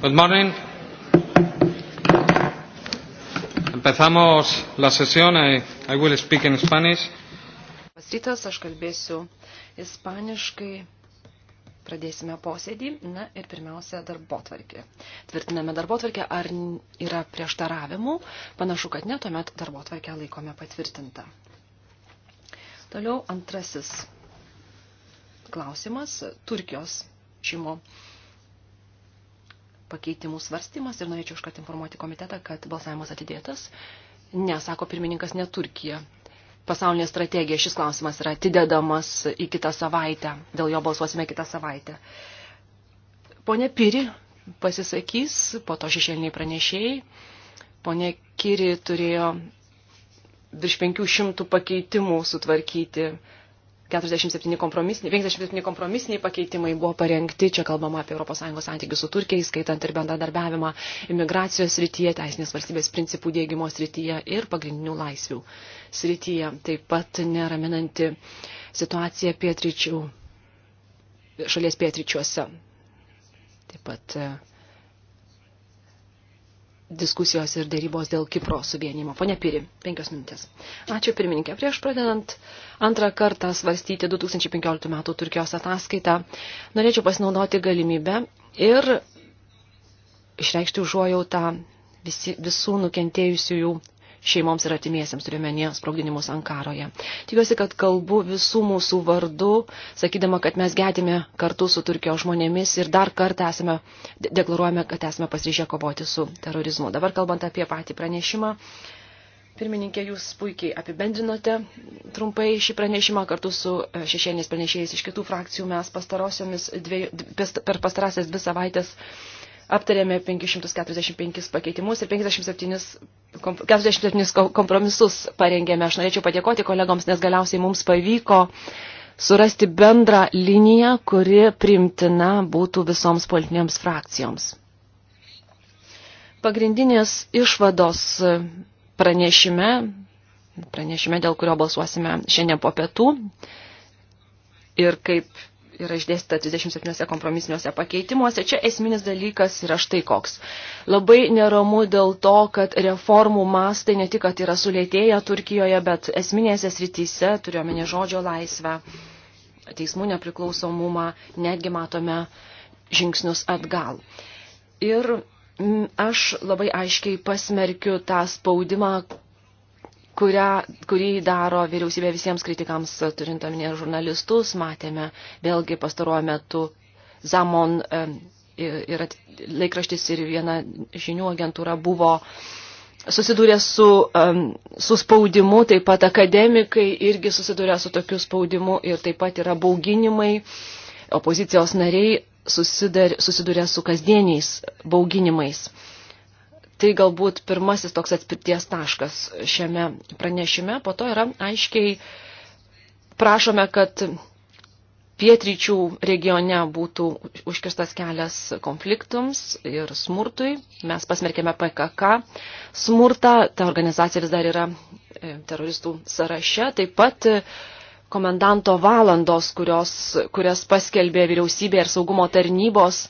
Good morning. Empezamos la sesión. I, I will speak in Spanish. Rytas, aš kalbėsiu ispaniškai. Pradėsime posėdį. Na ir pirmiausia, darbotvarkė. Tvirtiname darbotvarkę, ar yra prieštaravimų. Panašu, kad ne, tuomet darbotvarkę laikome patvirtintą. Toliau antrasis klausimas. Turkijos šeimo pakeitimų svarstymas ir norėčiau iškart informuoti komitetą, kad balsavimas atidėtas. Ne, sako pirmininkas, ne Turkija. Pasaulinė strategija, šis klausimas yra atidedamas į kitą savaitę. Dėl jo balsuosime kitą savaitę. Pone Piri pasisakys, po to šešėliniai pranešėjai. Pone Kiri turėjo virš 500 pakeitimų sutvarkyti 47 kompromisiniai, 57 kompromisiniai pakeitimai buvo parengti, čia kalbama apie ES santykius su Turkija, skaitant ir bendradarbiavimą imigracijos srityje, teisinės valstybės principų dėgymo srityje ir pagrindinių laisvių srityje. Taip pat neraminanti situacija pietryčių, šalies pietryčiuose. Taip pat diskusijos ir dėrybos dėl Kipro suvienimo. Pone Piri, penkios minutės. Ačiū pirmininkė. Prieš pradedant antrą kartą svarstyti 2015 metų Turkijos ataskaitą, norėčiau pasinaudoti galimybę ir išreikšti užuojautą visi, visų nukentėjusiųjų šeimoms ir atimiesiems, turiuomenė sprogdinimus Ankaroje. Tikiuosi, kad kalbu visų mūsų vardu, sakydama, kad mes gedime kartu su Turkijos žmonėmis ir dar kartą esame, deklaruojame, kad esame pasiryžę kovoti su terorizmu. Dabar kalbant apie patį pranešimą. Pirmininkė, jūs puikiai apibendrinote trumpai šį pranešimą kartu su e, šešėliniais pranešėjais iš kitų frakcijų. Mes pastarosiomis dviejų, per pastarąsias dvi savaitės uh, aptarėme 545 pakeitimus ir 57, 47 kompromisus parengėme. Aš norėčiau padėkoti kolegoms, nes galiausiai mums pavyko surasti bendrą liniją, kuri primtina būtų visoms politinėms frakcijoms. Pagrindinės išvados pranešime, pranešime, dėl kurio balsuosime šiandien po pietų ir kaip yra išdėstyta 37 kompromisiniuose pakeitimuose. Čia esminis dalykas yra štai koks. Labai neramu dėl to, kad reformų mastai ne tik, kad yra sulėtėję Turkijoje, bet esminėse srityse, turiuomenė žodžio laisvę, teismų nepriklausomumą, netgi matome žingsnius atgal. Ir aš labai aiškiai pasmerkiu tą spaudimą, kurią, kurį daro vyriausybė visiems kritikams, turint omenyje žurnalistus, matėme vėlgi pastaruoju metu Zamon ir laikraštis ir viena žinių agentūra buvo susidūrė su, um, su spaudimu, taip pat akademikai irgi susidūrė su tokiu spaudimu ir taip pat yra bauginimai, opozicijos nariai susidar, susidūrė su kasdieniais bauginimais. Uh, tai galbūt pirmasis toks atspirties taškas šiame pranešime. Po to yra aiškiai prašome, kad pietryčių regione būtų užkirstas kelias konfliktums ir smurtui. Mes pasmerkėme PKK smurtą, ta organizacija vis dar yra e, teroristų sąraše. Taip pat e, komendanto valandos, kurios, kurias paskelbė vyriausybė ir saugumo tarnybos,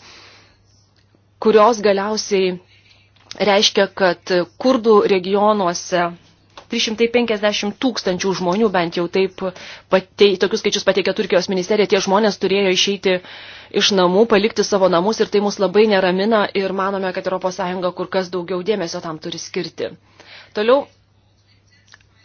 kurios galiausiai reiškia, kad kurdų regionuose 350 tūkstančių žmonių, bent jau taip, patei, tokius skaičius pateikė Turkijos ministerija, tie žmonės turėjo išeiti iš namų, palikti savo namus ir tai mus labai neramina ir manome, kad ES kur kas daugiau dėmesio tam turi skirti. Toliau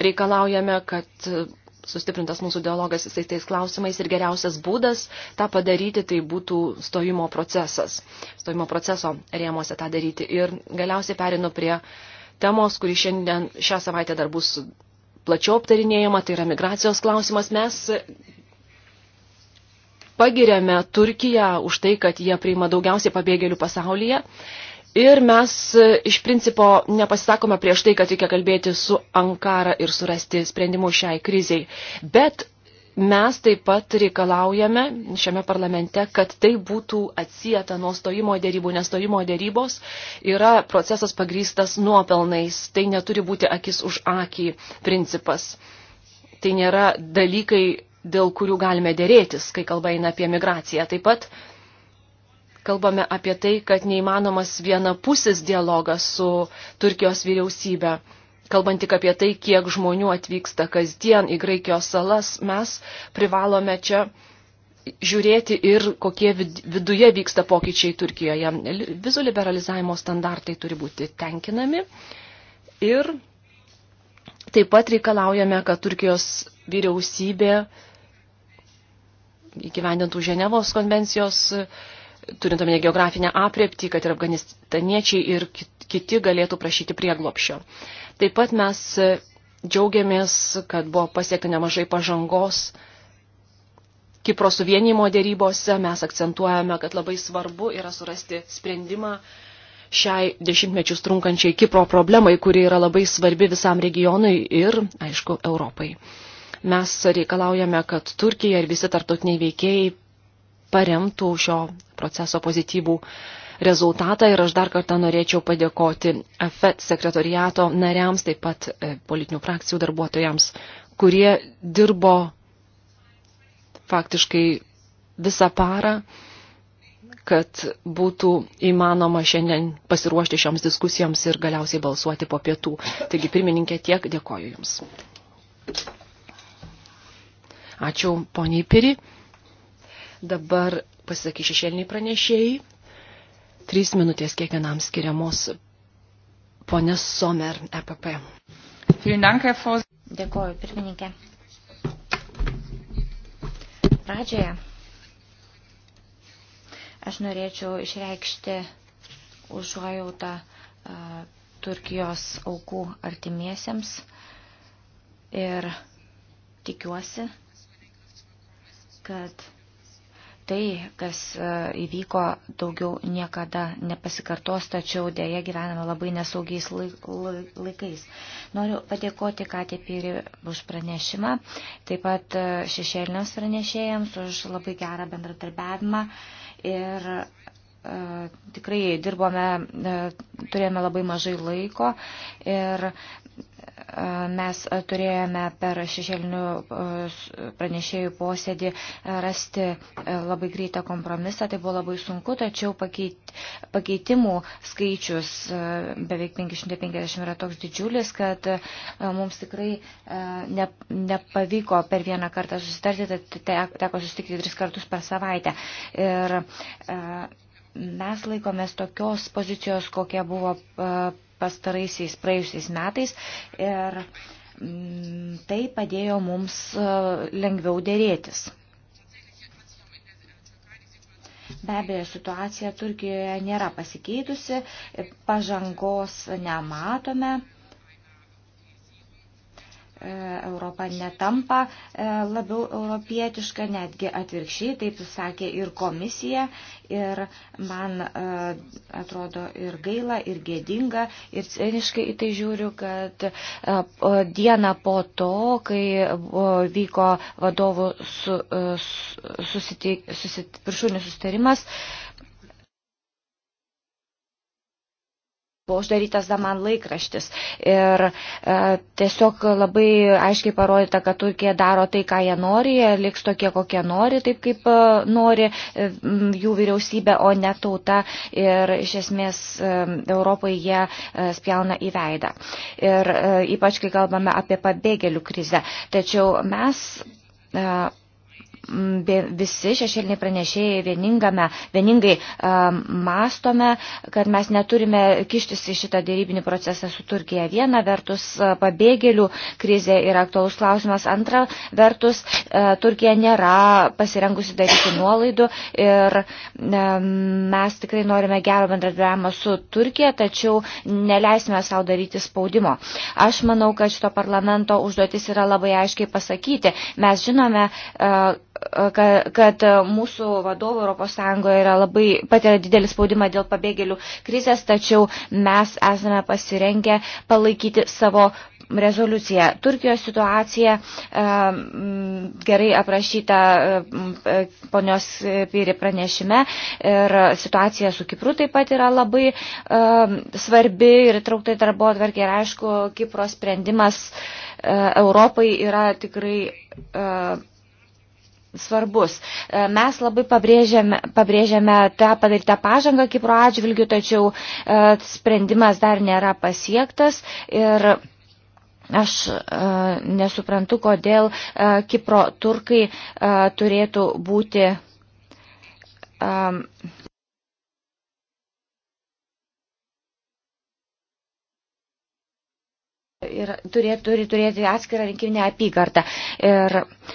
reikalaujame, kad sustiprintas mūsų dialogas visais tais klausimais ir geriausias būdas tą padaryti tai būtų stojimo procesas. Stojimo proceso rėmose tą daryti. Ir galiausiai perinu prie temos, kuri šiandien šią savaitę dar bus plačiau aptarinėjama, tai yra migracijos klausimas. Mes pagiriame Turkiją už tai, kad jie priima daugiausiai pabėgėlių pasaulyje. Ir mes e, iš principo nepasisakome prieš tai, kad reikia kalbėti su Ankara ir surasti sprendimų šiai kriziai. Bet mes taip pat reikalaujame šiame parlamente, kad tai būtų atsijata nuo stojimo dėrybų, nes stojimo dėrybos yra procesas pagrystas nuopelnais. Tai neturi būti akis už akį principas. Tai nėra dalykai, dėl kurių galime dėrėtis, kai kalba eina apie migraciją. Taip pat kalbame apie tai, kad neįmanomas vienapusis dialogas su Turkijos vyriausybė. Kalbant tik apie tai, kiek žmonių atvyksta kasdien į Graikijos salas, mes privalome čia žiūrėti ir kokie viduje vyksta pokyčiai Turkijoje. Vizų liberalizavimo standartai turi būti tenkinami ir taip pat reikalaujame, kad Turkijos vyriausybė įgyvendintų Ženevos konvencijos turint omenyje geografinę apriepti, kad ir afganistaniečiai ir kiti galėtų prašyti prieglopšio. Taip pat mes džiaugiamės, kad buvo pasiekta nemažai pažangos Kipro suvienimo dėrybose. Mes akcentuojame, kad labai svarbu yra surasti sprendimą šiai dešimtmečius trunkančiai Kipro problemai, kuri yra labai svarbi visam regionui ir, aišku, Europai. Mes reikalaujame, kad Turkija ir visi tartotiniai veikėjai paremtų šio proceso pozityvų rezultatą ir aš dar kartą norėčiau padėkoti AFET sekretoriato nariams, taip pat e, politinių frakcijų darbuotojams, kurie dirbo faktiškai visą parą, kad būtų įmanoma šiandien pasiruošti šioms diskusijoms ir galiausiai balsuoti po pietų. Taigi, pirmininkė, tiek dėkoju Jums. Ačiū, poniai Piri. Dabar pasisakys šešėliniai pranešėjai. Trys minutės kiekvienam skiriamos ponės Somer EPP. Dėkoju, pirmininkė. Pradžioje aš norėčiau išreikšti užuojautą uh, Turkijos aukų artimiesiems ir tikiuosi, kad tai, kas e, įvyko, daugiau niekada nepasikartos, tačiau dėja gyvename labai nesaugiais laikais. Noriu padėkoti Katė Pyri už pranešimą, taip pat e, šešėliniams pranešėjams už labai gerą bendradarbiavimą ir e, tikrai dirbome, turėjome labai mažai laiko ir mes turėjome per šešėlinių e, pranešėjų posėdį rasti e, labai greitą kompromisą. Tai buvo labai sunku, tačiau pakeitimų skaičius e, beveik 550 yra toks didžiulis, kad mums tikrai nepavyko per vieną kartą susitarti, tad teko susitikti tris kartus per savaitę. Ir Mes laikomės tokios pozicijos, kokia buvo e, pastaraisiais praėjusiais metais ir mm, tai padėjo mums e, lengviau dėrėtis. Be abejo, situacija Turkijoje nėra pasikeitusi, pažangos nematome E, Europa netampa e, labiau europietiška, netgi atvirkščiai, taip sakė ir komisija. Ir man e, atrodo ir gaila, ir gėdinga, ir ciniškai į tai žiūriu, kad diena po to, kai vyko vadovų su, su, susitik, susit, viršūnių susitarimas, buvo uždarytas Daman laikraštis. Ir e, tiesiog labai aiškiai parodyta, kad Turkija daro tai, ką jie nori, jie liks tokie, kokie nori, taip kaip e, nori e, jų vyriausybė, o ne tauta. Ir iš esmės e, Europoje jie e, spjauna į veidą. Ir e, ypač, kai kalbame apie pabėgėlių krizę. Tačiau mes. E, visi šešėliniai pranešėjai vieningame, vieningai um, mastome, kad mes neturime kištis į šitą dėrybinį procesą su Turkija. Viena vertus pabėgėlių krizė yra aktualus klausimas, antra vertus Turkija nėra pasirengusi daryti nuolaidų ir um, mes tikrai norime gero bendradarbiavimo su Turkija, tačiau neleisime savo daryti spaudimo. Aš manau, kad šito parlamento užduotis yra labai aiškiai pasakyti. Mes žinome, uh, kad, kad mūsų vadovų ES yra labai patiria didelį spaudimą dėl pabėgėlių krizės, tačiau mes esame pasirengę palaikyti savo rezoliuciją. Turkijos situacija e, gerai aprašyta e, ponios Pyri pranešime ir situacija su Kipru taip pat yra labai e, svarbi ir trauktai darbo atverkė ir aišku, Kipro sprendimas Europai yra tikrai svarbus. E, mes labai pabrėžiame, pabrėžiame tą padarytą pažangą Kipro atžvilgių, tačiau e, sprendimas dar nėra pasiektas ir aš e, nesuprantu, kodėl Kipro turkai turėtų būti. Ir turėtų, turi turėti atskirą rinkiminę apygardą. Ir uh,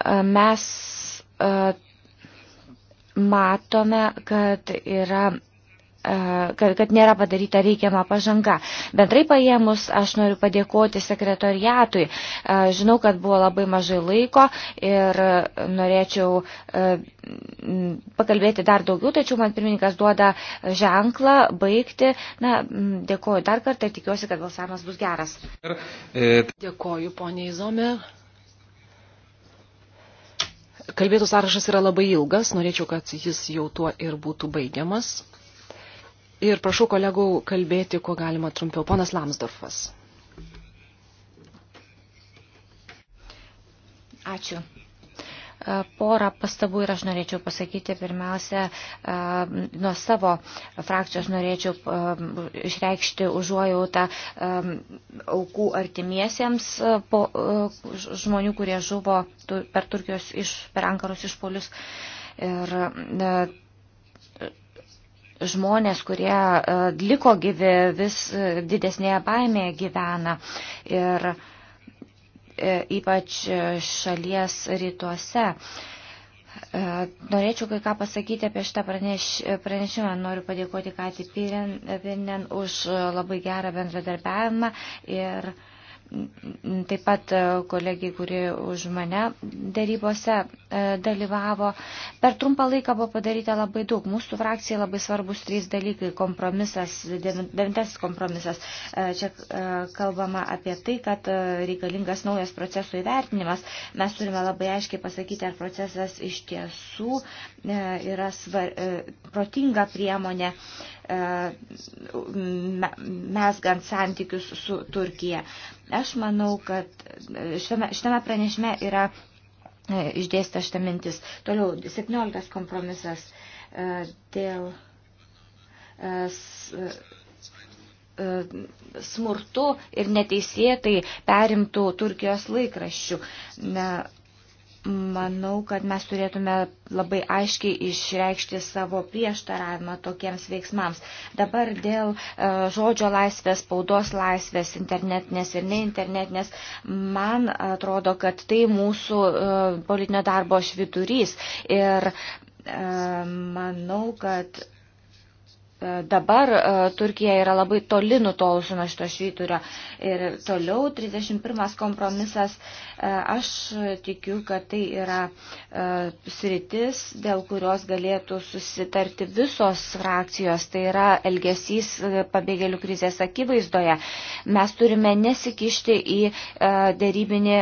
E, mes e, matome, kad yra e, kad, kad nėra padaryta reikiama pažanga. Bendrai paėmus, aš noriu padėkoti sekretoriatui. Žinau, kad buvo labai mažai laiko ir norėčiau pakalbėti dar daugiau, tačiau man pirmininkas duoda ženklą baigti. Na, dėkoju dar kartą ir tikiuosi, kad balsavimas bus geras. Dėkoju, poniai Zome. Kalbėtų sąrašas yra labai ilgas, norėčiau, kad jis jau tuo ir būtų baigiamas. Ir prašau kolegų kalbėti, kuo galima trumpiau. Ponas Lamsdorfas. Ačiū. Porą pastabų ir aš norėčiau pasakyti pirmiausia, nuo savo frakcijos norėčiau išreikšti užuojautą aukų artimiesiems po, žmonių, kurie žuvo per Turkijos iš, per Ankaros išpolius. Ir žmonės, kurie liko gyvi, vis didesnėje baimėje gyvena. Ir uh, E, ypač šalies rytuose. E, norėčiau kai ką pasakyti apie šitą praneš, pranešimą. Noriu padėkoti Kati Pirinen už labai gerą bendradarbiavimą ir uh, taip pat e, kolegiai, kuri už mane darybose e, dalyvavo. Per trumpą laiką buvo padaryta labai daug. Mūsų frakcijai labai svarbus trys dalykai. Kompromisas, devintasis kompromisas. E, čia kalbama apie tai, kad reikalingas naujas procesų įvertinimas. Mes turime labai aiškiai pasakyti, ar procesas iš tiesų yra svar, protinga priemonė E, mes gant santykius su Turkija. Aš manau, kad e, šitame, šitame pranešime yra e, išdėsta šitą mintis. Toliau, 17 kompromisas dėl smurtu ir neteisėtai perimtų Turkijos laikraščių. Ne, Manau, kad mes turėtume labai aiškiai išreikšti savo prieštaravimą tokiems veiksmams. Dabar dėl e, žodžio laisvės, spaudos laisvės, internetinės ir neinternetinės, man atrodo, kad tai mūsų e, politinio darbo šviturys. Ir e, manau, kad Dabar e, Turkija yra labai toli nutolusi nuo šito švyturio. Ir toliau 31 kompromisas. E, aš tikiu, kad tai yra e, sritis, dėl kurios galėtų susitarti visos frakcijos. Tai yra elgesys pabėgėlių krizės akivaizdoje. Mes turime nesikišti į dėrybinį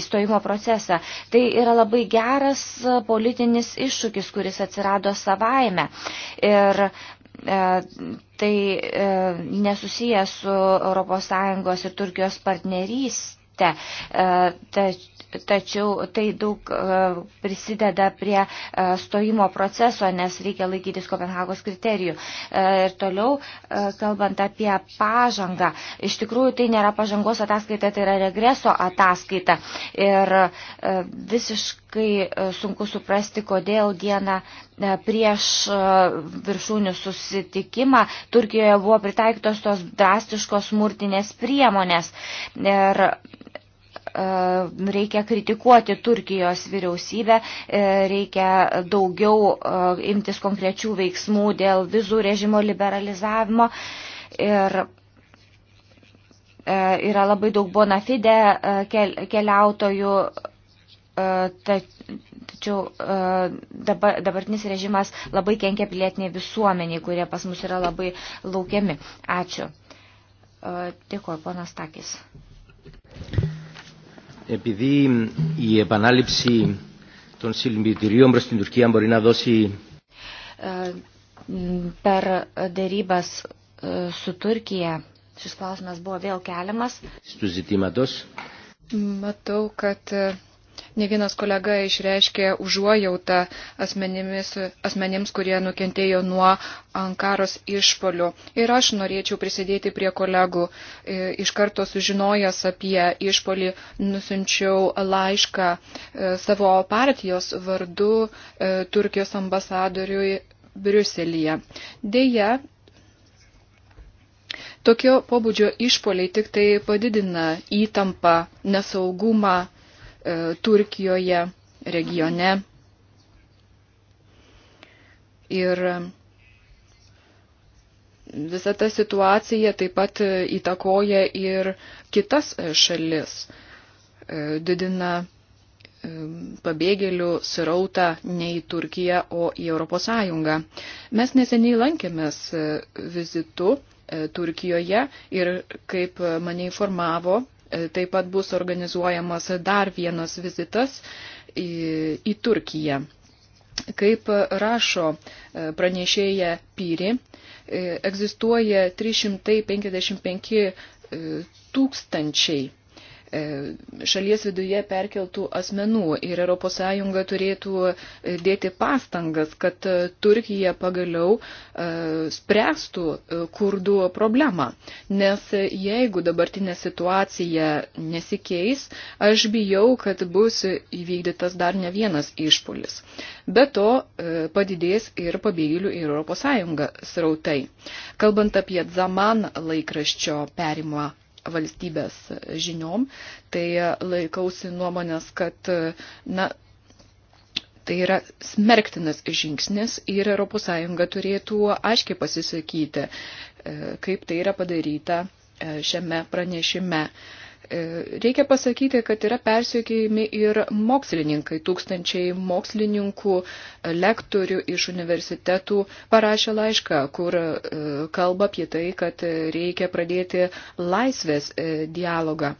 įstojimo procesą. Tai yra labai geras politinis iššūkis, kuris atsirado savaime. Ir E, tai e, nesusiję su ES ir Turkijos partnerystė. E, tačiau tai daug e, prisideda prie e, stojimo proceso, nes reikia laikytis Kopenhagos kriterijų. E, ir toliau, kalbant apie pažangą, iš tikrųjų tai nėra pažangos ataskaita, tai yra regreso ataskaita. Ir visiškai sunku suprasti, kodėl dieną prieš viršūnių susitikimą Turkijoje buvo pritaikytos tos drastiškos smurtinės priemonės. Ir E, reikia kritikuoti Turkijos vyriausybę, e, reikia daugiau e, imtis konkrečių veiksmų dėl vizų režimo liberalizavimo. Ir yra labai daug bona fide keliautojų, tačiau dabar, dabartinis režimas labai kenkia pilietiniai visuomeniai, kurie pas mus yra labai laukiami. Ačiū. Dėkuoju, ponas Takis επειδή η επανάληψη των συλληπιτηρίων προς την Τουρκία μπορεί να δώσει... Per dėrybas su Turkija šis klausimas buvo vėl keliamas. Matau, kad Ne vienas kolega išreiškė užuojautą asmenims, kurie nukentėjo nuo Ankaros išpolių. Ir aš norėčiau prisidėti prie kolegų. E, iš karto sužinojęs apie išpolį, nusinčiau laišką e, savo partijos vardu e, Turkijos ambasadoriui Briuselyje. Deja, Tokio pobūdžio išpoliai tik tai padidina įtampą, nesaugumą E, Turkijoje, regione. Ir visa ta situacija taip pat įtakoja ir kitas šalis, e, didina e, pabėgėlių srautą ne į Turkiją, o į ES. Mes neseniai lankėmės vizitu Turkijoje ir, kaip mane informavo E, taip pat bus organizuojamas dar vienas vizitas į, į Turkiją. Kaip rašo e, pranešėja Pyri, e, egzistuoja 355 tūkstančiai E, šalies viduje perkeltų asmenų ir ES turėtų e, dėti pastangas, kad e, Turkija pagaliau spręstų kurdų problemą. Nes jeigu dabartinė situacija nesikeis, aš bijau, kad bus įvykdytas dar ne vienas išpolis. Be to padidės ir pabėgėlių į ES srautai. Kalbant apie Zaman laikraščio perimą valstybės žiniom, tai laikausi nuomonės, kad na, Tai yra smerktinas žingsnis ir ES turėtų aiškiai pasisakyti, e, kaip tai yra padaryta e, šiame pranešime. E, reikia pasakyti, kad yra persiekėjami ir mokslininkai. Tūkstančiai mokslininkų, e, lektorių iš universitetų parašė laišką, kur e, kalba apie tai, kad reikia pradėti laisvės dialogą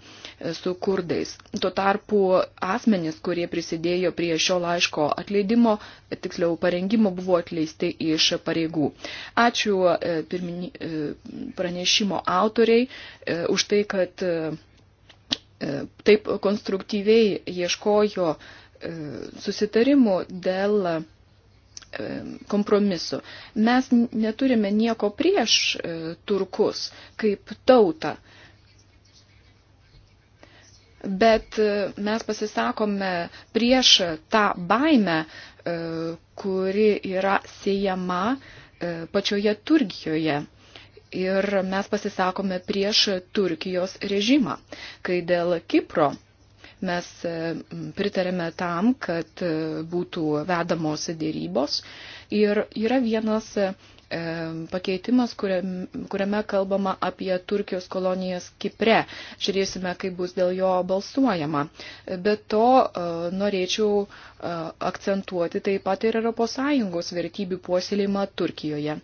su kurdais. Tuo tarpu asmenys, kurie prisidėjo prie šio laiško atleidimo, tiksliau parengimo, buvo atleisti iš pareigų. Ačiū pirmini, pranešimo autoriai už tai, kad E, taip konstruktyviai ieškojo e, susitarimų dėl e, kompromisu. Mes neturime nieko prieš turkus kaip tautą, bet mes pasisakome prieš tą baimę, kuri yra siejama pačioje Turkijoje ir mes pasisakome prieš Turkijos režimą, kai dėl Kipro mes e, pritarėme tam, kad e, būtų vedamos dėrybos ir yra vienas e, pakeitimas, kuriame, kuriame kalbama apie Turkijos kolonijas Kipre. Žiūrėsime, kaip bus dėl jo balsuojama. Be to norėčiau akcentuoti taip pat ir ES vertybių puoselėjimą Turkijoje.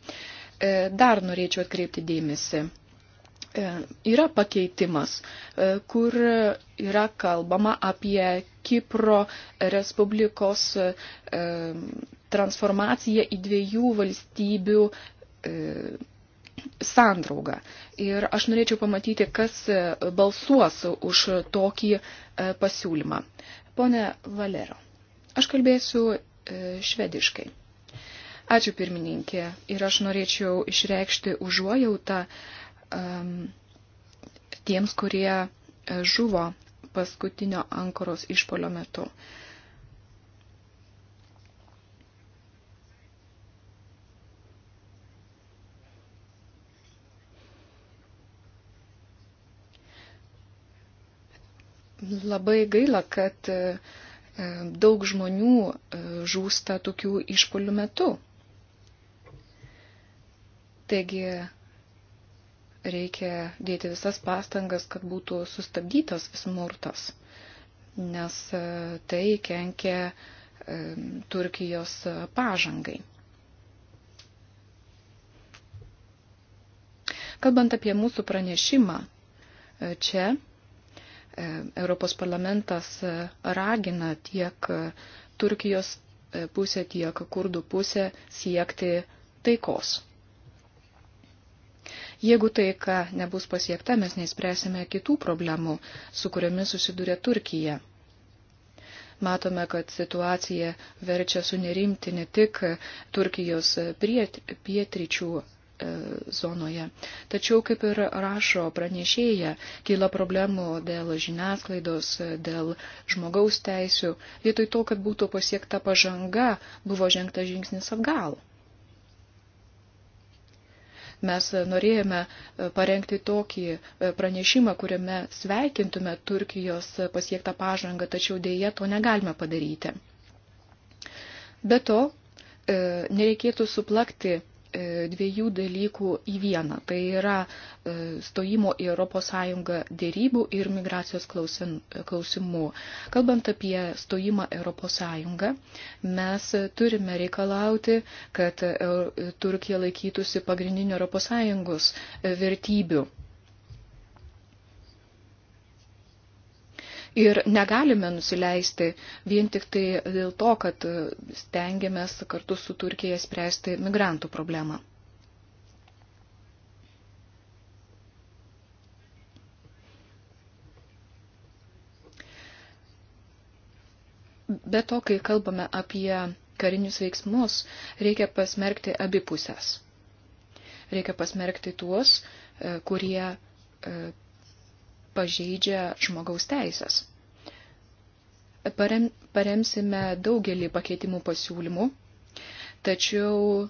E, dar norėčiau atkreipti dėmesį. E, yra pakeitimas, e, kur yra kalbama apie Kipro Respublikos transformaciją į dviejų valstybių sandraugą. Ir aš norėčiau pamatyti, kas balsuos už tokį pasiūlymą. Pone Valero, aš kalbėsiu švediškai. Ačiū pirmininkė ir aš norėčiau išreikšti užuojautą um, tiems, kurie uh, žuvo paskutinio Ankoros išpolio metu. labai gaila, kad uh, daug žmonių uh, žūsta tokių išpolių metu. Taigi reikia dėti visas pastangas, kad būtų sustabdytas smurtas, nes e, tai kenkia e, Turkijos pažangai. Kalbant apie mūsų pranešimą, e, čia Europos parlamentas ragina tiek Turkijos pusę, tiek kurdų pusę siekti taikos. Jeigu taika nebus pasiekta, mes neįspręsime kitų problemų, su kuriomis susidūrė Turkija. Matome, kad situacija verčia sunerimti ne tik Turkijos pietryčių e, zonoje. Tačiau, kaip ir rašo pranešėja, kyla problemų dėl žiniasklaidos, dėl žmogaus teisių. Vietoj to, kad būtų pasiekta pažanga, buvo žengta žingsnis atgal. Mes norėjome e, parengti tokį e, pranešimą, kuriame sveikintume Turkijos pasiektą pažangą, tačiau dėje to negalime padaryti. Be to, e, nereikėtų suplakti E, dviejų dalykų į vieną. Tai yra e, stojimo į ES dėrybų ir migracijos klausimų. Kalbant apie stojimą ES, mes turime reikalauti, kad e, Turkija laikytųsi pagrindinių ES vertybių Ir negalime nusileisti vien tik tai dėl to, kad stengiamės kartu su Turkija spręsti migrantų problemą. Be to, kai kalbame apie karinius veiksmus, reikia pasmerkti abipusės. Reikia pasmerkti tuos, e, kurie e, pažeidžia žmogaus teisės. Parem, paremsime daugelį pakeitimų pasiūlymų, tačiau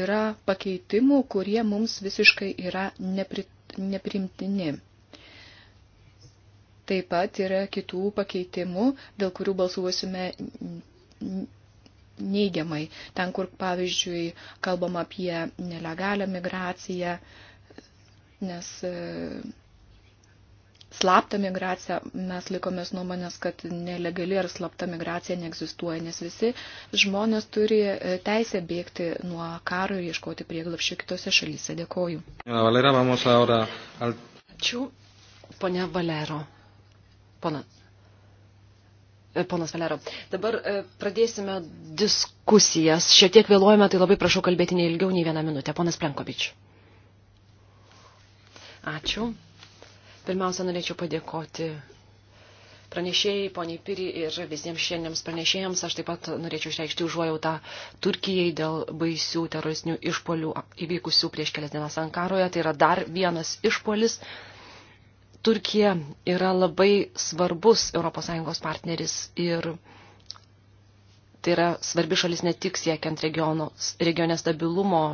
yra pakeitimų, kurie mums visiškai yra nepri, neprimtini. Taip pat yra kitų pakeitimų, dėl kurių balsuosime neigiamai. Ten, kur, pavyzdžiui, kalbam apie nelegalią migraciją, nes slaptą migraciją, mes laikomės nuomonės, kad nelegali ar slapta migracija neegzistuoja, nes visi žmonės turi e, teisę bėgti nuo karo ir ieškoti prieglapščio kitose šalyse. Dėkoju. Valera, vamos ahora al... Ačiū, ponia Valero. Pona. E, ponas Valero, dabar e, pradėsime diskusijas. Šiek tiek vėluojame, tai labai prašau kalbėti neilgiau nei vieną minutę. Ponas Plenkovič. Ačiū. Pirmiausia, norėčiau padėkoti pranešėjai, poniai Piri ir visiems šiandiems pranešėjams. Aš taip pat norėčiau išreikšti užuojautą Turkijai dėl baisių teroristinių išpolių įvykusių prieš kelias dienas Ankaroje. Tai yra dar vienas išpolis. Turkija yra labai svarbus ES partneris ir tai yra svarbi šalis ne tik siekiant regiono, regione stabilumo,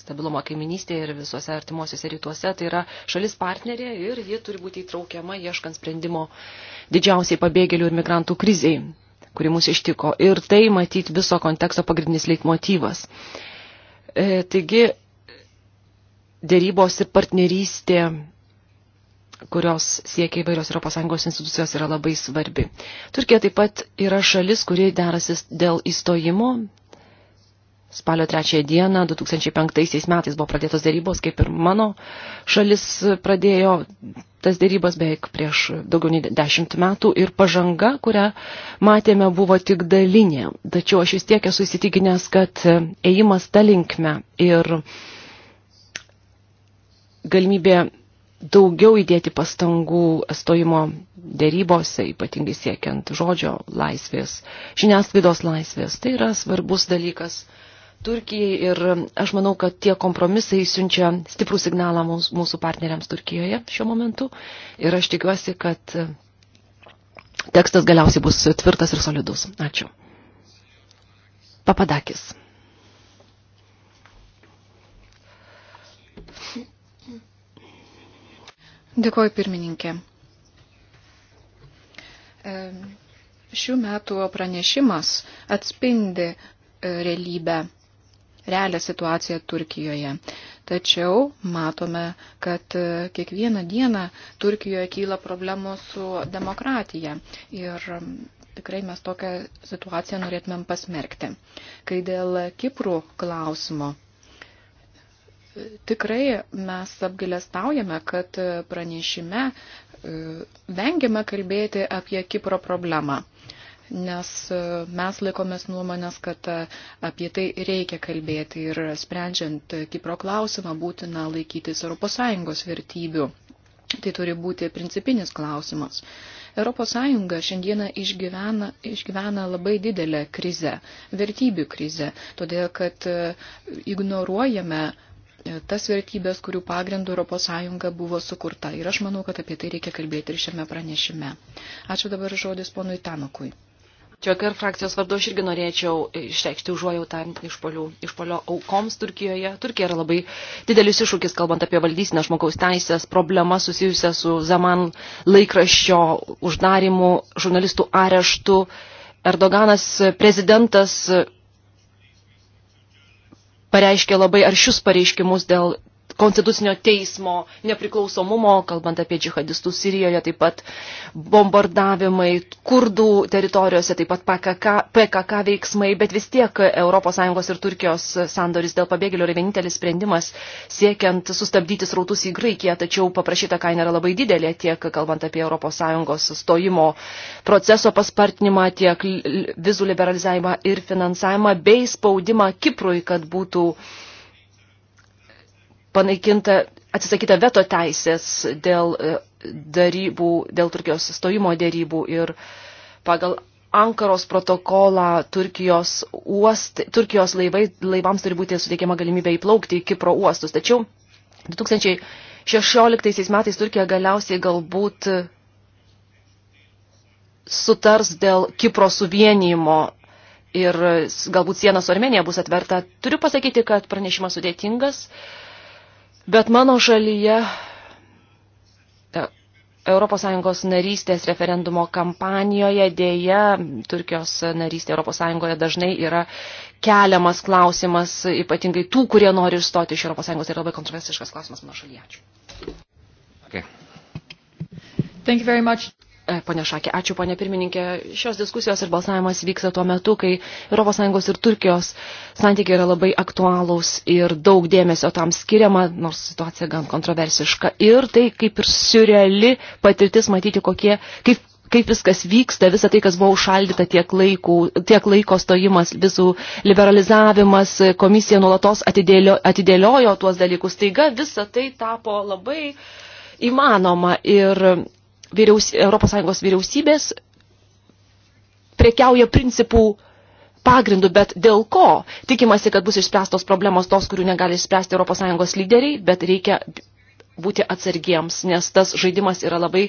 stabilumo kaiminystėje ir visuose artimuosiuose rytuose. Tai yra šalis partnerė ir ji turi būti įtraukiama ieškant sprendimo didžiausiai pabėgėlių ir migrantų kriziai, kuri mūsų ištiko. Ir tai matyti viso konteksto pagrindinis leitmotyvas. E, taigi, dėrybos ir partnerystė kurios siekia įvairios ES institucijos, yra labai svarbi. Turkija taip pat yra šalis, kuri derasi dėl įstojimo, Spalio 3 dieną 2005 metais buvo pradėtos dėrybos, kaip ir mano šalis pradėjo tas dėrybas beveik prieš daugiau nei 10 metų ir pažanga, kurią matėme, buvo tik dalinė. Tačiau aš vis tiek esu įsitikinęs, kad ėjimas ta linkme ir galimybė daugiau įdėti pastangų stojimo dėrybose, ypatingai siekiant žodžio laisvės, žiniasklaidos laisvės. Tai yra svarbus dalykas Turkijai ir aš manau, kad tie kompromisai siunčia stiprų signalą mūsų partneriams Turkijoje šiuo momentu ir aš tikiuosi, kad tekstas galiausiai bus tvirtas ir solidus. Ačiū. Papadakis. Dėkuoju pirmininkė. E, šių metų pranešimas atspindi e, realybę realią situaciją Turkijoje. Tačiau matome, kad e, kiekvieną dieną Turkijoje kyla problemų su demokratija ir tikrai mes tokią situaciją norėtumėm pasmerkti. Kai dėl Kiprų klausimo e, tikrai mes apgailestaujame, kad e, pranešime vengiame kalbėti apie Kipro problemą nes e, mes laikomės nuomonės, kad e, apie tai reikia kalbėti ir sprendžiant e, Kipro klausimą būtina laikytis ES vertybių. Tai turi būti principinis klausimas. ES šiandieną išgyvena, išgyvena labai didelę krizę, vertybių krizę, todėl kad ignoruojame tas vertybės, kurių pagrindų ES buvo sukurta. Ir aš manau, kad apie tai reikia kalbėti ir šiame pranešime. Ačiū dabar žodis ponui Tanokui. Čioker frakcijos vardu aš irgi norėčiau išreikšti užuojautą išpolių, išpolio aukoms Turkijoje. Turkija yra labai didelis iššūkis, kalbant apie valdysinę žmogaus teisės, problema susijusia su Zaman laikraščio uždarimu, žurnalistų areštu. Erdoganas prezidentas pareiškė labai aršius pareiškimus dėl konstitucinio teismo nepriklausomumo, kalbant apie džihadistų Sirijoje, taip pat bombardavimai, kurdų teritorijose, taip pat PKK, PKK veiksmai, bet vis tiek ES ir Turkijos sandoris dėl pabėgėlių yra vienintelis sprendimas siekiant sustabdyti srautus į Graikiją, tačiau paprašyta kaina yra labai didelė tiek kalbant apie ES stojimo proceso paspartinimą, tiek vizų liberalizavimą ir finansavimą bei spaudimą Kiprui, kad būtų uh, panaikinta, atsisakyta veto teisės dėl e, darybų, dėl Turkijos stojimo dėrybų ir pagal Ankaros protokolą Turkijos, uost, Turkijos laivai, laivams turi būti suteikiama galimybė įplaukti į Kipro uostus. Tačiau 2016 metais Turkija galiausiai galbūt sutars dėl Kipro suvienijimo ir galbūt siena su Armenija bus atverta. Turiu pasakyti, kad pranešimas sudėtingas, Bet mano šalyje ES narystės referendumo kampanijoje dėja Turkijos narystė ES dažnai yra keliamas klausimas, ypatingai tų, kurie nori išstoti iš ES. Tai yra labai kontroversiškas klausimas mano šalyje. Ačiū. Okay. Thank you very much. E, pone Šakė, ačiū, ponė pirmininkė. Šios diskusijos ir balsavimas vyksta tuo metu, kai ES ir Turkijos santykiai yra labai aktualūs ir daug dėmesio tam skiriama, nors situacija gan kontroversiška. Ir tai kaip ir surreali patirtis matyti, kokie, kaip, kaip viskas vyksta, visa tai, kas buvo užšaldyta tiek, laikų, tiek laiko stojimas, visų liberalizavimas, komisija nulatos atidėlio, atidėliojo tuos dalykus. Taiga visa tai tapo labai įmanoma ir vyriaus, ES vyriausybės prekiauja principų pagrindu, bet dėl ko tikimasi, kad bus išspręstos problemos tos, kurių negali išspręsti ES lyderiai, bet reikia būti atsargiems, nes tas žaidimas yra labai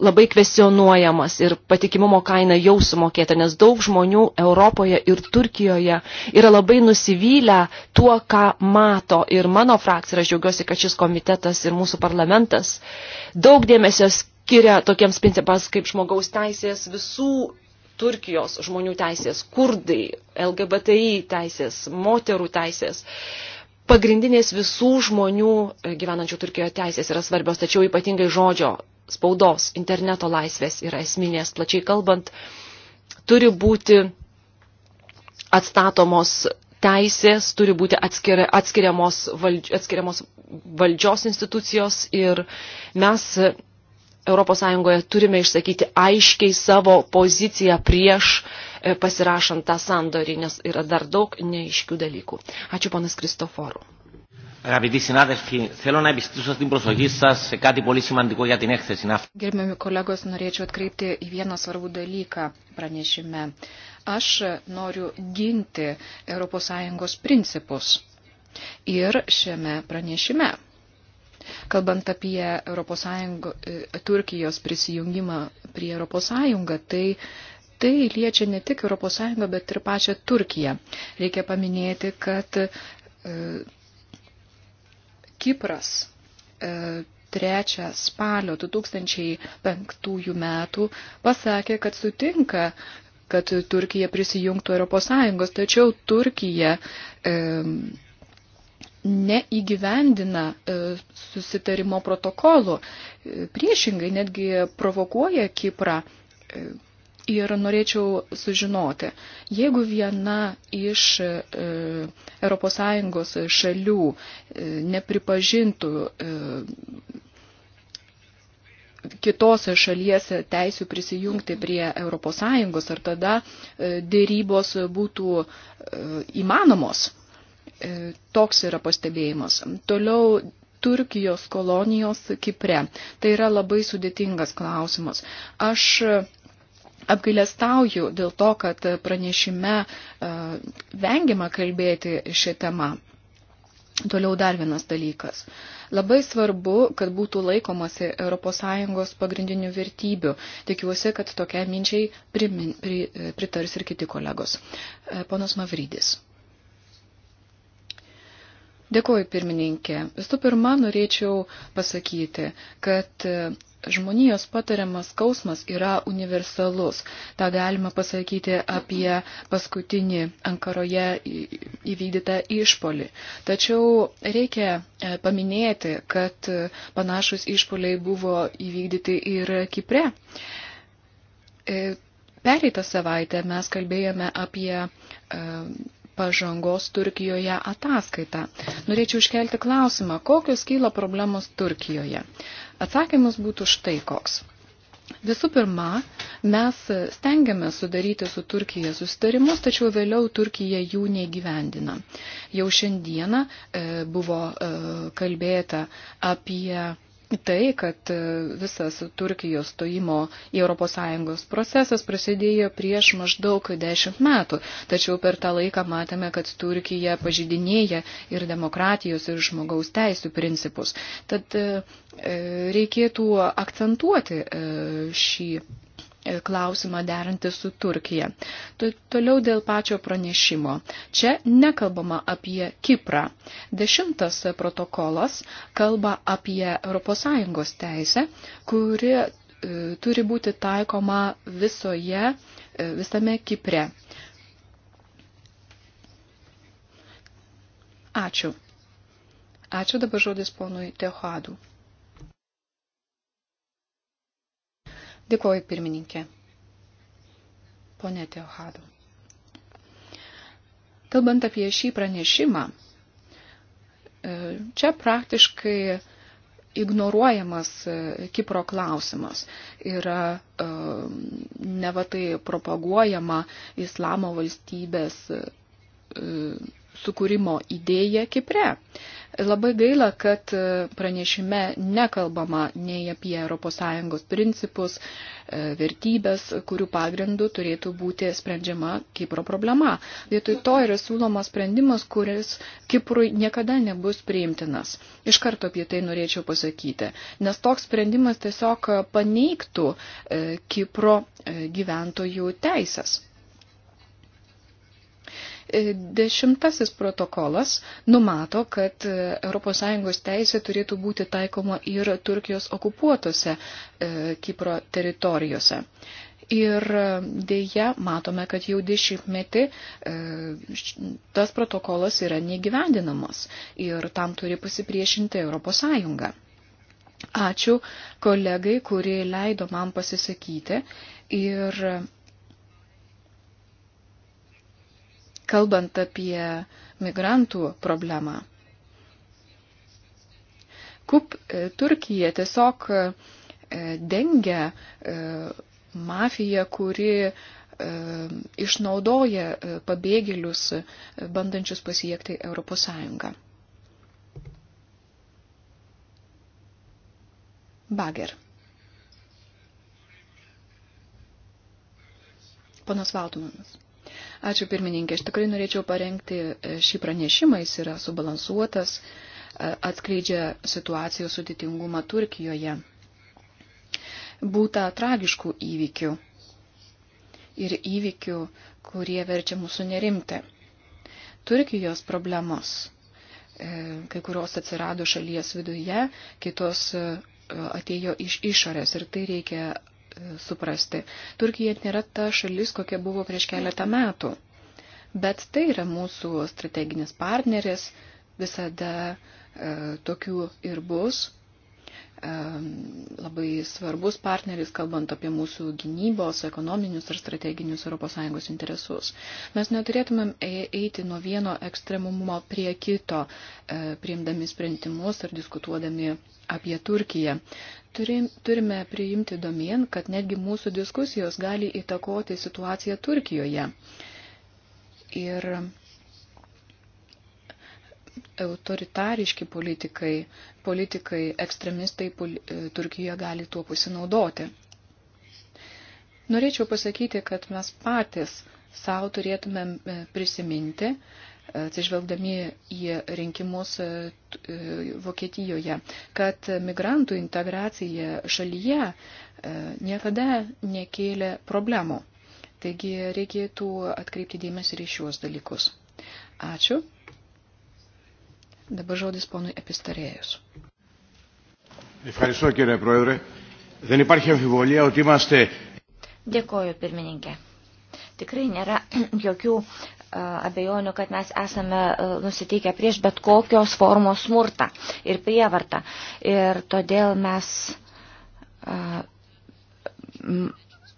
labai kvesionuojamas ir patikimumo kaina jau sumokėta, nes daug žmonių Europoje ir Turkijoje yra labai nusivylę tuo, ką mato. Ir mano frakcija, aš džiaugiuosi, kad šis komitetas ir mūsų parlamentas daug dėmesio skiria tokiems principams kaip žmogaus teisės visų Turkijos žmonių teisės, kurdai, LGBTI teisės, moterų teisės pagrindinės visų žmonių gyvenančių Turkijoje teisės yra svarbios, tačiau ypatingai žodžio spaudos, interneto laisvės yra esminės, plačiai kalbant, turi būti atstatomos teisės, turi būti atskiria, atskiriamos, valdž, atskiriamos valdžios institucijos ir mes ES turime išsakyti aiškiai savo poziciją prieš e, pasirašant tą sandorį, nes yra dar daug neaiškių dalykų. Ačiū ponas Kristoforų. Αγαπητοί συνάδελφοι, θέλω να επιστήσω στην προσοχή σας σε κάτι πολύ σημαντικό για την έκθεση. Gerbiami kolegos, norėčiau atkreipti į vieną svarbų dalyką pranešime. Aš noriu ginti ES principus ir šiame pranešime. Kalbant apie ES, e, Turkijos prisijungimą prie ES, tai tai liečia ne tik ES, bet ir pačią Turkiją. Reikia paminėti, kad e, Kipras 3 e, spalio 2005 metų pasakė, kad sutinka, kad Turkija prisijungtų ES, tačiau Turkija e, neįgyvendina e, susitarimo protokolo, e, priešingai netgi provokuoja Kiprą e, Ir norėčiau sužinoti, jeigu viena iš ES šalių e, nepripažintų e, kitos šalies teisių prisijungti prie ES, ar tada e, dėrybos būtų įmanomos. Toks yra pastebėjimas. Toliau Turkijos kolonijos Kipre. Tai yra labai sudėtingas klausimas. Aš Apgailestauju dėl to, kad pranešime e, vengiama kalbėti šią temą. Toliau dar vienas dalykas. Labai svarbu, kad būtų laikomasi ES pagrindinių vertybių. Tikiuosi, kad tokia minčiai primin, pri, pritars ir kiti kolegos. E, ponas Mavrydis. Dėkuoju, pirmininkė. Visų pirma, norėčiau pasakyti, kad žmonijos patariamas skausmas yra universalus. Ta galima pasakyti apie paskutinį Ankaroje įvykdytą išpolį. Tačiau reikia e, paminėti, kad panašus išpoliai buvo įvykdyti ir Kipre. E, Pereitą savaitę mes kalbėjome apie e, pažangos Turkijoje ataskaitą. Norėčiau iškelti klausimą, kokios kyla problemos Turkijoje. Atsakymas būtų štai koks. Visų pirma, mes stengiame sudaryti su Turkija sustarimus, tačiau vėliau Turkija jų neįgyvendina. Jau šiandieną e, buvo e, kalbėta apie tai, kad e, visas Turkijos stojimo į ES procesas prasidėjo prieš maždaug 10 metų, tačiau per tą laiką matėme, kad Turkija pažydinėja ir demokratijos, ir žmogaus teisų principus. Tad e, reikėtų akcentuoti e, šį klausimą derinti su Turkija. Toliau dėl pačio pranešimo. Čia nekalbama apie Kiprą. Dešimtas protokolas kalba apie ES teisę, kuri e, turi būti taikoma visoje, e, visame Kipre. Ačiū. Ačiū dabar žodis ponui Teohadu. Dėkuoju pirmininkė. Pone Teohadu. Kalbant apie šį pranešimą, e, čia praktiškai ignoruojamas e, Kipro klausimas. Yra e, nevatai propaguojama islamo valstybės sukūrimo idėją Kipre. Labai gaila, kad e, pranešime nekalbama nei apie ES principus, e, vertybės, kurių pagrindų turėtų būti sprendžiama Kipro problema. Vietoj to yra siūlomas sprendimas, kuris Kiprui niekada nebus priimtinas. Iš karto apie tai norėčiau pasakyti, nes toks sprendimas tiesiog paneigtų e, Kipro gyventojų teisės. Dešimtasis protokolas numato, kad ES teisė turėtų būti taikoma ir Turkijos okupuotose e, Kipro teritorijose. Ir e, dėja matome, kad jau dešimtmetį e, tas protokolas yra negyvendinamas ir tam turi pasipriešinti ES. Ačiū kolegai, kuri leido man pasisakyti ir kalbant apie migrantų problemą. Kup e, Turkija tiesiog e, dengia e, mafiją, kuri išnaudoja pabėgėlius, bandančius pasiekti Europos Sąjungą. Bager. Ponas Valtumanas. Ačiū pirmininkė, aš tikrai norėčiau parengti e, šį pranešimą, jis yra subalansuotas, e, atskleidžia situacijos sudėtingumą Turkijoje. Būta tragiškų įvykių ir įvykių, kurie verčia mūsų nerimti. Turkijos problemos, e, kai kurios atsirado šalies viduje, kitos atėjo iš išorės ir tai reikia suprasti. Turkija nėra ta šalis, kokia buvo prieš keletą metų. Bet tai yra mūsų strateginis partneris, visada e, tokių ir bus labai svarbus partneris, kalbant apie mūsų gynybos, ekonominius ar strateginius ES interesus. Mes neturėtumėm e, eiti nuo vieno ekstremumo prie kito, e, priimdami sprendimus ar diskutuodami apie Turkiją. Turime priimti domien, kad netgi mūsų diskusijos gali įtakoti situaciją Turkijoje. Ir autoritariški politikai, politikai, ekstremistai poli, e, Turkijoje gali tuo pasinaudoti. Norėčiau pasakyti, kad mes patys savo turėtumėm e, prisiminti, e, atsižvelgdami į rinkimus Vokietijoje, kad migrantų integracija šalyje niekada nekėlė problemų. Taigi reikėtų atkreipti dėmesį ir į šiuos dalykus. Ačiū. Dabar žodis ponui epistarėjus. Ευχαριστώ κύριε Πρόεδρε. Δεν υπάρχει αμφιβολία ότι είμαστε... Dėkoju, pirmininkė. Tikrai nėra jokių abejonių, kad mes esame nusiteikę prieš bet kokios formos smurtą ir prievartą. Ir todėl mes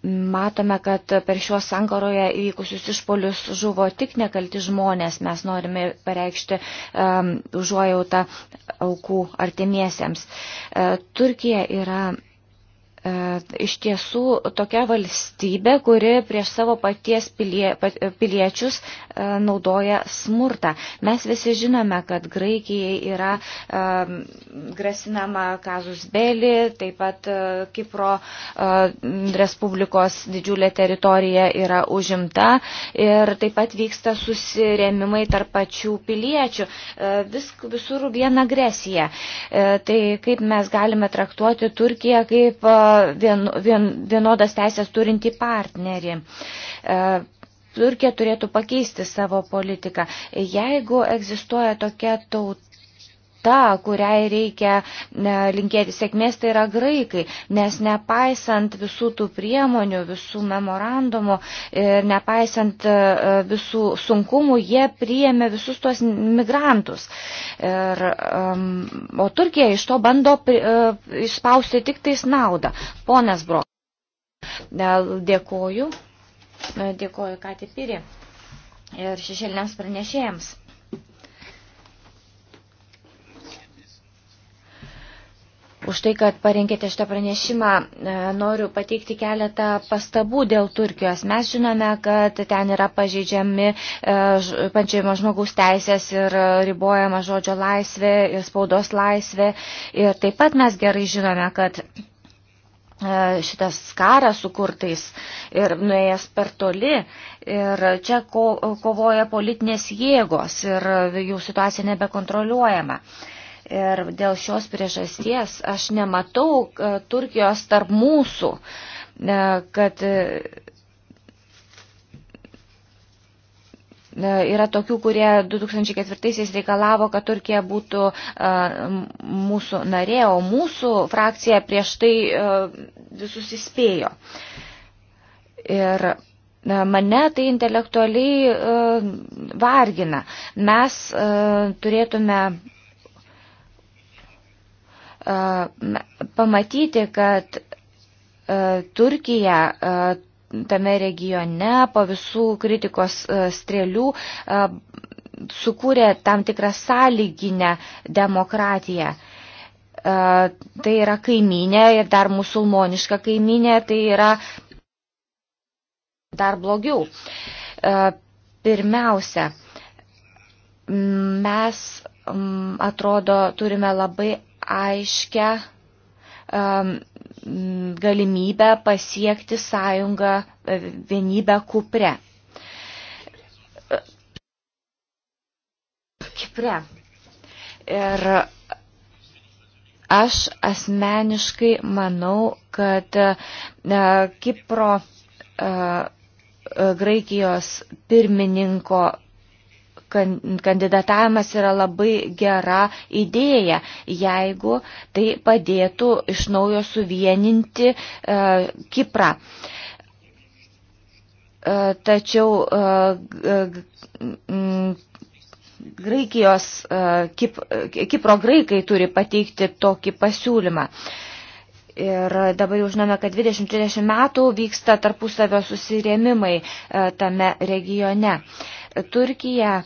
Matome, kad per šios sankaroje įvykusius išpolius žuvo tik nekalti žmonės. Mes norime pareikšti um, užuojautą aukų artimiesiems. Uh, Turkija yra E, iš tiesų tokia valstybė, kuri prieš savo paties pilie, piliečius e, naudoja smurtą. Mes visi žinome, kad Graikijai yra e, grasinama Kazus Beli, taip pat Kipro Respublikos didžiulė teritorija yra užimta ir taip pat vyksta susirėmimai tarp pačių piliečių. Vis, visur viena agresija. Tai kaip mes galime traktuoti Turkiją kaip vien, vien, vienodas teisės turinti partnerį. E, Turkija turėtų pakeisti savo politiką. Jeigu egzistuoja tokia tauta, ta, kuriai reikia e, linkėti sėkmės, tai yra graikai, nes nepaisant visų tų priemonių, visų memorandumų ir nepaisant e, visų sunkumų, jie priėmė visus tuos migrantus. Ir, o Turkija iš to bando e, išspausti tik tais naudą. Ponas Brok. Dėkoju. Dėkoju, ką tik pirė. Ir šešėliniams pranešėjams. už tai, kad parengėte šitą pranešimą. E, noriu pateikti keletą pastabų dėl Turkijos. Mes žinome, kad ten yra pažeidžiami e, pančiojimo žmogaus teisės ir ribojama žodžio laisvė ir spaudos laisvė. Ir taip pat mes gerai žinome, kad e, šitas karas sukurtais ir nuėjęs per toli. Ir čia ko, kovoja politinės jėgos ir jų situacija nebekontroliuojama. Uh, Ir dėl šios priežasties aš nematau e, Turkijos tarp mūsų, e, kad e, yra tokių, kurie 2004-aisiais reikalavo, kad Turkija būtų mūsų narė, o mūsų frakcija prieš tai visus įspėjo. Ir mane tai intelektualiai vargina. Mes turėtume pamatyti, kad Turkija tame regione po visų kritikos strėlių sukūrė tam tikrą sąlyginę demokratiją tai yra kaiminė ir dar musulmoniška kaiminė, tai yra dar blogiau. Pirmiausia, mes atrodo turime labai aiškę um, galimybę pasiekti sąjungą e, vienybę Kupre. Kipre. Ir aš asmeniškai manau, kad e, Kipro e, Graikijos pirmininko kandidatavimas yra labai gera idėja, jeigu tai padėtų iš naujo suvieninti e, Kiprą. E, tačiau e, Graikijos, Kip, Kipro graikai turi pateikti tokį pasiūlymą. Ir dabar jau žinome, kad 20-30 metų vyksta tarpusavio susirėmimai tame regione. Turkija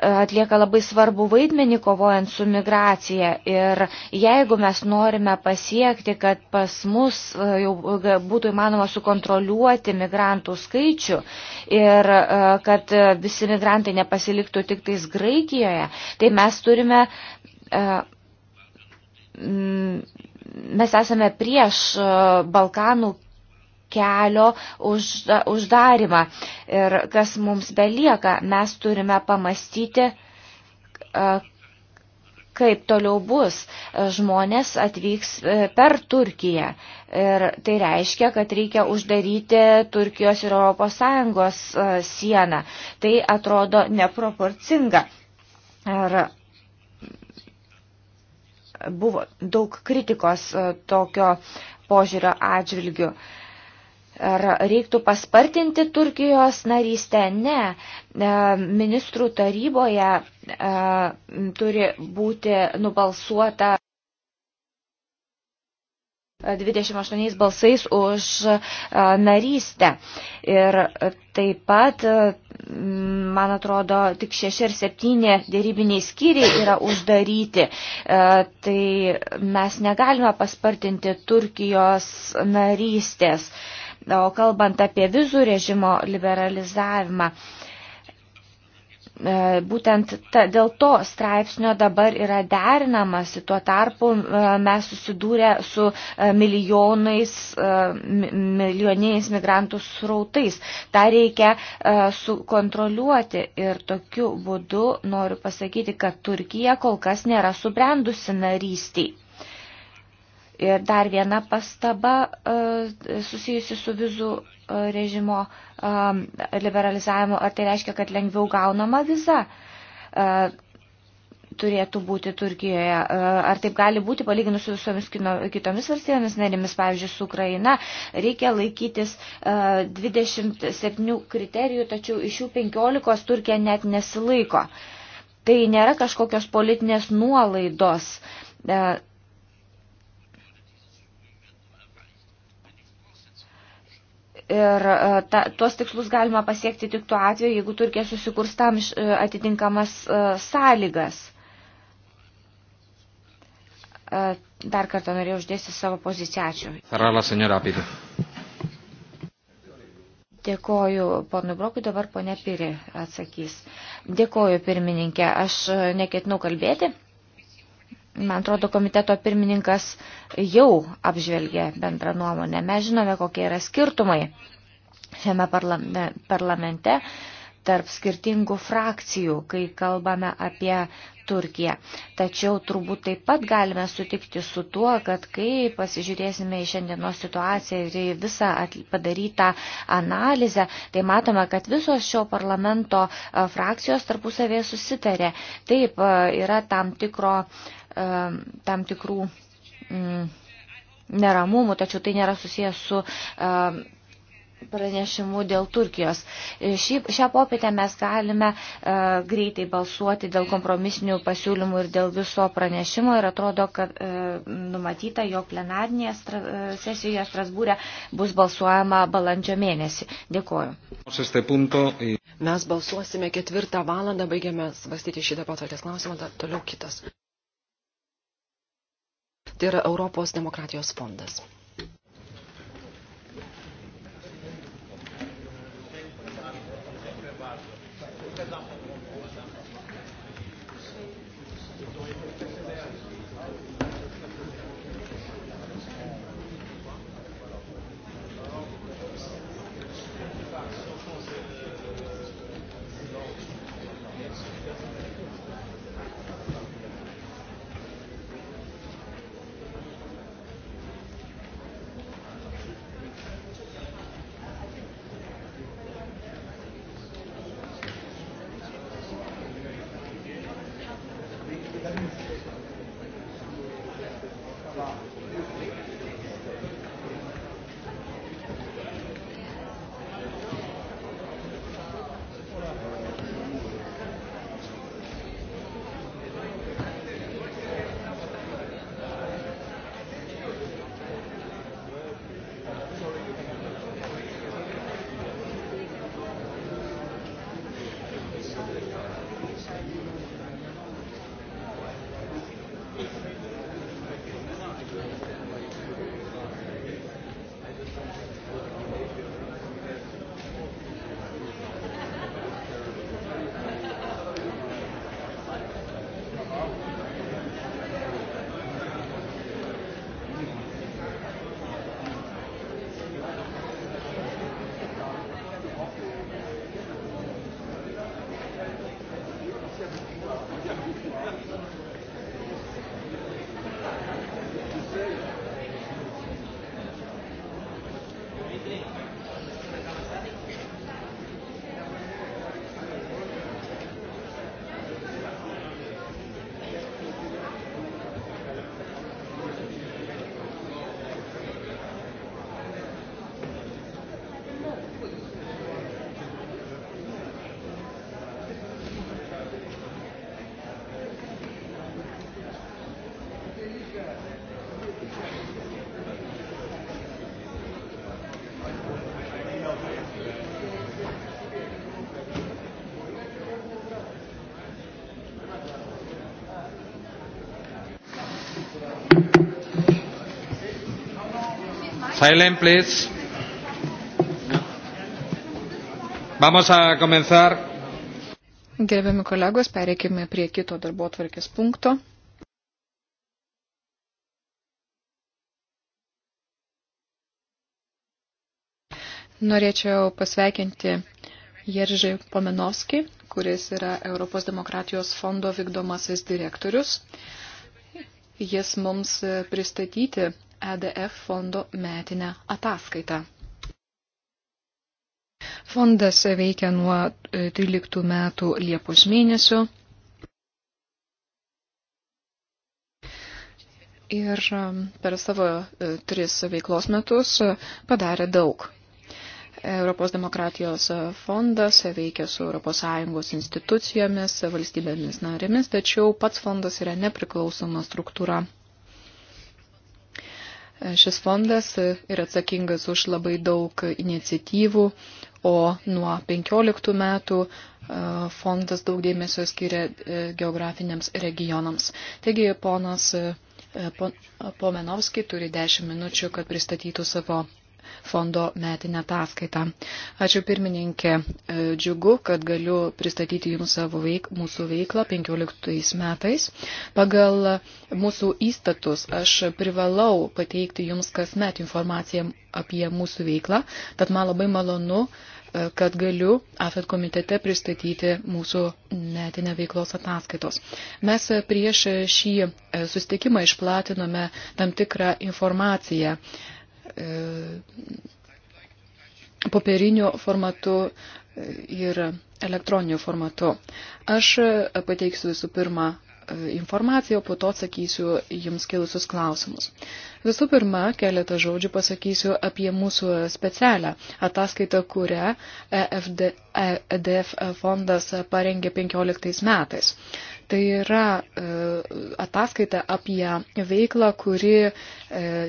atlieka labai svarbu vaidmenį kovojant su migracija. Ir jeigu mes norime pasiekti, kad pas mus e, jau e, būtų įmanoma sukontroliuoti migrantų skaičių ir e, kad visi migrantai nepasiliktų tik tais Graikijoje, tai mes turime. Mes esame prieš Balkanų kelio už, uždarimą. Ir kas mums belieka, mes turime pamastyti, kaip toliau bus. Žmonės atvyks e, per Turkiją. Ir tai reiškia, kad reikia uždaryti Turkijos ir ES e, sieną. Tai atrodo neproporcinga. Ir buvo daug kritikos e, tokio požiūrio atžvilgių. Uh, Ar reiktų paspartinti Turkijos narystę? Ne. E, ministrų taryboje e, turi būti nubalsuota 28 balsais už e, narystę. Ir taip pat, man atrodo, tik 6 ir 7 dėrybiniai skyriai yra uždaryti. Tai mes negalime paspartinti Turkijos narystės. O kalbant apie vizų režimo liberalizavimą, e, būtent ta, dėl to straipsnio dabar yra derinamas, tuo tarpu e, mes susidūrę su e, milijonais, milijoniniais migrantų srautais. Ta reikia sukontroliuoti ir tokiu būdu noriu pasakyti, kad Turkija kol kas nėra subrendusi narystiai. Ir dar viena pastaba e, susijusi su vizų e, režimo e, liberalizavimu. Ar tai reiškia, kad lengviau gaunama viza turėtų būti Turkijoje? Ar taip gali būti, palyginus su visomis kitomis valstybėmis narėmis, pavyzdžiui, su Ukraina? Reikia laikytis 27 kriterijų, tačiau iš jų 15 Turkija net nesilaiko. Tai nėra kažkokios politinės nuolaidos Ir e, ta, tuos tikslus galima pasiekti tik tuo atveju, jeigu Turkija susikurs tam e, atitinkamas e, sąlygas. Dar kartą norėjau uždėsti savo poziciją. Ačiū. Sarala, senjora Pirė. Dėkoju, ponui Brokui, dabar ponė Pirė atsakys. Dėkoju, pirmininkė, aš neketinau kalbėti. Man atrodo, komiteto pirmininkas jau apžvelgė bendrą nuomonę. Mes žinome, kokie yra skirtumai šiame parlamente tarp skirtingų frakcijų, kai kalbame apie Turkiją. Tačiau turbūt taip pat galime sutikti su tuo, kad kai pasižiūrėsime į šiandienos situaciją ir į visą padarytą analizę, tai matome, kad visos šio parlamento frakcijos tarpusavėje susitarė. Taip yra tam tikro uh, E, tam tikrų mm, neramumų, tačiau tai nėra susijęs su e, pranešimu dėl Turkijos. E, šį, šią popietę mes galime e, greitai balsuoti dėl kompromisinių pasiūlymų ir dėl viso pranešimo ir atrodo, kad e, numatyta, jog plenarnėje stra, e, sesijoje Strasbūrė bus balsuojama balandžio mėnesį. Dėkuoju. Mes balsuosime ketvirtą valandą, baigiame svastyti šitą pataltės klausimą, toliau kitas tai yra Europos demokratijos fondas. Silent, please. Vamos a comenzar. Gerbiami kolegos, pereikime prie kito darbo tvarkės punkto. Norėčiau pasveikinti Jeržį Pomenovskį, kuris yra Europos demokratijos fondo vykdomasis direktorius. Jis mums pristatyti EDF fondo metinę ataskaitą. Fondas veikia nuo 13 e, metų Liepos mėnesio. ir e, per savo e, tris veiklos metus padarė daug. Europos demokratijos fondas veikia su ES institucijomis, valstybėmis narėmis, tačiau pats fondas yra nepriklausoma struktūra. Šis fondas yra atsakingas už labai daug iniciatyvų, o nuo 15 metų e, fondas daug dėmesio skiria e, geografiniams regionams. Taigi ponas e, Pomenovski turi 10 minučių, kad pristatytų savo fondo metinę ataskaitą. Ačiū pirmininkė, e, džiugu, kad galiu pristatyti Jums savo veik, mūsų veiklą 15 metais. Pagal mūsų įstatus aš privalau pateikti Jums kasmet informaciją apie mūsų veiklą, tad man labai malonu e, kad galiu AFET komitete pristatyti mūsų metinę veiklos ataskaitos. Mes prieš šį e, sustikimą išplatinome tam tikrą informaciją E, popieriniu formatu ir elektroniniu formatu. Aš e, pateiksiu visų pirma e, informaciją, po to atsakysiu jums kilusius klausimus. Visų pirma, keletą žodžių pasakysiu apie mūsų specialią ataskaitą, kurią EFD, EDF fondas parengė 15 metais. Tai yra e, ataskaita apie veiklą, kuri e,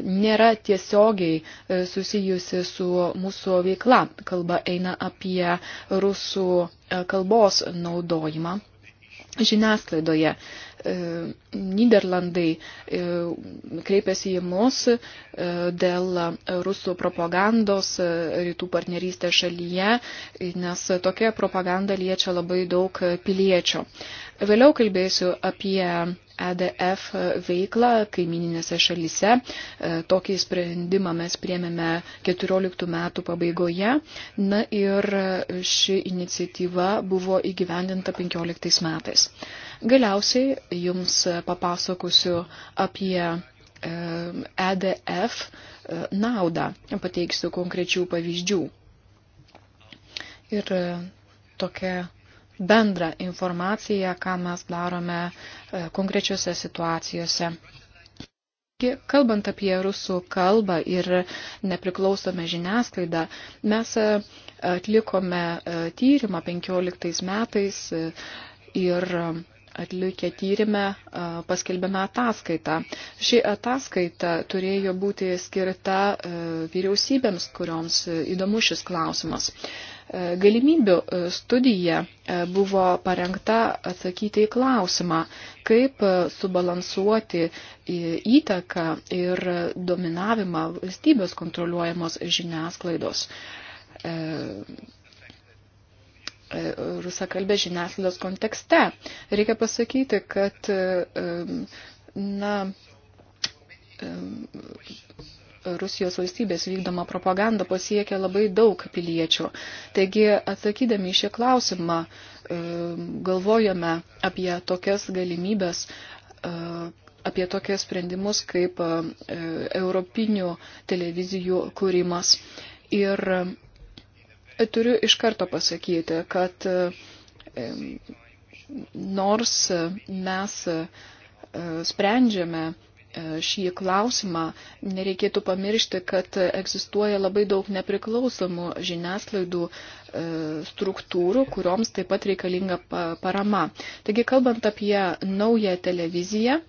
nėra tiesiogiai e, susijusi su mūsų veikla. Kalba eina apie rusų kalbos naudojimą žiniasklaidoje. Niderlandai kreipėsi į mus dėl rusų propagandos rytų partnerystės šalyje, nes tokia propaganda liečia labai daug piliečių. Vėliau kalbėsiu apie EDF veiklą kaimininėse šalise. E, tokį sprendimą mes priemėme 14 metų pabaigoje. Na ir ši iniciatyva buvo įgyvendinta 15 metais. Galiausiai jums papasakosiu apie EDF e e, naudą. Pateiksiu konkrečių pavyzdžių. Ir tokia bendrą informaciją, ką mes darome e, konkrečiose situacijose. Kalbant apie rusų kalbą ir nepriklausomą žiniasklaidą, mes e, atlikome e, tyrimą 15 metais ir atlikę tyrimę paskelbėme ataskaitą. Ši ataskaita turėjo būti skirta vyriausybėms, kurioms įdomu šis klausimas. Galimybių studija buvo parengta atsakyti į klausimą, kaip subalansuoti įtaką ir dominavimą valstybės kontroliuojamos žiniasklaidos E, rusakalbės žiniasklaidos kontekste. Reikia pasakyti, kad e, na, e, Rusijos valstybės vykdoma propaganda pasiekia labai daug piliečių. Taigi, atsakydami į šį klausimą, galvojame apie tokias galimybės, apie tokias sprendimus kaip europinių televizijų kūrimas. Ir turiu iš karto pasakyti, kad nors mes e, sprendžiame e, šį klausimą, nereikėtų pamiršti, kad egzistuoja labai daug nepriklausomų žiniasklaidų e, struktūrų, kurioms taip pat reikalinga parama. Taigi, kalbant apie naują televiziją,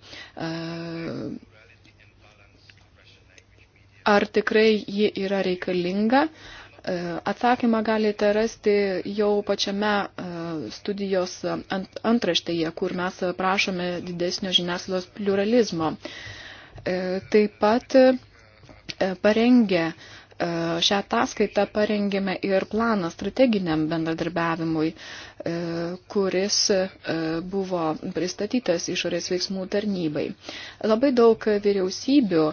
ar tikrai ji yra reikalinga, E, atsakymą galite rasti jau pačiame e, studijos antraštėje, kur mes prašome didesnio žiniasklaidos pluralizmo. E, taip pat parengė E, šią ataskaitą parengėme ir planą strateginiam bendradarbiavimui, e, kuris e, buvo pristatytas išorės veiksmų tarnybai. Labai daug vyriausybių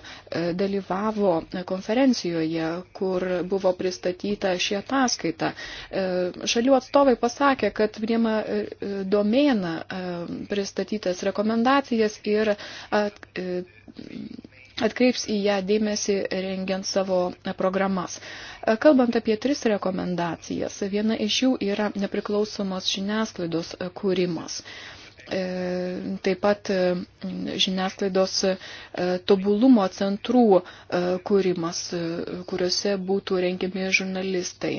dalyvavo konferencijoje, kur buvo pristatyta ši ataskaita. Šalių atstovai pasakė, kad priema domėna pristatytas rekomendacijas ir at, atkreips į ją dėmesį rengiant savo programas. E, kalbant apie tris rekomendacijas, viena iš jų yra nepriklausomos žiniasklaidos kūrimas. E, taip pat e, žiniasklaidos tobulumo centrų kūrimas, kuriuose būtų rengiami žurnalistai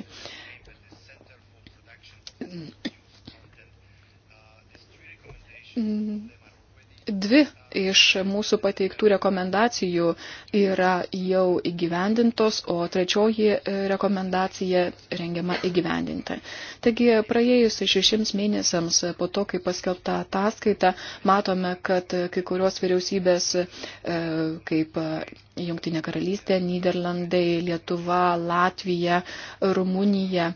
mm. Dvi iš mūsų pateiktų rekomendacijų yra jau įgyvendintos, o trečioji rekomendacija rengiama įgyvendinti. Taigi praėjus šešims mėnesiams po to, kai paskelbta ataskaita, matome, kad kai kurios vyriausybės e, kaip Jungtinė karalystė, Niderlandai, Lietuva, Latvija, Rumunija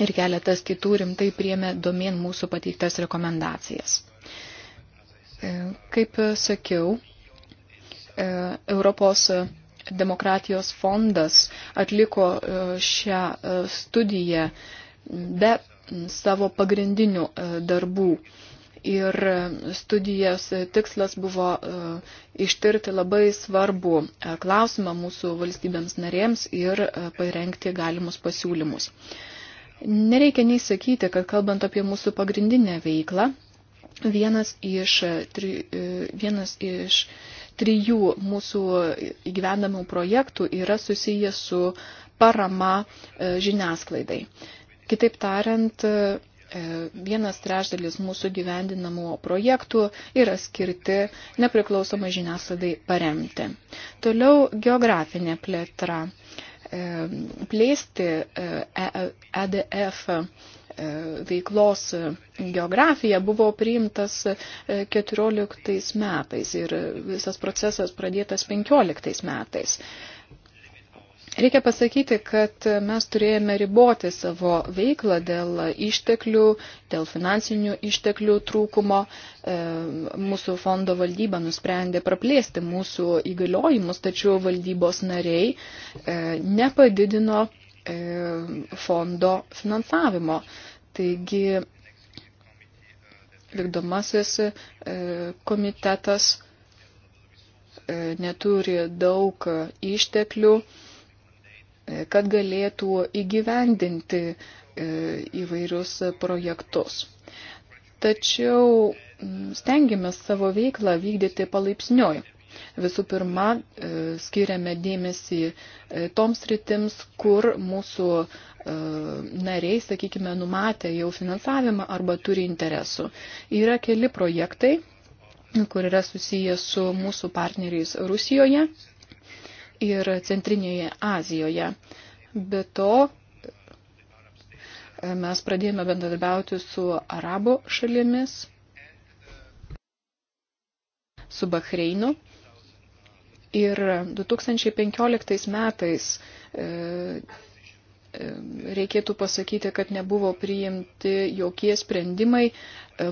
ir keletas kitų rimtai priemė domin mūsų pateiktas rekomendacijas. E, kaip sakiau, e, Europos demokratijos fondas atliko e, šią studiją be savo pagrindinių darbų. Ir studijos tikslas buvo ištirti labai svarbų klausimą mūsų valstybėms narėms ir parengti galimus pasiūlymus. Nereikia nei sakyti, kad kalbant apie mūsų pagrindinę veiklą, vienas iš, e, tri, e, vienas iš trijų mūsų gyvenamų projektų yra susijęs su parama e, žiniasklaidai. Kitaip tariant, vienas trešdalis mūsų gyvendinamų projektų yra skirti nepriklausomai žiniasklaidai paremti. Toliau geografinė plėtra. Plėsti EDF E, veiklos geografija buvo priimtas 14 e, metais ir visas procesas pradėtas 15 metais. Reikia pasakyti, kad mes turėjome riboti savo veiklą dėl išteklių, dėl finansinių išteklių trūkumo. E, mūsų fondo valdyba nusprendė praplėsti mūsų įgaliojimus, tačiau valdybos nariai nepadidino E, fondo finansavimo. Taigi vykdomasis e, komitetas e, neturi daug išteklių, kad galėtų įgyvendinti įvairius projektus. Tačiau stengiamės savo veiklą vykdyti palaipsniui. Visų pirma, e, skiriame dėmesį e, toms rytims, kur mūsų e, nariai, sakykime, numatė jau finansavimą arba turi interesų. Yra keli projektai, kur yra susiję su mūsų partneriais Rusijoje ir Centrinėje Azijoje. Be to, mes pradėjome bendradarbiauti su arabo šalimis, su Bahreinu Ir 2015 metais e, e, reikėtų pasakyti, kad nebuvo priimti jokie sprendimai e,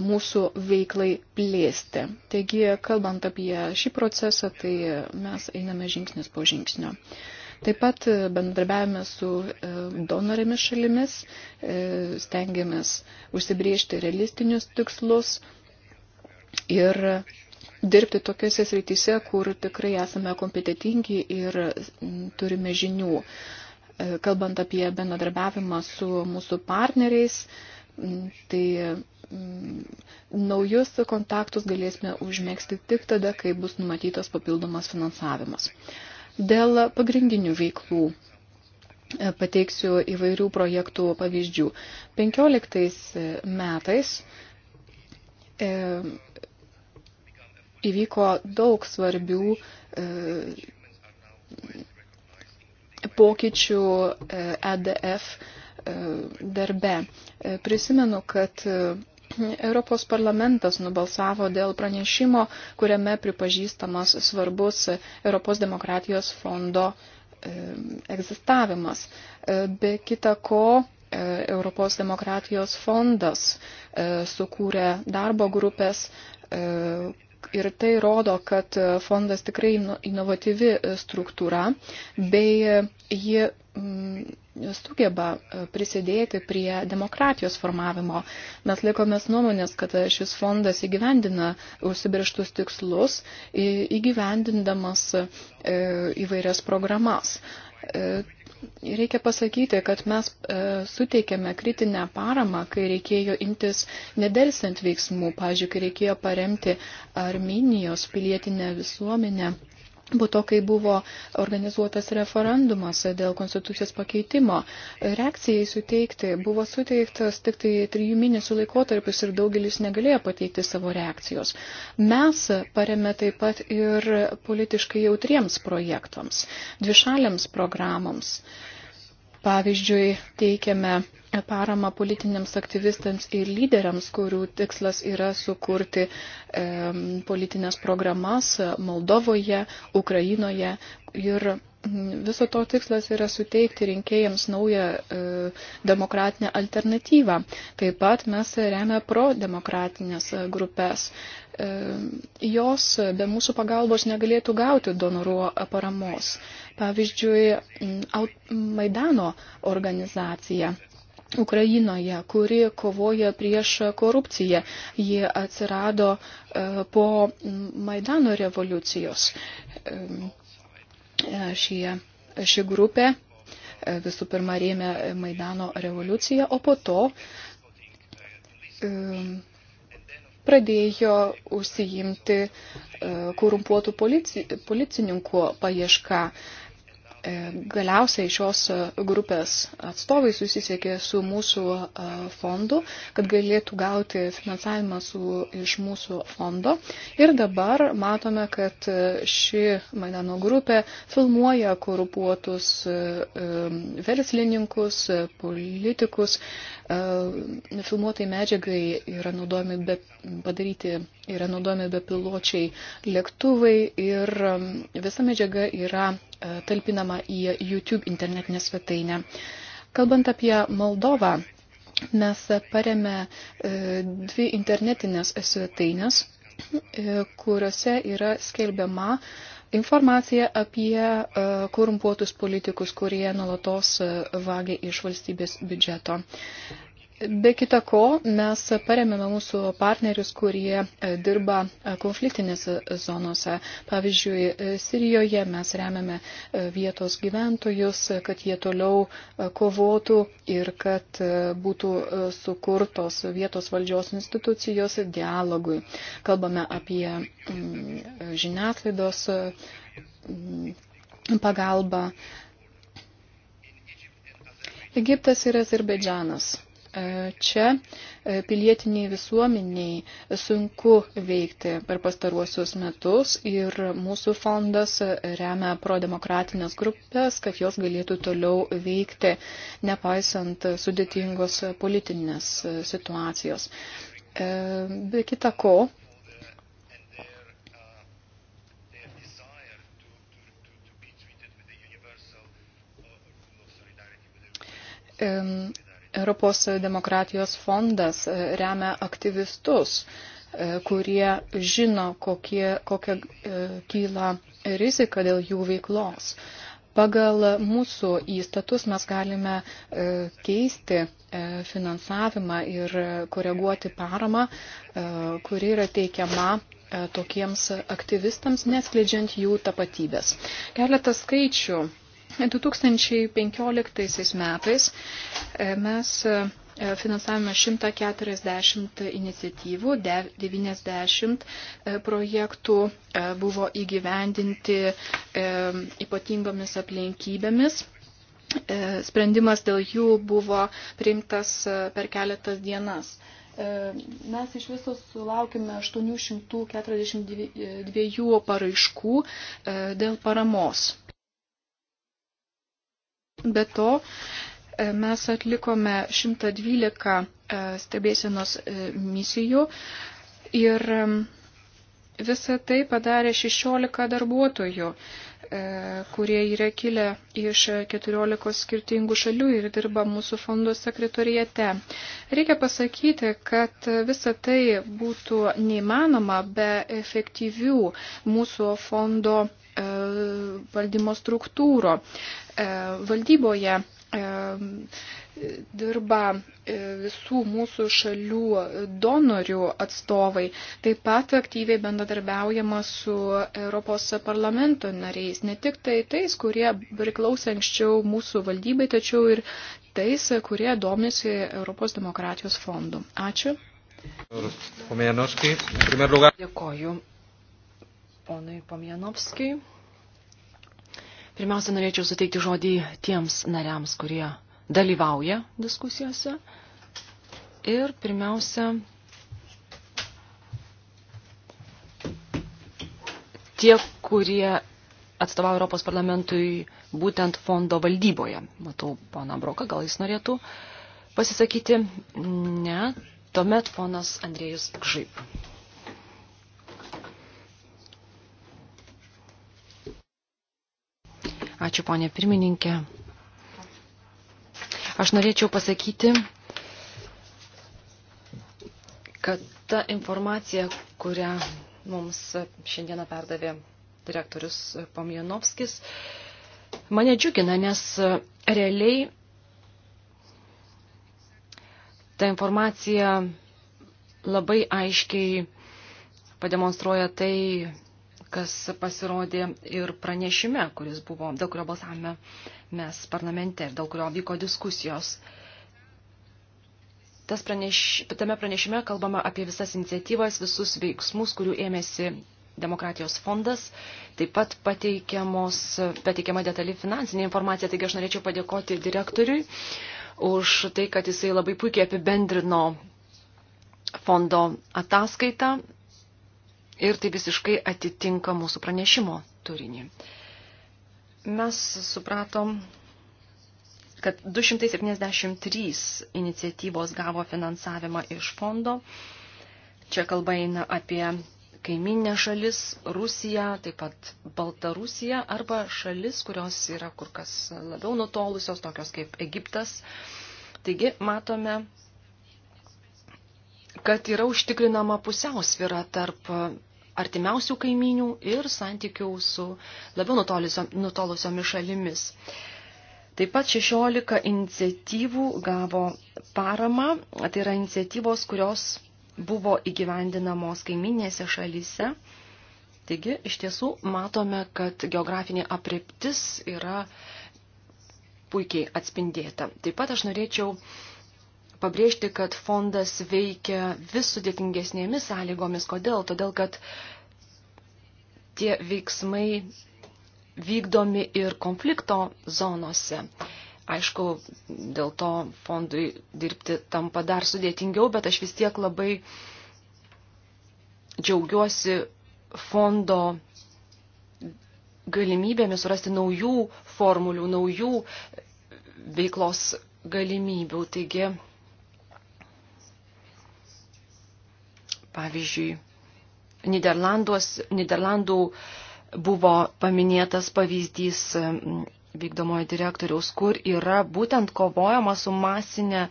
mūsų veiklai plėsti. Taigi, kalbant apie šį procesą, tai mes einame žingsnis po žingsnio. Taip pat bendradarbiavime su donorėmis šalimis, stengiamės užsibriežti realistinius tikslus ir dirbti tokiuose srityse, kur tikrai esame kompetitingi ir turime žinių. E, kalbant apie bendradarbiavimą su mūsų partneriais, tai naujus kontaktus galėsime užmėgsti tik tada, kai bus numatytas papildomas finansavimas. Dėl pagrindinių veiklų e, pateiksiu įvairių projektų pavyzdžių. 15 e, metais įvyko daug svarbių e, pokyčių EDF e e, darbe. Prisimenu, kad Europos parlamentas nubalsavo dėl pranešimo, kuriame pripažįstamas svarbus Europos demokratijos fondo egzistavimas. Be kita ko, Europos demokratijos fondas sukūrė darbo grupės, Ir tai rodo, kad e, fondas tikrai inovatyvi e, struktūra, bei e, ji mm, sugeba prisidėti prie demokratijos formavimo. Mes laikomės nuomonės, kad šis fondas įgyvendina užsibrieštus tikslus, įgyvendindamas įvairias programas. Reikia pasakyti, kad mes e, suteikėme kritinę paramą, kai reikėjo imtis nedelsiant veiksmų, pažiūrėjau, kai reikėjo paremti Arminijos pilietinę visuomenę Po to, kai buvo organizuotas referendumas dėl konstitucijos pakeitimo, reakcijai suteikti buvo suteiktas tik tai trijų mėnesių laikotarpis ir daugelis negalėjo pateikti savo reakcijos. Mes paremė taip pat ir politiškai jautriems projektams, dvišaliams programams. Pavyzdžiui, teikiame paramą politiniams aktyvistams ir lyderiams, kurių tikslas yra sukurti e, politinės programas Moldovoje, Ukrainoje ir Viso to tikslas yra suteikti rinkėjams naują e, demokratinę alternatyvą. Taip pat mes remia prodemokratinės grupės. E, jos be mūsų pagalbos negalėtų gauti donorų paramos. Pavyzdžiui, Maidano organizacija. Ukrainoje, kuri kovoja prieš korupciją. Ji atsirado e, po Maidano revoliucijos. E, E, šie, ši grupė e, visų pirma rėmė Maidano revoliuciją, o po to e, pradėjo užsiimti korumpuotų policininkų paiešką E, galiausiai šios e, grupės atstovai susisiekė su mūsų e, fondu, kad galėtų gauti finansavimą su, iš mūsų fondo. Ir dabar matome, kad ši Maidano grupė filmuoja korupuotus verslininkus, politikus. Filmuotai medžiagai yra naudojami, bet padaryti yra naudojami bepiločiai lėktuvai ir um, visa medžiaga yra e, talpinama į YouTube internetinę svetainę. Kalbant apie Moldovą, mes paremė e, dvi internetinės svetainės, e, kuriuose yra skelbiama informacija apie korumpuotus politikus, kurie nuolatos vagia iš valstybės biudžeto. Be kita ko, mes paremėme mūsų partnerius, kurie e, dirba e, konfliktinėse zonose. Pavyzdžiui, e, Sirijoje mes remiame vietos gyventojus, kad jie toliau kovotų ir kad būtų sukurtos vietos valdžios institucijos dialogui. Kalbame apie mm, žiniasklaidos mm, pagalbą. Egiptas ir Azerbaidžanas E, čia e, pilietiniai visuomeniai sunku veikti per pastaruosius metus ir mūsų fondas remia prodemokratinės grupės, kad jos galėtų toliau veikti, nepaisant sudėtingos politinės e, situacijos. Be kita ko, Europos demokratijos fondas e, remia aktyvistus, e, kurie žino, kokie, kokia e, kyla rizika dėl jų veiklos. Pagal mūsų įstatus mes galime keisti finansavimą ir koreguoti paramą, kuri yra teikiama tokiems aktyvistams, neskleidžiant jų tapatybės. Keletas skaičių 2015 metais e, mes e, finansavome 140 iniciatyvų, 90 e, projektų buvo įgyvendinti ypatingomis aplinkybėmis. Sprendimas dėl jų buvo priimtas per keletas dienas mes iš viso sulaukime 842 paraiškų dėl paramos. Be to, e, mes atlikome 112 e, stebėsienos e, misijų ir visą tai padarė 16 darbuotojų, kurie yra kilę iš 14 skirtingų šalių ir dirba mūsų fondo sekretorijate. Reikia pasakyti, kad visa tai būtų neįmanoma be efektyvių mūsų fondo E, valdymo struktūro. E, valdyboje e, dirba visų mūsų šalių donorių atstovai. Taip pat aktyviai bendradarbiaujama su Europos parlamento nariais, ne tik tai tais, kurie priklausė anksčiau mūsų valdybai, tačiau ir tais, kurie domisi Europos demokratijos fondu. Ačiū. Dėkoju ponui Pomjanovskijui. Pirmiausia, norėčiau suteikti žodį tiems nariams, kurie dalyvauja diskusijose. Ir pirmiausia, tie, kurie atstovauja Europos parlamentui būtent fondo valdyboje. Matau, pana Broka, gal jis norėtų pasisakyti? Ne. Tuomet ponas Andrėjus Gžaip. Ačiū, ponė pirmininkė. Aš norėčiau pasakyti, kad ta informacija, kurią mums šiandieną perdavė direktorius Pomjanovskis, mane džiugina, nes realiai ta informacija labai aiškiai pademonstruoja tai, kas pasirodė ir pranešime, kuris buvo, dėl kurio balsavome mes parlamente ir dėl kurio vyko diskusijos. Tas praneš, tame pranešime kalbama apie visas iniciatyvas, visus veiksmus, kurių ėmėsi demokratijos fondas, taip pat pateikiama detali finansinė informacija, taigi aš norėčiau padėkoti direktoriui už tai, kad jisai labai puikiai apibendrino fondo ataskaitą ir tai visiškai atitinka mūsų pranešimo turinį. Mes supratom, kad 273 iniciatyvos gavo finansavimą iš fondo. Čia kalba eina apie kaiminę šalis Rusiją, taip pat Baltarusiją arba šalis, kurios yra kur kas labiau nutolusios, tokios kaip Egiptas. Taigi matome, kad yra užtikrinama pusiausvyra tarp artimiausių kaimynių ir santykių su labiau nutolusiomis šalimis. Taip pat 16 iniciatyvų gavo paramą, tai yra iniciatyvos, kurios buvo įgyvendinamos kaiminėse šalyse. Taigi, iš tiesų matome, kad geografinė apriptis yra puikiai atspindėta. Taip pat aš norėčiau uh, pabrėžti, kad fondas veikia vis sudėtingesnėmis sąlygomis. Kodėl? Todėl, kad tie veiksmai vykdomi ir konflikto zonose. Aišku, dėl to fondui dirbti tampa dar sudėtingiau, bet aš vis tiek labai džiaugiuosi fondo galimybėmis surasti naujų formulių, naujų veiklos galimybių. Taigi Pavyzdžiui, Niderlandų buvo paminėtas pavyzdys vykdomojo direktoriaus, kur yra būtent kovojama su masinė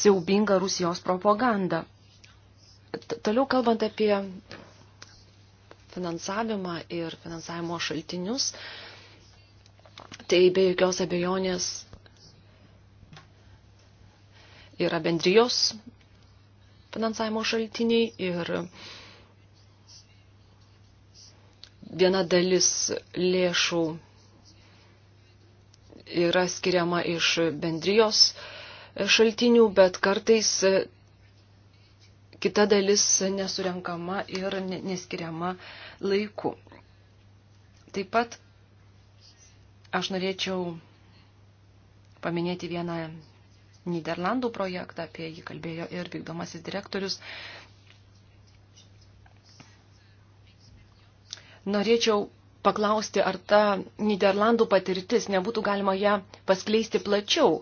siaubinga Rusijos propaganda. Toliau kalbant apie finansavimą ir finansavimo šaltinius, tai be jokios abejonės yra bendrijos finansavimo šaltiniai ir viena dalis lėšų yra skiriama iš bendrijos šaltinių, bet kartais kita dalis nesurenkama ir neskiriama laiku. Taip pat aš norėčiau paminėti vieną Niderlandų projektą, apie jį kalbėjo ir vykdomasis direktorius. Norėčiau paklausti, ar ta Niderlandų patirtis nebūtų galima ją paskleisti plačiau,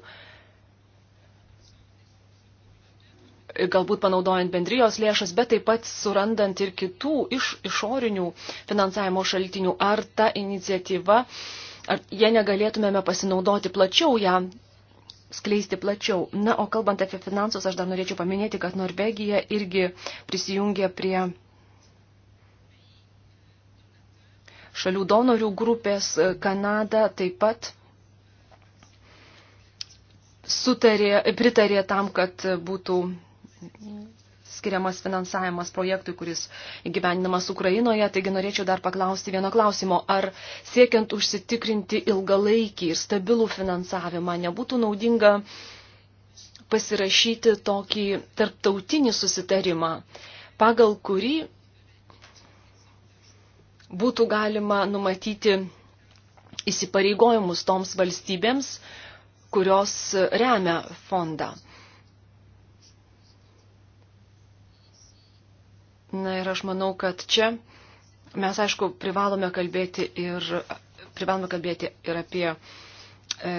galbūt panaudojant bendrijos lėšas, bet taip pat surandant ir kitų iš, išorinių finansavimo šaltinių, ar ta iniciatyva, ar jie negalėtumėme pasinaudoti plačiau ją skleisti plačiau. Na, o kalbant apie finansus, aš dar norėčiau paminėti, kad Norvegija irgi prisijungė prie šalių donorių grupės Kanada taip pat sutarė, pritarė tam, kad būtų skiriamas finansavimas projektui, kuris gyveninamas Ukrainoje. Taigi norėčiau dar paklausti vieno klausimo. Ar siekiant užsitikrinti ilgalaikį ir stabilų finansavimą nebūtų naudinga pasirašyti tokį tarptautinį susitarimą, pagal kurį būtų galima numatyti įsipareigojimus toms valstybėms, kurios remia fondą. Na ir aš manau, kad čia mes, aišku, privalome kalbėti ir, privalome kalbėti ir apie e,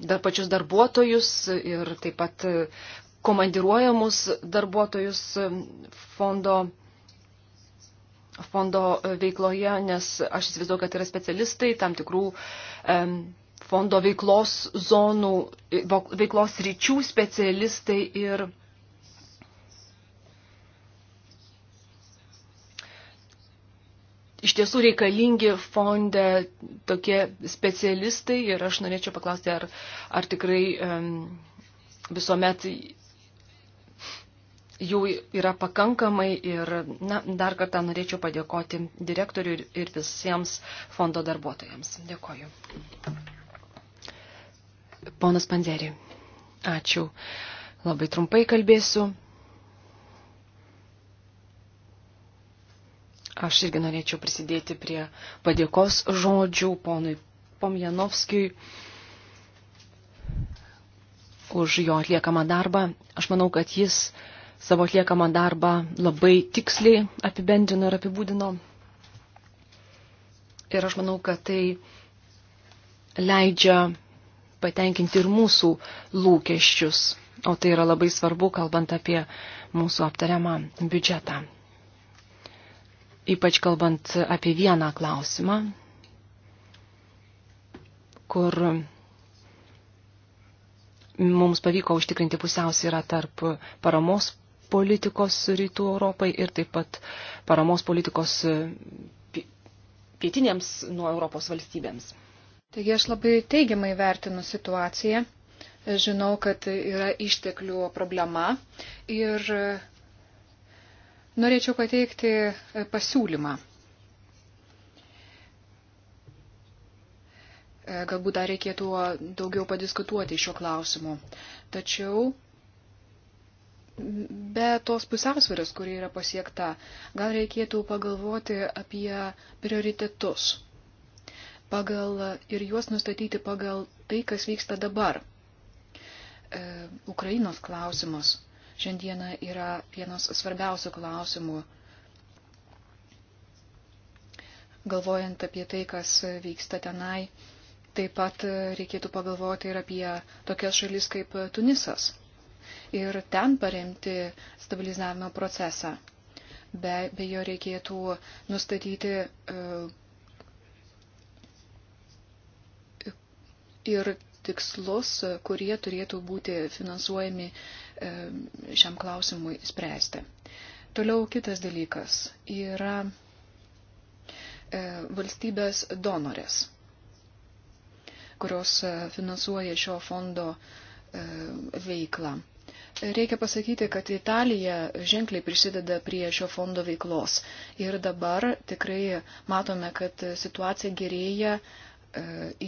dar pačius darbuotojus ir taip pat komandiruojamus darbuotojus fondo, fondo veikloje, nes aš įsivaizduoju, kad yra specialistai tam tikrų e, fondo veiklos zonų, veiklos ryčių specialistai ir iš tiesų reikalingi fonde tokie specialistai ir aš norėčiau paklausti, ar, ar tikrai um, visuomet jų yra pakankamai ir na, dar kartą norėčiau padėkoti direktoriui ir, ir visiems fondo darbuotojams. Dėkoju. Ponas Panzerį, ačiū. Labai trumpai kalbėsiu. Aš irgi norėčiau prisidėti prie padėkos žodžių ponui Pomjanovskijui už jo atliekamą darbą. Aš manau, kad jis savo atliekamą darbą labai tiksliai apibendrino ir apibūdino. Ir aš manau, kad tai leidžia patenkinti ir mūsų lūkesčius, o tai yra labai svarbu, kalbant apie mūsų aptariamą biudžetą ypač kalbant apie vieną klausimą, kur mums pavyko užtikrinti pusiausvyrą tarp paramos politikos rytų Europai ir taip pat paramos politikos pietinėms nuo Europos valstybėms. Taigi aš labai teigiamai vertinu situaciją. Žinau, kad yra išteklių problema ir Norėčiau pateikti e, pasiūlymą. E, galbūt dar reikėtų daugiau padiskutuoti šiuo klausimu. Tačiau be tos pusiausvėros, kuri yra pasiekta, gal reikėtų pagalvoti apie prioritetus. Pagal, ir juos nustatyti pagal tai, kas vyksta dabar. E, Ukrainos klausimas šiandieną yra vienas svarbiausių klausimų. Galvojant apie tai, kas vyksta tenai, taip pat reikėtų pagalvoti ir apie tokias šalis kaip Tunisas ir ten paremti stabilizavimo procesą. Be, be jo reikėtų nustatyti uh, ir tikslus, kurie turėtų būti finansuojami uh, E, šiam klausimui spręsti. Toliau kitas dalykas yra e, valstybės donorės, kurios e, finansuoja šio fondo veiklą. Reikia pasakyti, kad Italija ženkliai prisideda prie šio fondo veiklos ir dabar tikrai matome, kad situacija gerėja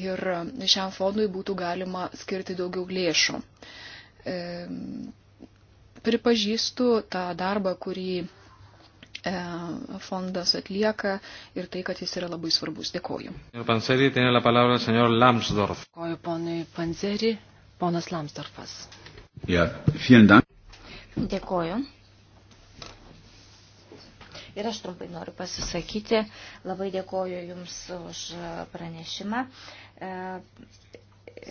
ir šiam fondui būtų galima skirti daugiau lėšų pripažįstu tą darbą, kurį e, fondas atlieka ir tai, kad jis yra labai svarbus. Dėkoju. Panseri, Dėkoju ponui Panzeri, ponas Lamsdorfas. Ja, Dėkoju. Ir aš trumpai noriu pasisakyti. Labai dėkoju Jums už pranešimą. E,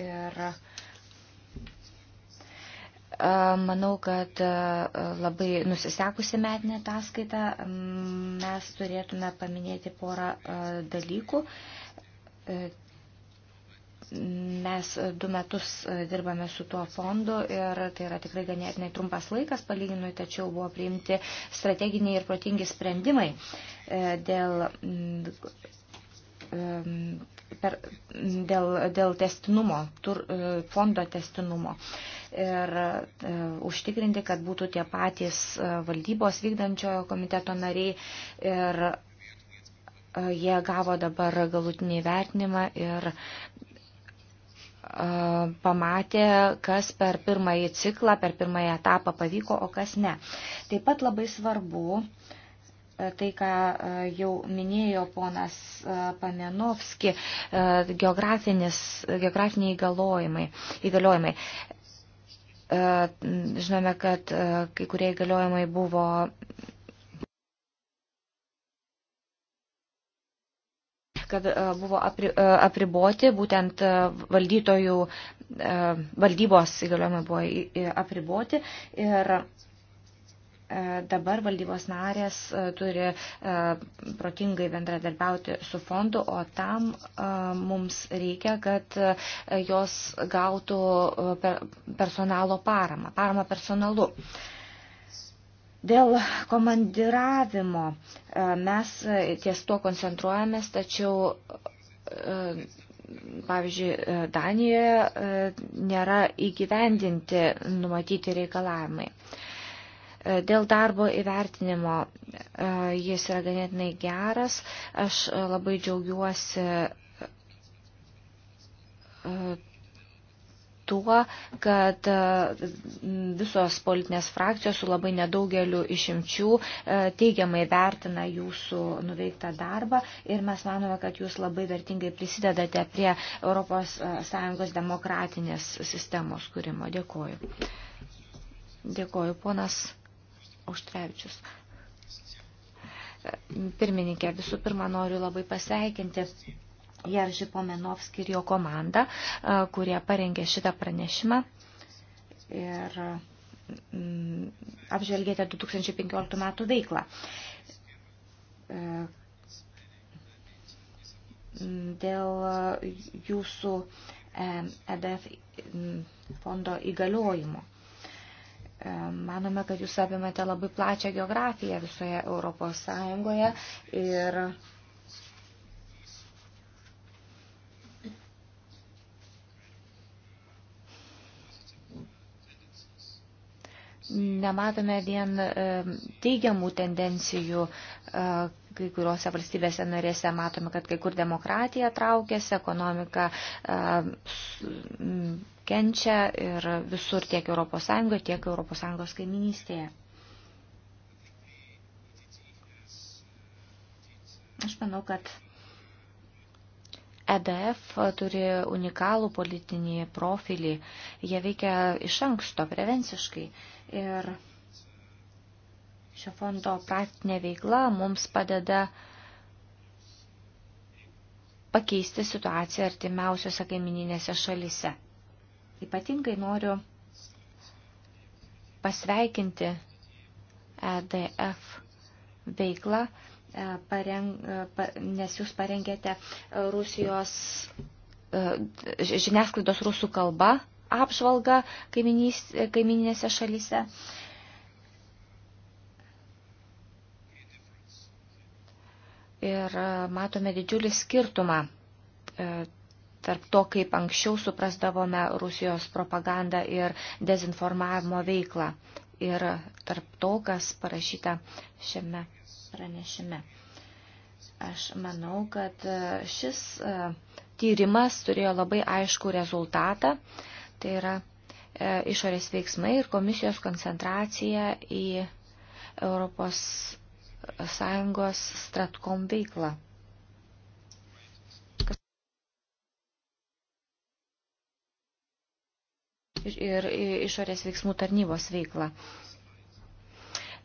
ir Manau, kad labai nusisekusi metinė ataskaita. Mes turėtume paminėti porą dalykų. E, mes du metus dirbame su tuo fondu ir tai yra tikrai ganėtinai trumpas laikas palyginui, tačiau buvo priimti strateginiai ir protingi sprendimai e, dėl e, per, dėl, dėl testinumo, tur, fondo testinumo. Uh, ir e, užtikrinti, kad būtų tie patys e, valdybos vykdančiojo komiteto nariai ir e, jie gavo dabar galutinį vertinimą ir pamatė, kas per pirmąjį ciklą, per pirmąjį etapą pavyko, o kas ne. Taip pat labai svarbu, tai, ką jau minėjo ponas Pamenovski, geografiniai įgaliojimai. Žinome, kad e, kai kurie įgaliojimai buvo kad e, buvo apri, e, apriboti, būtent valdytojų valdybos įgaliojimai buvo apriboti ir E, dabar valdybos narės e, turi e, protingai bendradarbiauti su fondu, o tam mums reikia, kad jos gautų personalo paramą, paramą personalu. Dėl komandiravimo mes ties tuo koncentruojamės, tačiau, pavyzdžiui, Danijoje nėra įgyvendinti numatyti reikalavimai. Dėl darbo įvertinimo e, jis yra ganėtinai geras. Aš e, labai džiaugiuosi e, tuo, kad visos politinės frakcijos su labai nedaugeliu išimčių teigiamai vertina jūsų nuveiktą darbą ir mes manome, kad jūs labai vertingai prisidedate prie ES demokratinės sistemos kūrimo. Dėkuoju. Dėkuoju, ponas Auštrevičius. Pirmininkė, visų pirma, noriu labai pasveikinti Jeržį Pomenovskį ir jo komandą, kurie parengė šitą pranešimą. Ir mm, apžvelgėte 2015 metų veiklą. Dėl jūsų EDF e fondo įgaliojimo. E, manome, kad jūs apimate labai plačią geografiją visoje Europos Sąjungoje ir nematome vien e, teigiamų tendencijų, e, kai kuriuose valstybėse narėse matome, kad kai kur demokratija traukiasi, ekonomika e, kenčia ir visur tiek ES, tiek ES kaiminystėje. Aš manau, kad EDF turi unikalų politinį profilį. Jie veikia iš anksto, prevenciškai. Ir Šio fondo praktinė veikla mums padeda pakeisti situaciją artimiausiose kaimininėse šalise. Ypatingai noriu pasveikinti EDF veiklą, e, e, nes jūs parengėte Rusijos e, žiniasklaidos rusų kalba apžvalgą kaiminėse šalyse. ir e, matome didžiulį skirtumą e, tarp to, kaip anksčiau suprasdavome Rusijos propagandą ir dezinformavimo veiklą ir tarp to, kas parašyta šiame pranešime. Aš manau, kad e, šis tyrimas turėjo labai aišku rezultatą, tai yra išorės veiksmai ir komisijos koncentracija į Europos sąjungos Stratkom veiklą. ir išorės veiksmų tarnybos veiklą.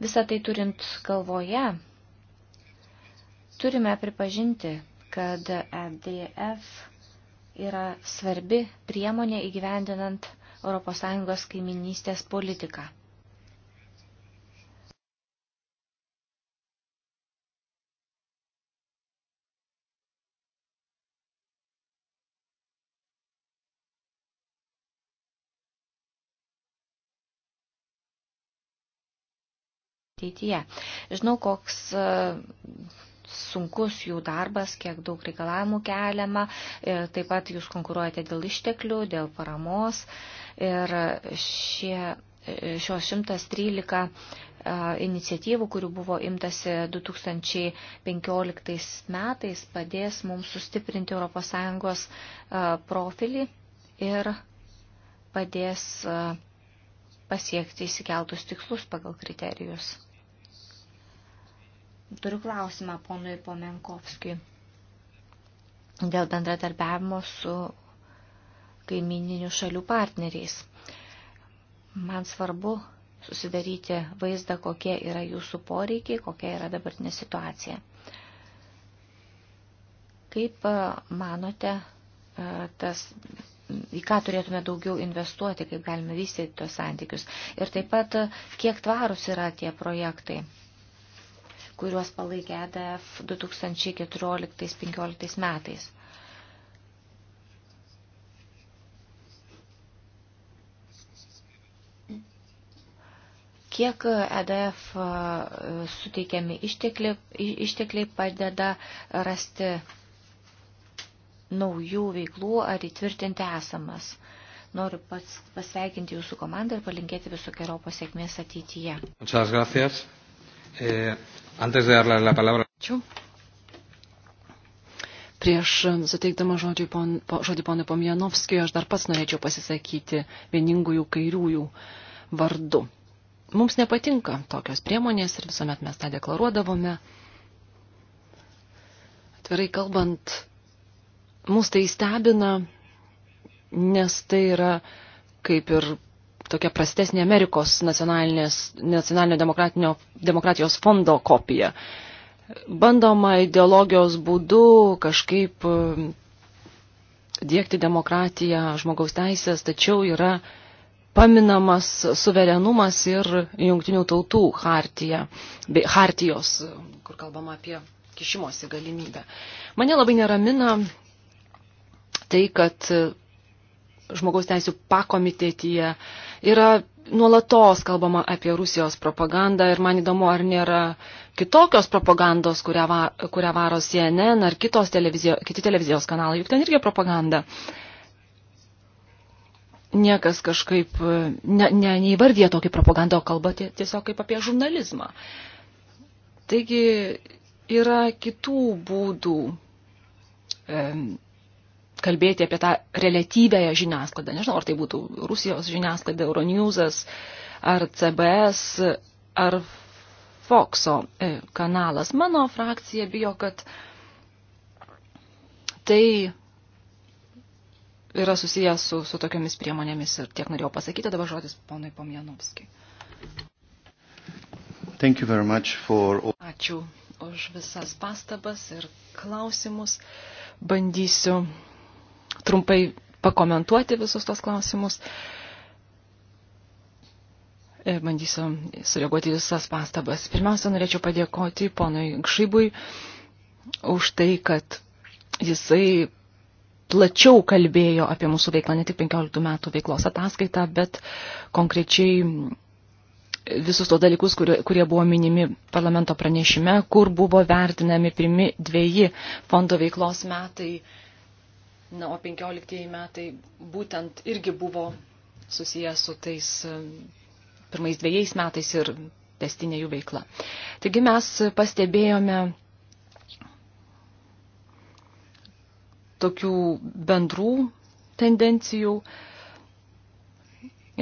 Visą tai turint galvoje, turime pripažinti, kad EDF yra svarbi priemonė įgyvendinant ES kaiminystės politiką. ateityje. Žinau, koks e, sunkus jų darbas, kiek daug reikalavimų keliama, e, taip pat jūs konkuruojate dėl išteklių, dėl paramos ir šie, e, šios 113 iniciatyvų, kurių buvo imtasi 2015 metais, padės mums sustiprinti ES profilį ir padės pasiekti įsikeltus tikslus pagal kriterijus. Turiu klausimą ponui Pomenkovskiui dėl bendradarbiavimo su kaimininių šalių partneriais. Man svarbu susidaryti vaizdą, kokie yra jūsų poreikiai, kokia yra dabartinė situacija. Kaip e, manote, e, tas, į ką turėtume daugiau investuoti, kaip galime vystyti tos santykius. Ir taip pat, e, kiek tvarus yra tie projektai kuriuos palaikė EDF 2014-2015 metais. Kiek EDF e, suteikiami ištekliai, ištekliai padeda rasti naujų veiklų ar įtvirtinti esamas. Noriu pats pasveikinti jūsų komandą ir palinkėti visokiojo pasiekmės ateityje. Muchas gracias. Eh, Antes de darle la palabra. Ačiū. Prieš suteikdama žodį, pon, po, žodį ponui Pomjanovskijui, aš dar pats norėčiau pasisakyti vieningųjų kairiųjų vardu. Mums nepatinka tokios priemonės ir visuomet mes tą deklaruodavome. Atvirai kalbant, mus tai stebina, nes tai yra kaip ir tokia prastesnė Amerikos nacionalinio demokratijos fondo kopija. Bandoma ideologijos būdu kažkaip e, dėkti demokratiją, žmogaus teisės, tačiau yra paminamas suverenumas ir jungtinių tautų hartija, bei hartijos, kur kalbama apie kišimosi galimybę. Mane labai neramina tai, kad žmogaus teisų pakomitėtyje yra nuolatos kalbama apie Rusijos propagandą ir man įdomu, ar nėra kitokios propagandos, kurią, va, kurią varo CNN ar kitos televizijos, kiti televizijos kanalai, juk ten irgi propaganda. Niekas kažkaip ne, ne, neįvardyja tokį propagandą, o kalba tiesiog kaip apie žurnalizmą. Taigi yra kitų būdų e, kalbėti apie tą relatyvęją žiniasklaidą. Nežinau, ar tai būtų Rusijos žiniasklaida, Euronewsas, ar CBS, ar Foxo e, kanalas. Mano frakcija bijo, kad tai yra susijęs su, su tokiamis priemonėmis ir tiek norėjau pasakyti, dabar žodis ponui Pomjanovskijai. For... Ačiū už visas pastabas ir klausimus. Bandysiu trumpai pakomentuoti visus tos klausimus. Ir e, bandysiu sureaguoti visas pastabas. Pirmiausia, norėčiau padėkoti ponui Gšybui už tai, kad jisai plačiau kalbėjo apie mūsų veiklą, ne tik 15 metų veiklos ataskaitą, bet konkrečiai visus to dalykus, kurie, kurie buvo minimi parlamento pranešime, kur buvo vertinami pirmi dviejį fondo veiklos metai Na, o 15 metai būtent irgi buvo susijęs su tais e, pirmais dviejais metais ir testinė jų veikla. Taigi mes pastebėjome tokių bendrų tendencijų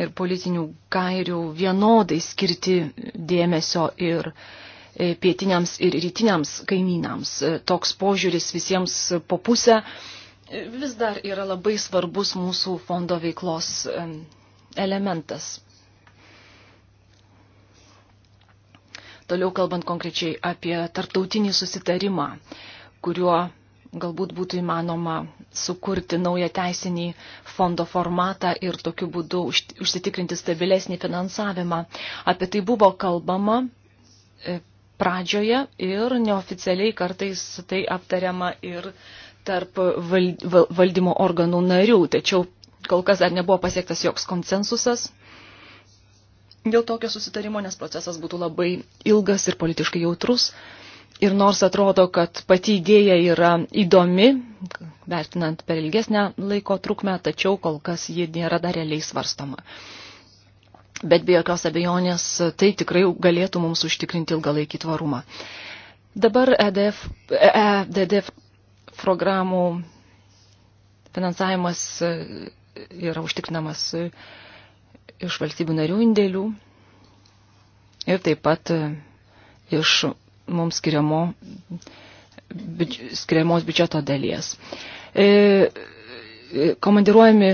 ir politinių gairių vienodai skirti dėmesio ir e, pietiniams ir rytiniams kaimynams. E, toks požiūris visiems po pusę vis dar yra labai svarbus mūsų fondo veiklos elementas. Toliau kalbant konkrečiai apie tarptautinį susitarimą, kuriuo galbūt būtų įmanoma sukurti naują teisinį fondo formatą ir tokiu būdu užsitikrinti stabilesnį finansavimą. Apie tai buvo kalbama e, pradžioje ir neoficialiai kartais tai aptariama ir tarp valdymo organų narių, tačiau kol kas dar nebuvo pasiektas joks konsensusas dėl tokio susitarimo, nes procesas būtų labai ilgas ir politiškai jautrus. Ir nors atrodo, kad pati idėja yra įdomi, vertinant per ilgesnę laiko trukmę, tačiau kol kas ji nėra dar realiai svarstoma. Bet be jokios abejonės tai tikrai galėtų mums užtikrinti ilgalaikį tvarumą. Dabar EDF, EDF programų finansavimas e, yra užtikrinamas e, iš valstybių narių indėlių ir taip pat e, iš mums skiriamo, skiriamos biudžeto dalies. Komandiruojami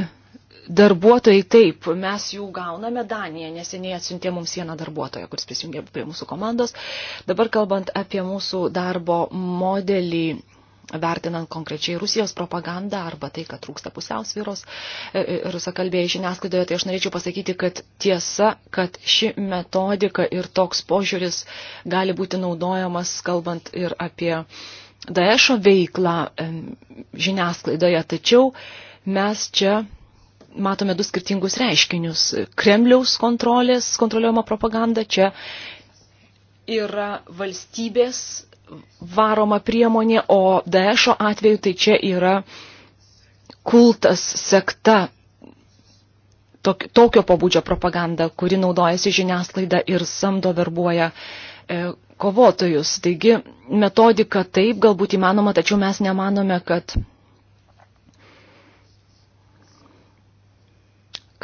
darbuotojai taip, mes jų gauname, Danija neseniai atsiuntė mums vieną darbuotoją, kuris prisijungė prie mūsų komandos. Dabar kalbant apie mūsų darbo modelį vertinant konkrečiai Rusijos propagandą arba tai, kad trūksta pusiausvyros e, e, rusakalbėjai žiniasklaidoje, tai aš norėčiau pasakyti, kad tiesa, kad ši metodika ir toks požiūris gali būti naudojamas, kalbant ir apie Daešo veiklą e, žiniasklaidoje, tačiau mes čia matome du skirtingus reiškinius. Kremliaus kontrolės, kontroliuojama propaganda, čia yra valstybės varoma priemonė, o Daešo atveju tai čia yra kultas, sekta, tok, tokio pobūdžio propaganda, kuri naudojasi žiniasklaida ir samdo verbuoja e, kovotojus. Taigi metodika taip galbūt įmanoma, tačiau mes nemanome, kad,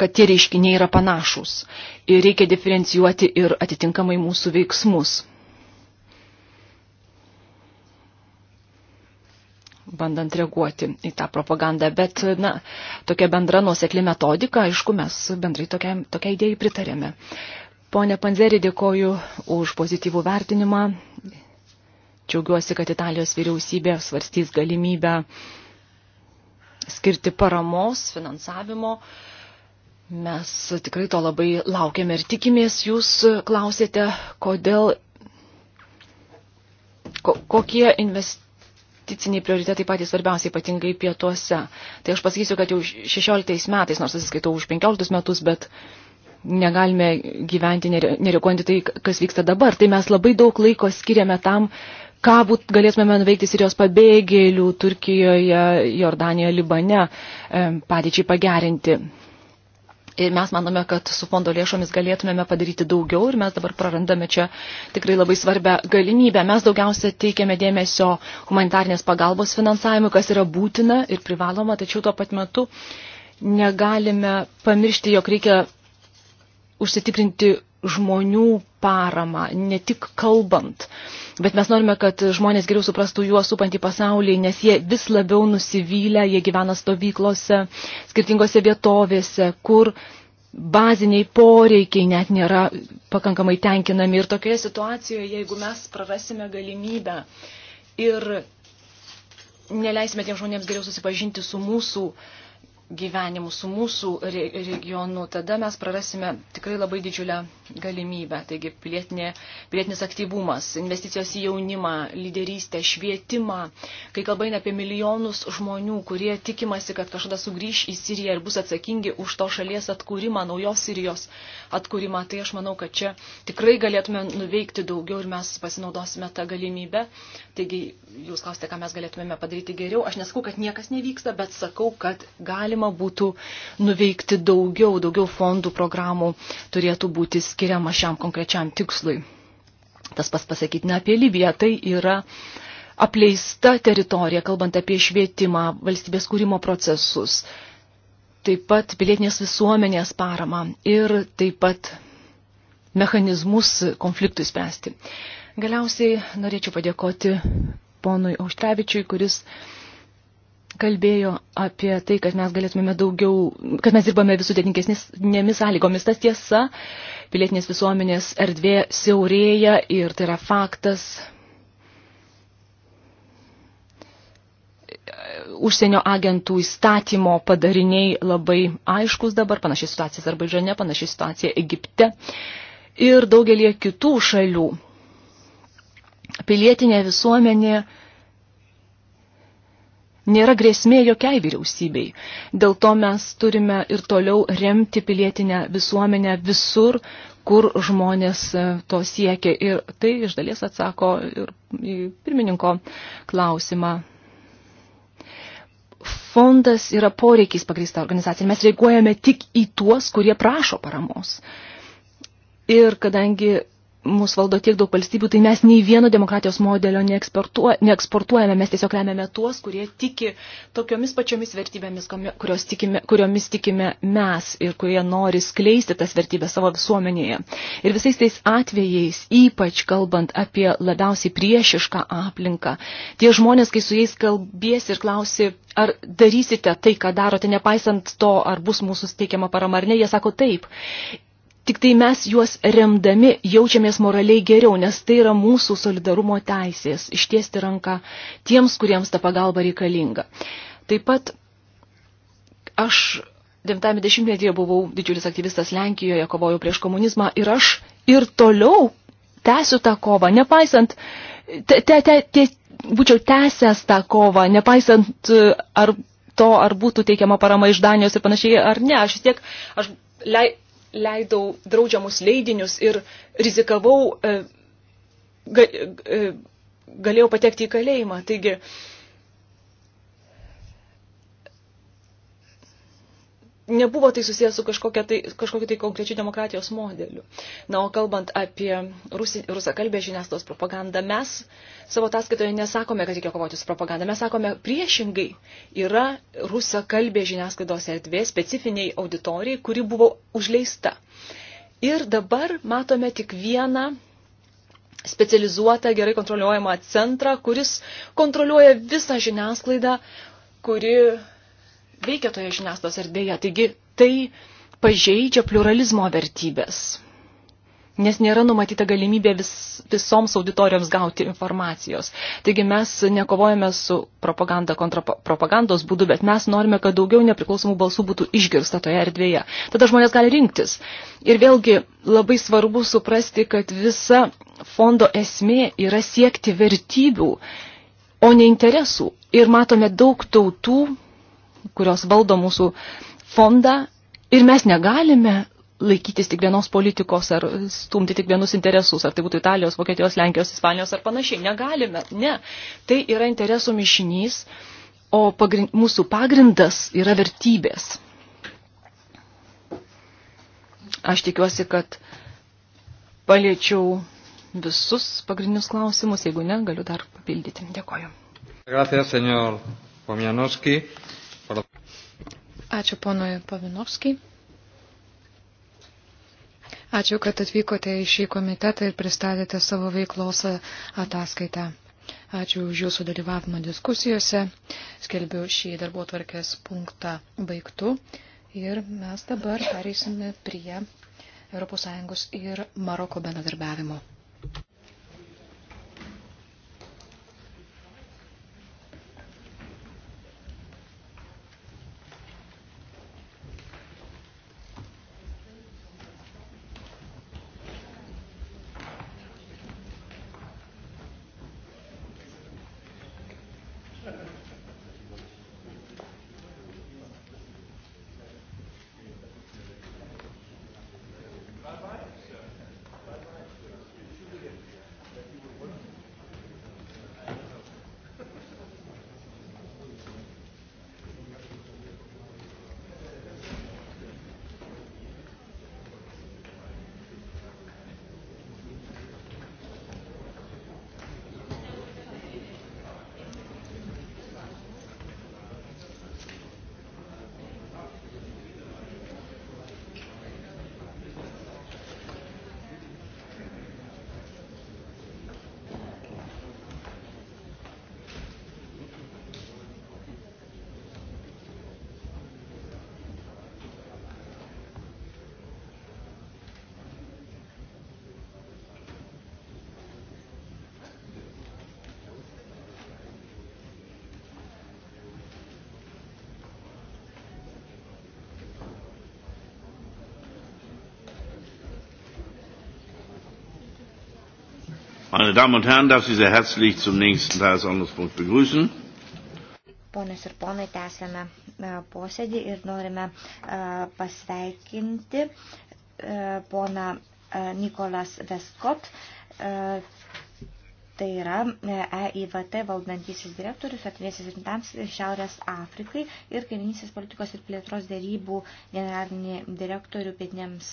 kad tie reiškiniai yra panašus ir reikia diferencijuoti ir atitinkamai mūsų veiksmus. bandant reaguoti į tą propagandą. Bet, na, tokia bendra nuosekli metodika, aišku, mes bendrai tokiai, tokiai idėjai pritarėme. Pone Panzerį, dėkoju už pozityvų vertinimą. Džiaugiuosi, kad Italijos vyriausybė svarstys galimybę skirti paramos, finansavimo. Mes tikrai to labai laukiame ir tikimės. Jūs klausėte, kodėl, ko, kokie invest, investiciniai prioritetai patys svarbiausiai, ypatingai pietuose. Tai aš pasakysiu, kad jau 16 metais, nors atsiskaitau už 15 metus, bet negalime gyventi nereaguojant į tai, kas vyksta dabar. Tai mes labai daug laiko skiriame tam, ką būt, galėtume nuveikti Sirijos pabėgėlių Turkijoje, Jordanijoje, Libane, padėčiai pagerinti. Ir mes manome, kad su fondo lėšomis galėtumėme padaryti daugiau ir mes dabar prarandame čia tikrai labai svarbę galimybę. Mes daugiausia teikiame dėmesio humanitarnės pagalbos finansavimui, kas yra būtina ir privaloma, tačiau tuo pat metu negalime pamiršti, jog reikia užsitikrinti žmonių paramą, ne tik kalbant. Uh, bet mes norime, kad žmonės geriau suprastų juos supantį pasaulį, nes jie vis labiau nusivylę, jie gyvena stovyklose, skirtingose vietovėse, kur baziniai poreikiai net nėra pakankamai tenkinami. Ir tokioje situacijoje, jeigu mes prarasime galimybę ir neleisime tiems žmonėms geriau susipažinti su mūsų uh, gyvenimu, su mūsų regionu, tada mes prarasime tikrai labai didžiulę galimybę. Taigi pilietinė, pilietinis aktyvumas, investicijos į jaunimą, lyderystę, švietimą, kai kalba eina apie milijonus žmonių, kurie tikimasi, kad kažkada sugrįš į Siriją ir bus atsakingi už to šalies atkūrimą, naujos Sirijos atkūrimą, tai aš manau, kad čia tikrai galėtume nuveikti daugiau ir mes pasinaudosime tą galimybę. Taigi jūs klausite, ką mes galėtumėme padaryti geriau. Aš nesakau, kad niekas nevyksta, bet sakau, kad galime galima būtų nuveikti daugiau, daugiau fondų programų turėtų būti skiriama šiam konkrečiam tikslui. Tas pas pasakyti ne apie Libiją, tai yra apleista teritorija, kalbant apie švietimą, valstybės kūrimo procesus, taip pat pilietinės visuomenės paramą ir taip pat mechanizmus konfliktui spręsti. Galiausiai norėčiau padėkoti ponui Auštrevičiui, kuris uh, kalbėjo apie tai, kad mes galėtumėme daugiau, kad mes dirbame visų dėdinkesnėmis sąlygomis. Tas tiesa, pilietinės visuomenės erdvė siaurėja ir tai yra faktas. Užsienio agentų įstatymo padariniai labai aiškus dabar, panašiai situacija Azerbaidžane, panašiai situacija Egipte ir daugelie kitų šalių. Pilietinė visuomenė uh, nėra grėsmė jokiai vyriausybei. Dėl to mes turime ir toliau remti pilietinę visuomenę visur, kur žmonės e, to siekia. Ir tai iš dalies atsako ir pirmininko klausimą. Fondas yra poreikiais pagrįsta organizacija. Mes reaguojame tik į tuos, kurie prašo paramos. Ir kadangi mus valdo tiek daug valstybių, tai mes nei vieno demokratijos modelio neeksportuojame, mes tiesiog remiame tuos, kurie tiki tokiomis pačiomis vertybėmis, kurios tikime, kuriomis tikime mes ir kurie nori skleisti tas vertybės savo visuomenėje. Ir visais tais atvejais, ypač kalbant apie labiausiai priešišką aplinką, tie žmonės, kai su jais kalbėsi ir klausi, ar darysite tai, ką darote, nepaisant to, ar bus mūsų steikiama parama ar ne, jie sako taip tik tai mes juos remdami jaučiamės moraliai geriau, nes tai yra mūsų solidarumo teisės - ištiesti ranką tiems, kuriems ta pagalba reikalinga. Taip pat aš 90-metyje buvau didžiulis aktyvistas Lenkijoje, kovojau prieš komunizmą ir aš ir toliau tęsiu tą kovą, nepaisant, te, te, te, te, būčiau tęsęs tą kovą, nepaisant ar to, ar būtų teikiama parama iš Danijos ir panašiai, ar ne, aš vis tiek, aš lei, leidau draudžiamus leidinius ir rizikavau, e, e, galėjau patekti į kalėjimą. Taigi nebuvo tai susijęs su kažkokia tai, kažkokiu tai konkrečiu demokratijos modeliu. Na, o kalbant apie rusi, rusakalbę žiniasklaidos propagandą, mes savo ataskaitoje nesakome, kad reikia kovoti su propaganda. Mes sakome, priešingai yra rusakalbė žiniasklaidos erdvė specifiniai auditorijai, kuri buvo užleista. Ir dabar matome tik vieną specializuotą, gerai kontroliuojamą centrą, kuris kontroliuoja visą žiniasklaidą, kuri veikia toje žiniasklaidos erdvėje. Taigi tai pažeidžia pluralizmo vertybės, nes nėra numatyta galimybė vis, visoms auditorijoms gauti informacijos. Taigi mes nekovojame su propaganda kontrapropagandos būdu, bet mes norime, kad daugiau nepriklausomų balsų būtų išgirsta toje erdvėje. Tada žmonės gali rinktis. Ir vėlgi labai svarbu suprasti, kad visa fondo esmė yra siekti vertybių, o ne interesų. Ir matome daug tautų, kurios valdo mūsų fondą ir mes negalime laikytis tik vienos politikos ar stumti tik vienus interesus, ar tai būtų Italijos, Vokietijos, Lenkijos, Ispanijos ar panašiai. Negalime, ne. Tai yra interesų mišinys, o pagrind, mūsų pagrindas yra vertybės. Aš tikiuosi, kad paliečiau visus pagrindinius klausimus, jeigu ne, galiu dar papildyti. Dėkoju. Gracias, señor Pomianowski. Ačiū ponui Pavinovskijai. Ačiū, kad atvykote į šį komitetą ir pristatėte savo veiklos ataskaitą. Ačiū už jūsų dalyvavimą diskusijose. Skelbiu šį darbo tvarkės punktą baigtų. Ir mes dabar pereisime prie ES ir Maroko bendradarbiavimo. Meine Damen und Herren, darf Sie sehr herzlich zum nächsten Tagesordnungspunkt begrüßen. Ponios ir ponai, tęsėme e, posėdį ir norime e, pasveikinti e, poną Nikolas Veskot, Tai yra EIVT e valdantysis direktorius atviesis rimtams Šiaurės Afrikai ir kaiminysės politikos ir plėtros dėrybų generalinį direktorių pietinėms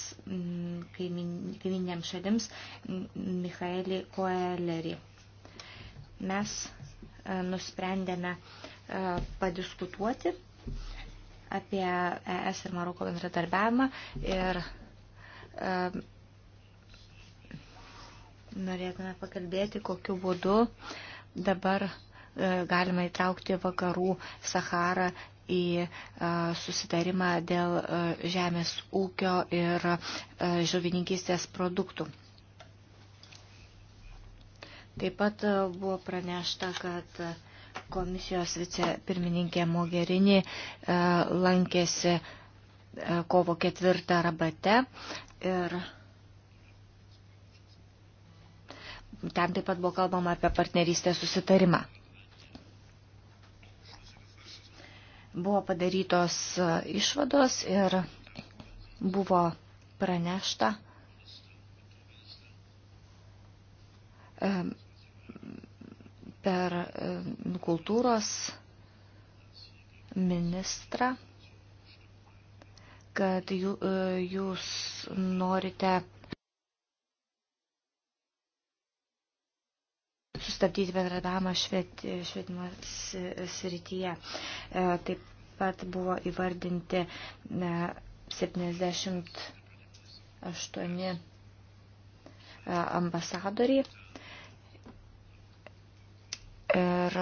kaiminėms šalims Michaelį Koelerį. Mes e, nusprendėme e, padiskutuoti apie ES ir Maroko bendradarbiavimą ir Norėtume pakalbėti, kokiu būdu dabar e, galima įtraukti vakarų Saharą į e, susitarimą dėl e, žemės ūkio ir žuvininkystės produktų. Taip pat buvo pranešta, kad komisijos vicepirmininkė Mogerini lankėsi kovo ketvirtą rabate ir ten taip pat buvo kalbama apie partnerystės susitarimą. Buvo padarytos e, išvados ir buvo pranešta e, per e, kultūros ministrą, kad jūs norite sustabdyti bendradavimą švietimo srityje. E, taip pat buvo įvardinti 78 e, e, ambasadoriai ir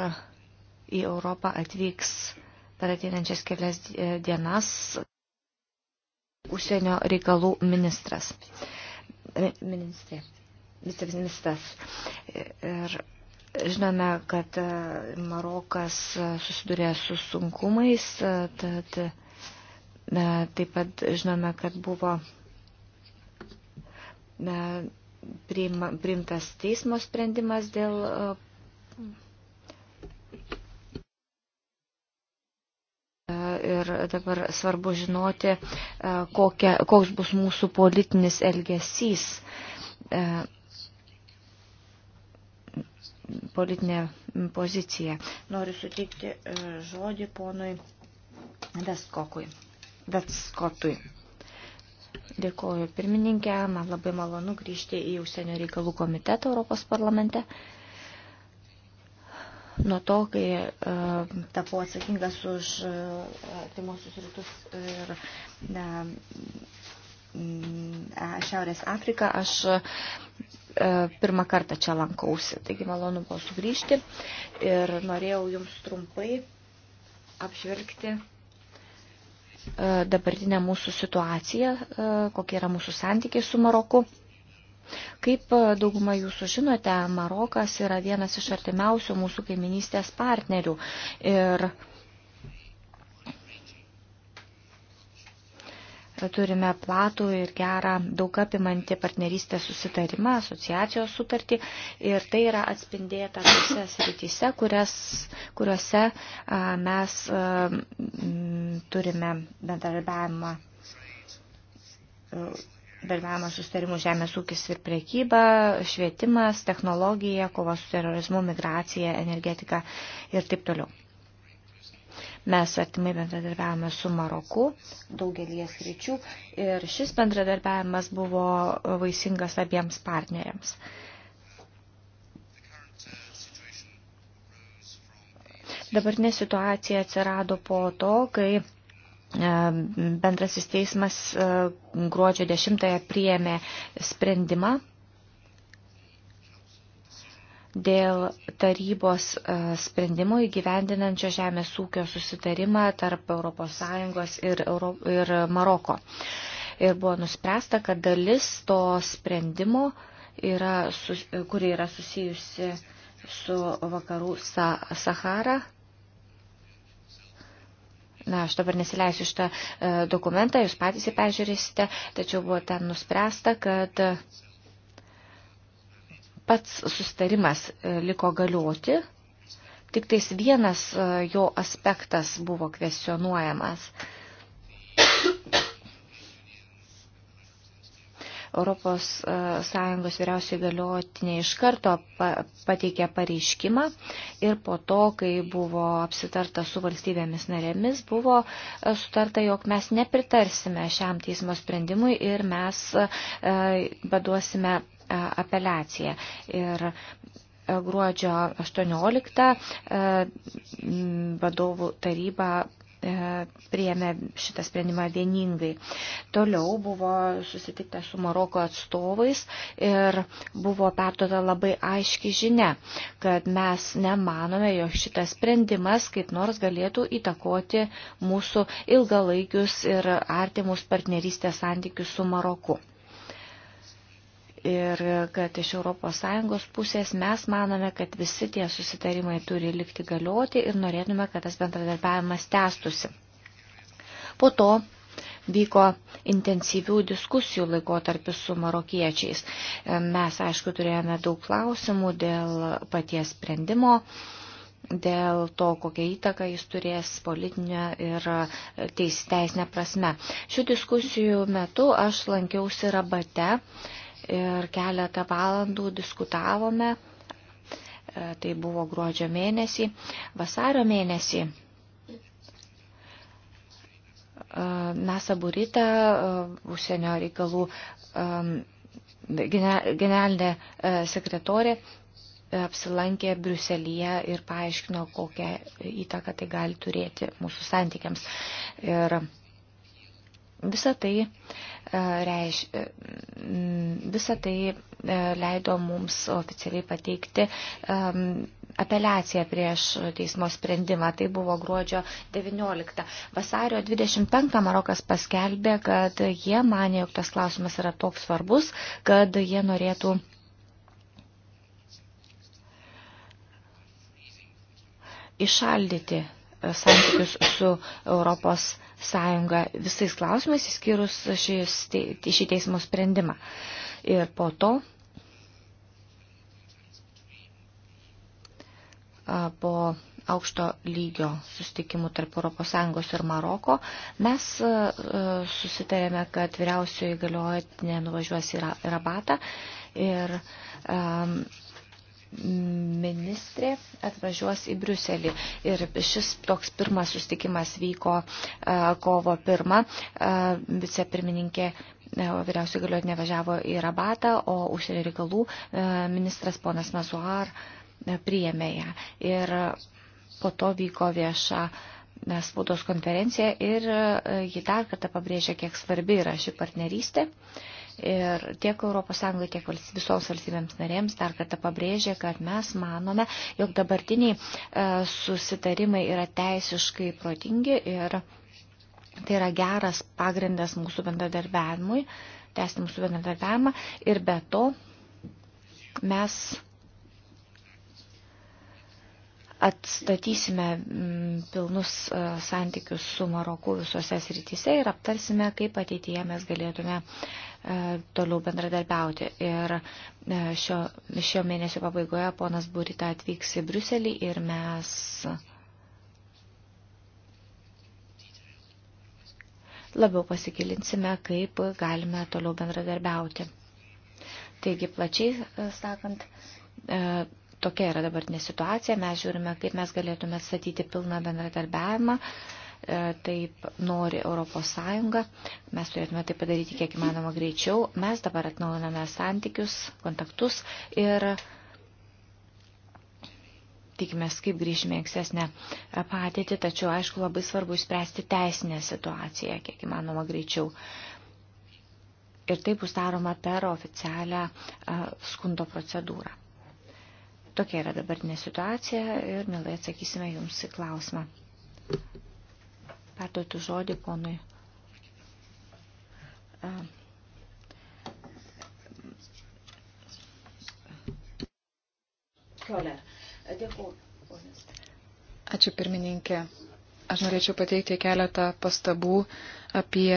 į Europą atvyks per ateinančias kelias dienas užsienio reikalų ministras. Ministrė viceministras. Ir žinome, kad e, Marokas e, susidurė su sunkumais, e, tad taip pat žinome, kad buvo priimtas teismo sprendimas dėl ir dabar svarbu žinoti, kokia, koks bus mūsų politinis elgesys. E, politinė pozicija. Noriu suteikti e, žodį ponui Veskokui. Veskotui. Dėkuoju pirmininkė, man labai malonu grįžti į užsienio reikalų komitetą Europos parlamente. Nuo to, kai uh, tapau atsakingas už uh, artimuosius rytus ir uh, Šiaurės Afriką, aš E, pirmą kartą čia lankausi, taigi malonu buvo sugrįžti ir norėjau jums trumpai apžvelgti e, dabartinę mūsų situaciją, e, kokie yra mūsų santykiai su Maroku. Kaip dauguma jūsų žinote, Marokas yra vienas iš artimiausių mūsų kaiminystės partnerių ir turime platų ir gerą daug apimantį partnerystės susitarimą, asociacijos sutartį ir tai yra atspindėta tose srityse, kurias, kuriuose mes turime bendradarbiavimą Darbiavimo sustarimų žemės ūkis ir priekyba, švietimas, technologija, kova su terorizmu, migracija, energetika ir taip toliau. Mes artimai bendradarbiavome su Maroku daugelį sričių ir šis bendradarbiavimas buvo vaisingas abiems partneriams. Dabartinė situacija atsirado po to, kai e, bendrasis teismas e, gruodžio 10 priėmė sprendimą dėl tarybos e, sprendimų įgyvendinančio žemės ūkio susitarimą tarp ES ir, Euro ir Maroko. Ir buvo nuspręsta, kad dalis to sprendimo, yra, kuri yra susijusi su vakarų Sahara, na, aš dabar nesileisiu šitą e, dokumentą, jūs patys jį peržiūrėsite, tačiau buvo ten nuspręsta, kad pats sustarimas e, liko galioti, tik tais vienas e, jo aspektas buvo kvestionuojamas. Europos e, Sąjungos vyriausiai galiotinė iš karto pateikė pareiškimą ir po to, kai buvo apsitarta su valstybėmis narėmis, buvo sutarta, jog mes nepritarsime šiam teismo sprendimui ir mes paduosime apeliaciją. Ir e, gruodžio 18 e, vadovų taryba e, priėmė šitą sprendimą vieningai. Toliau buvo susitikta su Maroko atstovais ir buvo perduota labai aiški žinia, kad mes nemanome, jog šitas sprendimas kaip nors galėtų įtakoti mūsų ilgalaikius ir artimus partnerystės santykius su Maroku ir kad iš ES pusės mes manome, kad visi tie susitarimai turi likti galioti ir norėtume, kad tas bendradarbiavimas tęstusi. Po to vyko intensyvių diskusijų laikotarpis su marokiečiais. Mes, aišku, turėjome daug klausimų dėl paties sprendimo dėl to, kokią įtaką jis turės politinę ir teis, teisinę prasme. Šių diskusijų metu aš lankiausi rabate ir keletą valandų diskutavome. E, tai buvo gruodžio mėnesį. Vasario mėnesį e, NASA Burita, e, užsienio reikalų generalinė sekretorė, apsilankė Briuselyje ir paaiškino, kokią įtaką tai gali turėti mūsų santykiams. Ir visa tai E, reiš, e, visą tai e, leido mums oficialiai pateikti apeliaciją prieš teismo sprendimą. Tai buvo gruodžio 19. Vasario 25 Marokas paskelbė, kad jie manė, jog tas klausimas yra toks svarbus, kad jie norėtų išaldyti santykius su Europos Sąjunga sąjungą visais klausimais, įskyrus šį teismo sprendimą. Ir po to, po aukšto lygio sustikimų tarp ES ir Maroko, mes susitarėme, kad vyriausioji galiojotinė nuvažiuos į Rabatą ir um, ministrė atvažiuos į Briuselį. Ir šis toks pirmas sustikimas vyko e, kovo pirmą. E, vicepirmininkė e, vyriausiai galiotinė važiavo į Rabatą, o užsienio reikalų ministras ponas Mazuar priėmė ją. Ir po to vyko vieša spaudos konferencija ir ji dar kartą pabrėžė, kiek svarbi yra ši partnerystė. Uh, Ir tiek ES, tiek visoms valstybėms narėms dar kartą pabrėžė, kad mes manome, jog dabartiniai e, susitarimai yra teisiškai protingi ir tai yra geras pagrindas mūsų bendradarbiavimui, tęsti mūsų bendradarbiavimą ir be to mes atstatysime mm, pilnus e, santykius su Maroku visose srityse ir aptarsime, kaip ateityje mes galėtume uh, E, toliau bendradarbiauti. Ir e, šio, šio mėnesio pabaigoje ponas Burita atvyks į Briuselį ir mes labiau pasikilinsime, kaip galime toliau bendradarbiauti. Taigi, plačiai e, sakant, tokia yra dabartinė situacija, mes žiūrime, kaip mes galėtume statyti pilną bendradarbiavimą E, taip nori Europos Sąjunga. Mes turėtume tai padaryti kiek įmanoma greičiau. Mes dabar atnaujiname santykius, kontaktus ir tikimės, kaip grįžime į ankstesnę patėtį, tačiau, aišku, labai svarbu išspręsti teisinę situaciją, kiek įmanoma greičiau. Ir tai bus daroma per oficialią e, skundo procedūrą. Tokia yra dabartinė situacija ir mielai atsakysime jums į klausimą perduoti žodį ponui e, Koler. Dėkuoju. Ačiū pirmininkė. Aš norėčiau pateikti keletą pastabų apie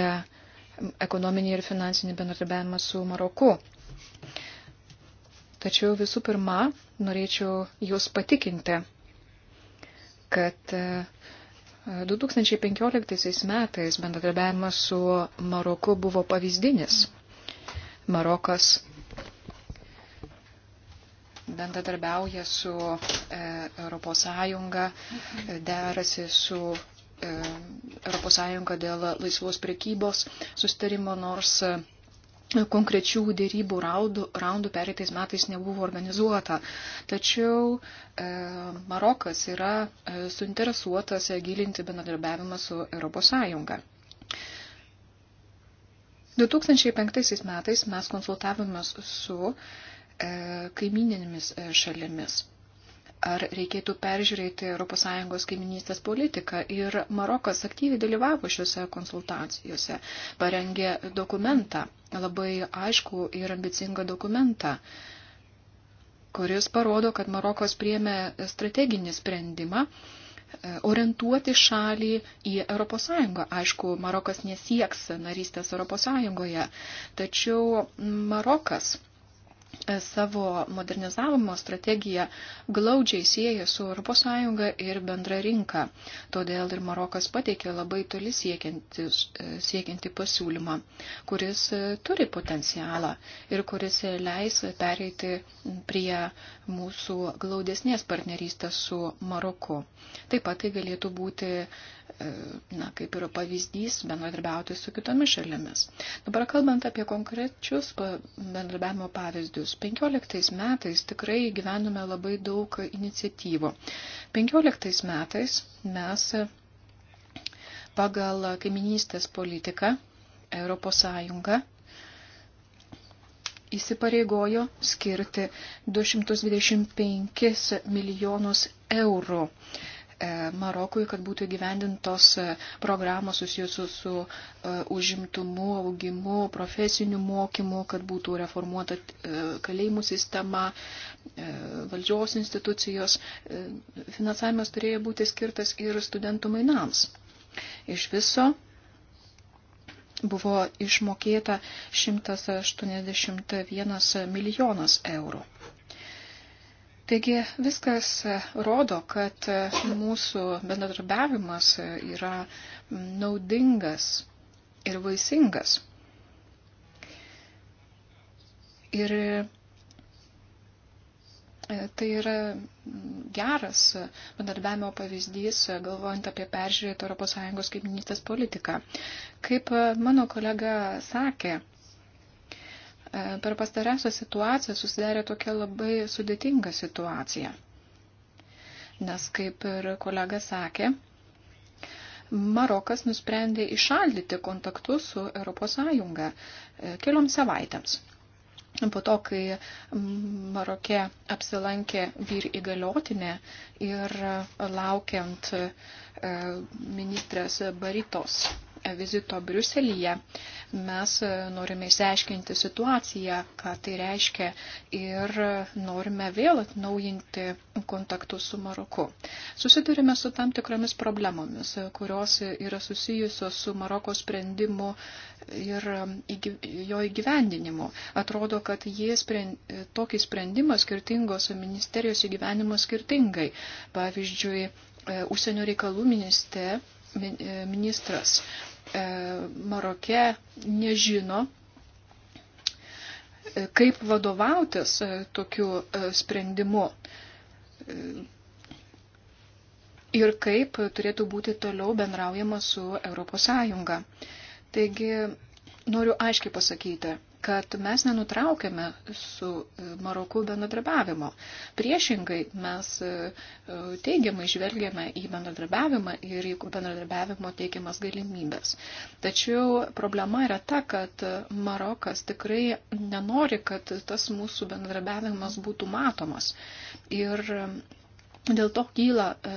ekonominį ir finansinį bendradarbiavimą su Maroku. Tačiau visų pirma, norėčiau jūs patikinti, kad uh, 2015 metais bendradarbiavimas su Maroku buvo pavyzdinis. Marokas bendradarbiauja su ES, e, derasi su ES dėl laisvos prekybos sustarimo, nors konkrečių dėrybų raudų, raundų pereitais metais nebuvo organizuota. Tačiau e, Marokas yra e, suinteresuotas e, gilinti bendradarbiavimą su ES. 2005 metais mes konsultavomės su e, kaimininėmis e, šalimis ar reikėtų peržiūrėti ES kaiminystės politiką. Ir Marokas aktyviai dalyvavo šiuose konsultacijose, parengė dokumentą, labai aišku ir ambicingą dokumentą kuris parodo, kad Marokas priemė strateginį sprendimą e, orientuoti šalį į ES. Aišku, Marokas nesieks narystės ES, tačiau Marokas E, savo modernizavimo strategiją glaudžiai sieja su ES ir bendra rinka. Todėl ir Marokas pateikė labai toli siekianti, e, siekianti pasiūlymą, kuris e, turi potencialą ir kuris leis pereiti prie mūsų glaudesnės partnerystės su Maroku. Taip pat tai galėtų būti, e, na, kaip ir pavyzdys, bendradarbiauti su kitomis šalimis. Dabar kalbant apie konkrečius bendradarbiavimo pavyzdžius. 15 metais tikrai gyvenome labai daug iniciatyvų. 15 metais mes e, pagal kaiminystės politiką Europos Sąjunga įsipareigojo skirti 225 milijonus eurų e, Marokui, kad būtų gyvendintos e, programos susijusios su e, užimtumu, augimu, profesiniu mokymu, kad būtų reformuota kalėjimų sistema, valdžios institucijos. Finansavimas turėjo būti skirtas ir studentų mainams. Iš viso buvo išmokėta 181 milijonas eurų. Taigi viskas rodo, kad mūsų bendradarbiavimas yra naudingas ir vaisingas. Ir E, tai yra mm, geras bendarbiavimo pavyzdys, galvojant apie peržiūrėtą ES kaiminystės politiką. Kaip e, mano kolega sakė, e, per pastaręsią situaciją susidarė tokia labai sudėtinga situacija. Nes, kaip ir kolega sakė, Marokas nusprendė išaldyti kontaktus su ES kelioms savaitėms po to, kai Marokė apsilankė vyr įgaliotinė ir laukiant e, ministrės Baritos vizito Briuselyje mes e, norime išsiaiškinti situaciją, ką tai reiškia ir norime vėl atnaujinti kontaktus su Maroku. Susidurime su tam tikromis problemomis, e, kurios yra susijusios su Maroko sprendimu ir e, jo įgyvendinimu. Atrodo, kad jie sprend, tokį sprendimą skirtingos ministerijos įgyvenimo skirtingai. Pavyzdžiui, užsienio reikalų ministė, ministras E, Maroke nežino, e, kaip vadovautis e, tokiu sprendimu ir kaip turėtų būti toliau bendraujama su ES. Taigi noriu aiškiai pasakyti, kad mes nenutraukėme su e, Maroku bendradarbiavimo. Priešingai, mes e, e, teigiamai žvelgėme į bendradarbiavimą ir į bendradarbiavimo teikiamas galimybės. Tačiau problema yra ta, kad Marokas tikrai nenori, kad tas mūsų bendradarbiavimas būtų matomas. Ir Dėl to kyla e,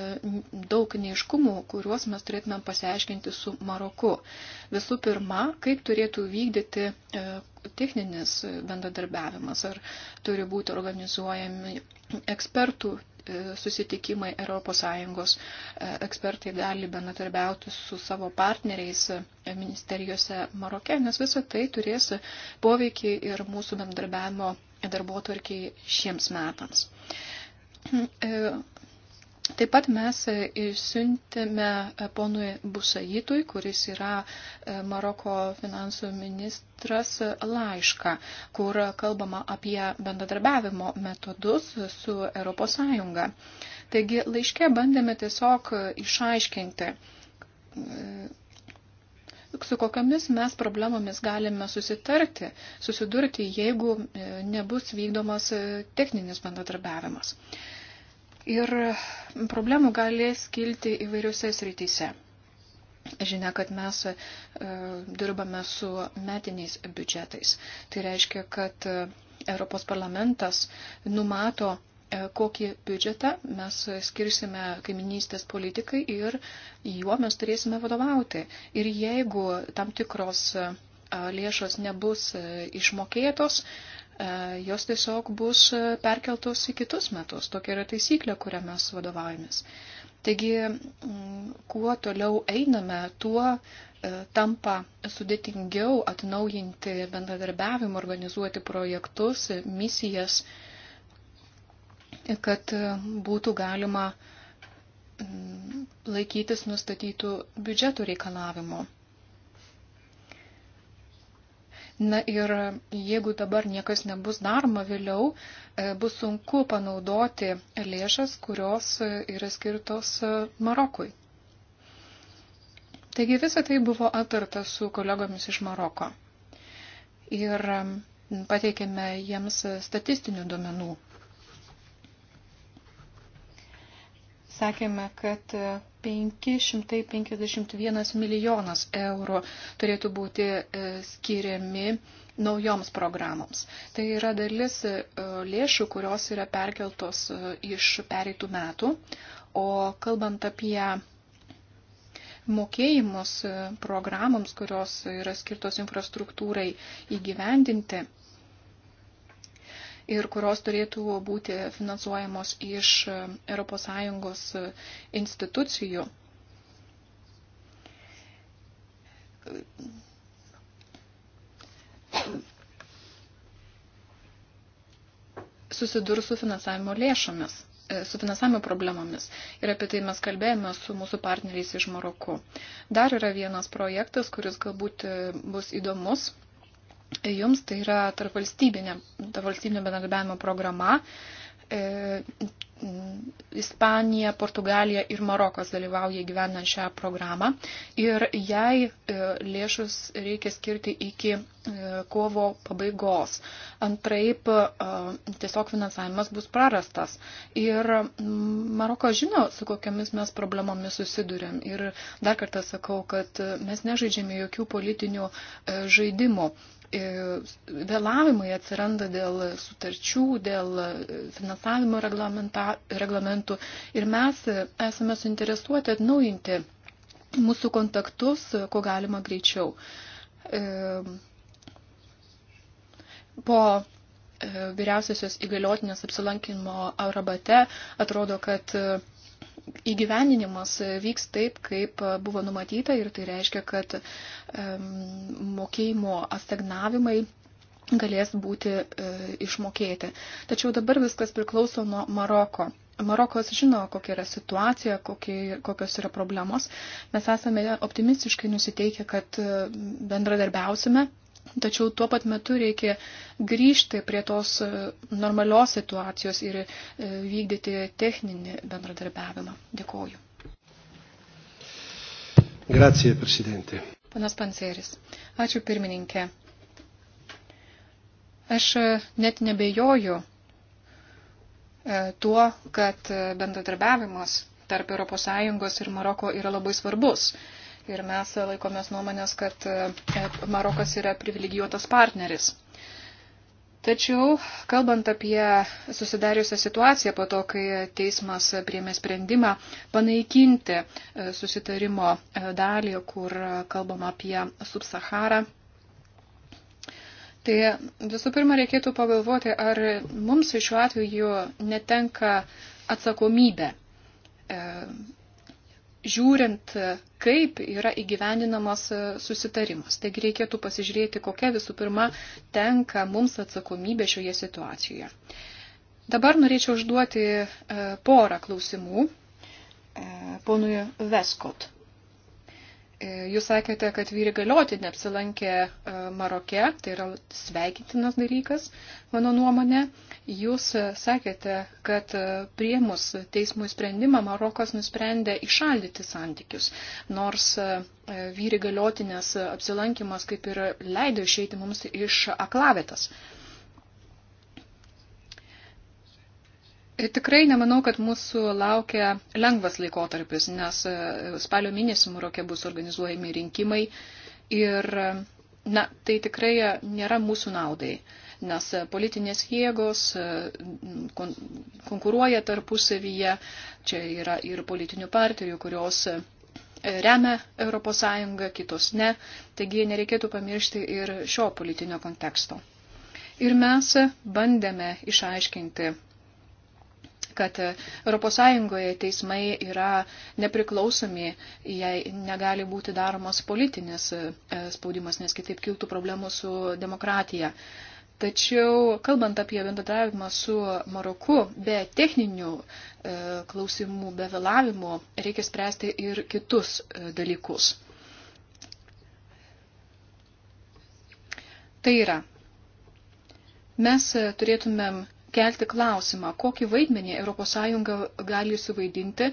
daug neiškumų, kuriuos mes turėtumėm pasiaiškinti su Maroku. Visų pirma, kaip turėtų vykdyti e, techninis bendradarbiavimas, ar turi būti organizuojami ekspertų e, susitikimai ES ekspertai gali bendradarbiauti su savo partneriais ministerijose Maroke, nes visa tai turės poveikį ir mūsų bendradarbiavimo darbo tvarkiai šiems metams Taip pat mes išsiuntėme e, ponui Busaitui, kuris yra e, Maroko finansų ministras, e, laišką, kur kalbama apie bendradarbiavimo metodus su ES. Taigi laiške bandėme tiesiog išaiškinti, su kokiamis mes problemomis galime susitarti, susidurti, jeigu nebus vykdomas techninis bendradarbiavimas. Ir problemų galės kilti įvairiuose srityse. Žinia, kad mes e, dirbame su metiniais biudžetais. Tai reiškia, kad e, Europos parlamentas numato, e, kokį biudžetą mes skirsime kaiminystės politikai ir juo mes turėsime vadovauti. Ir jeigu tam tikros e, lėšos nebus e, išmokėtos, e, E, jos tiesiog bus e, perkeltos į kitus metus. Tokia yra taisyklė, kurią mes vadovaujamės. Taigi, mm, kuo toliau einame, tuo e, tampa sudėtingiau atnaujinti bendradarbiavimą, organizuoti projektus, misijas, kad būtų galima mm, laikytis nustatytų biudžeto reikalavimų. Na ir jeigu dabar niekas nebus daroma vėliau, e, bus sunku panaudoti lėšas, kurios e, yra skirtos e, Marokui. Taigi visa tai buvo aptarta su kolegomis iš Maroko. Ir pateikėme jiems statistinių duomenų sakėme, kad 551 e, milijonas eurų turėtų būti e, skiriami naujoms programoms. Tai yra dalis e, lėšų, kurios yra perkeltos iš pereitų metų. O kalbant apie mokėjimus programoms, kurios yra skirtos infrastruktūrai įgyvendinti, ir kurios turėtų būti finansuojamos iš ES e, institucijų. susidurs su finansavimo lėšomis, e, su finansavimo problemomis. Ir apie tai mes kalbėjome su mūsų partneriais iš Maroku. Dar yra vienas projektas, kuris galbūt e, bus įdomus jums tai yra tarpvalstybinė, tarpvalstybinė bendradarbiavimo programa. E, Ispanija, Portugalija ir Marokas dalyvauja gyvenant šią programą ir jai e, lėšus reikia skirti iki e, kovo pabaigos. Antraip e, tiesiog finansavimas bus prarastas. Ir mm, Marokas žino, su kokiamis mes problemomis susidurėm. Ir dar kartą sakau, kad mes nežaidžiame jokių politinių žaidimų. E, vėlavimai atsiranda dėl sutarčių, dėl finansavimo reglamentų ir mes esame suinteresuoti atnaujinti mūsų kontaktus, ko galima greičiau. E, po e, vyriausiosios įgaliotinės apsilankinimo Arabate atrodo, kad įgyvendinimas vyks taip, kaip buvo numatyta ir tai reiškia, kad mokėjimo asignavimai galės būti e, išmokėti. Tačiau dabar viskas priklauso nuo Maroko. Marokas žino, kokia yra situacija, kokie, kokios yra problemos. Mes esame optimistiškai nusiteikę, kad e, bendradarbiausime Tačiau tuo pat metu reikia grįžti prie tos e, normalios situacijos ir e, vykdyti techninį bendradarbiavimą. Dėkoju. Grazie, prezidentė. Panas Panceris. Ačiū pirmininkė. Aš e, net nebejoju tuo, kad bendradarbiavimas tarp ES ir Maroko yra labai svarbus ir mes laikomės nuomonės, kad e, Marokas yra privilegijuotas partneris. Tačiau, kalbant apie susidariusią situaciją po to, kai teismas priėmė sprendimą panaikinti e, susitarimo e, dalį, kur kalbam apie subsaharą, tai visų pirma reikėtų pagalvoti, ar mums šiuo atveju netenka atsakomybė žiūrint, kaip yra įgyvendinamas e, susitarimas. Taigi reikėtų pasižiūrėti, kokia visų pirma tenka mums atsakomybė šioje situacijoje. Dabar norėčiau užduoti e, porą klausimų e, ponui Veskot. E, jūs sakėte, kad vyri galiotinė apsilankė e, Maroke, tai yra sveikintinas dalykas, mano nuomonė. Jūs e, sakėte, kad priemus teismų sprendimą Marokas nusprendė išaldyti santykius, nors vyri galiotinės apsilankimas kaip ir leido išeiti mums iš aklavetas. Tikrai nemanau, kad mūsų laukia lengvas laikotarpis, nes e, spalio mėnesį Marokė bus organizuojami rinkimai ir e, na, tai tikrai e, nėra mūsų naudai, nes politinės jėgos kon konkuruoja tarpusavyje, čia yra ir politinių partijų, kurios remia ES, kitos ne, taigi nereikėtų pamiršti ir šio politinio konteksto. Ir mes bandėme išaiškinti kad ES teismai yra nepriklausomi, jei negali būti daromas politinis e, spaudimas, nes kitaip kiltų problemų su demokratija. Tačiau, kalbant apie bendradarbiavimą su Maroku, be techninių e, klausimų, be vėlavimo, reikia spręsti ir kitus e, dalykus. Tai yra, mes turėtumėm kelti klausimą, kokį vaidmenį ES gali suvaidinti,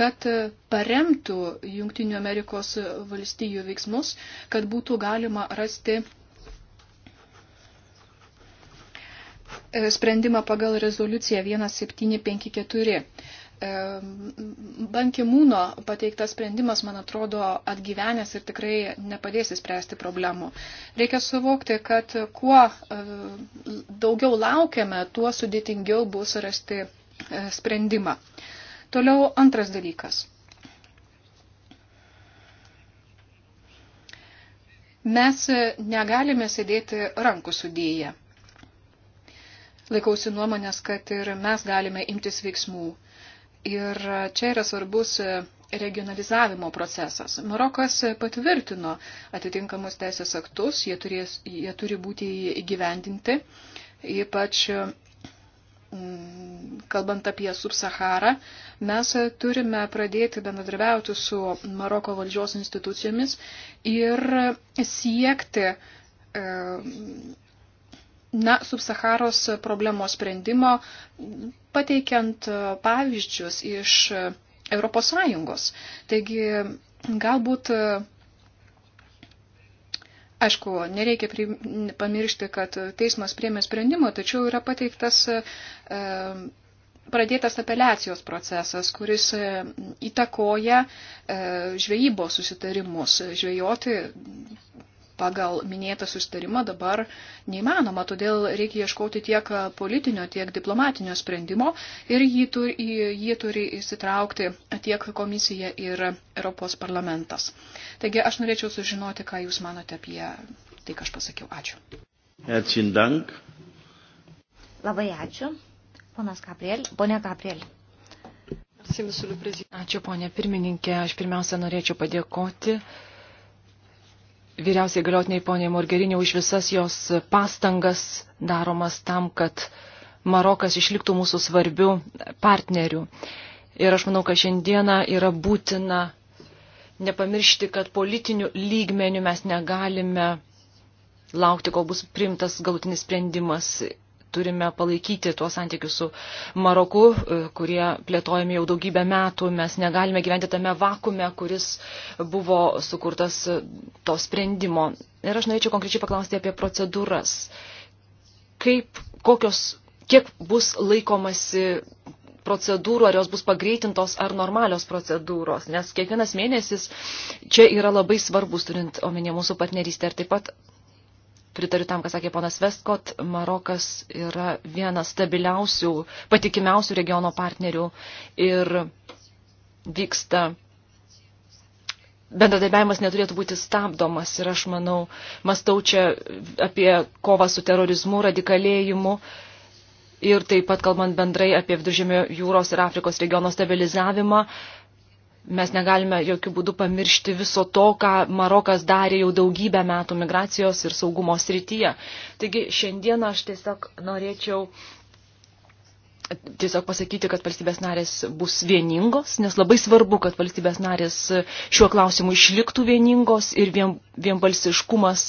kad paremtų Junktinių Amerikos valstijų veiksmus, kad būtų galima rasti e, sprendimą pagal rezoliuciją 1754. Bankimūno pateiktas sprendimas, man atrodo, atgyvenęs ir tikrai nepadės įspręsti problemų. Reikia suvokti, kad kuo e, daugiau laukiame, tuo sudėtingiau bus rasti e, sprendimą. Toliau antras dalykas. Mes negalime sėdėti rankų sudėję. Laikausi nuomonės, kad ir mes galime imtis veiksmų Ir čia yra svarbus regionalizavimo procesas. Marokas patvirtino atitinkamus teisės aktus, jie, turės, jie turi būti įgyvendinti, ypač mm, kalbant apie subsaharą, mes turime pradėti bendradarbiauti su Maroko valdžios institucijomis ir siekti e, na, subsaharos problemos sprendimo, pateikiant e, pavyzdžius iš ES. Taigi, galbūt, e, aišku, nereikia pamiršti, kad teismas priemė sprendimą, tačiau yra pateiktas. E, pradėtas apeliacijos procesas, kuris e, įtakoja žvejybos susitarimus. Žvejoti pagal minėtą sustarimą dabar neįmanoma, todėl reikia ieškoti tiek politinio, tiek diplomatinio sprendimo ir jį turi, jį turi įsitraukti tiek komisija ir Europos parlamentas. Taigi aš norėčiau sužinoti, ką Jūs manote apie tai, ką aš pasakiau. Ačiū. Herzlichen Dank. Labai ačiū. Ponas Gabriel, ponė Gabriel. Ačiū, ponė pirmininkė. Aš pirmiausia norėčiau padėkoti uh, vyriausiai galiotiniai poniai Morgerinė už visas jos pastangas daromas tam, kad Marokas išliktų mūsų svarbių partnerių. Ir aš manau, kad šiandieną yra būtina nepamiršti, kad politinių lygmenių mes negalime laukti, kol bus priimtas galutinis sprendimas turime palaikyti tuos santykius su Maroku, e, kurie plėtojami jau daugybę metų. Mes negalime gyventi tame vakume, kuris buvo sukurtas e, to sprendimo. Ir aš norėčiau konkrečiai paklausti apie procedūras. Kaip, kokios, kiek bus laikomasi procedūrų, ar jos bus pagreitintos, ar normalios procedūros, nes kiekvienas mėnesis čia yra labai svarbus, turint omenyje mūsų partnerystę ir taip pat pritariu tam, ką sakė ponas Vestkot, Marokas yra vienas stabiliausių, patikimiausių regiono partnerių ir vyksta bendradarbiavimas neturėtų būti stabdomas ir aš manau, mastau čia apie kovą su terorizmu, radikalėjimu ir taip pat kalbant bendrai apie Viduržėmio jūros ir Afrikos regiono stabilizavimą, mes negalime jokių būdų pamiršti viso to, ką Marokas darė jau daugybę metų migracijos ir saugumo srityje. Taigi šiandieną aš tiesiog norėčiau tiesiog pasakyti, kad valstybės narės bus vieningos, nes labai svarbu, kad valstybės narės šiuo klausimu išliktų vieningos ir vien, vienbalsiškumas,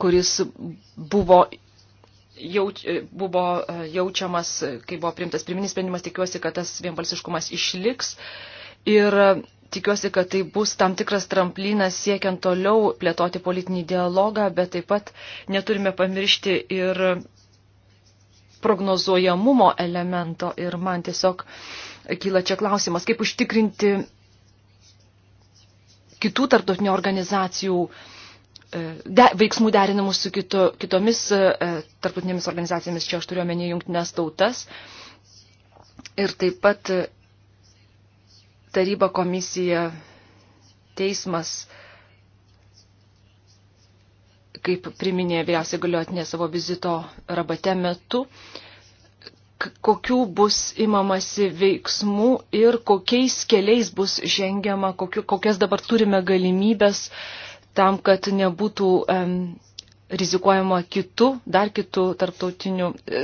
kuris buvo jauč, e, buvo e, jaučiamas, kai buvo primtas pirminis sprendimas, tikiuosi, kad tas vienbalsiškumas išliks. Ir e, tikiuosi, kad tai bus tam tikras tramplinas siekiant toliau plėtoti politinį dialogą, bet taip pat neturime pamiršti ir prognozuojamumo elemento. Ir man tiesiog kyla čia klausimas, kaip užtikrinti kitų tarptautinių organizacijų uh, E, de, veiksmų derinimus su kito, kitomis e, e, tarptautinėmis organizacijomis, čia aš turiu omeny jungtinės tautas. Ir taip pat e, taryba komisija, teismas, kaip priminė vyriausiai galiotinė savo vizito rabate metu, kokių bus imamasi veiksmų ir kokiais keliais bus žengiama, kokiu, kokias dabar turime galimybės uh, tam, kad nebūtų um, rizikuojama kitų, dar kitų tarptautinių, e,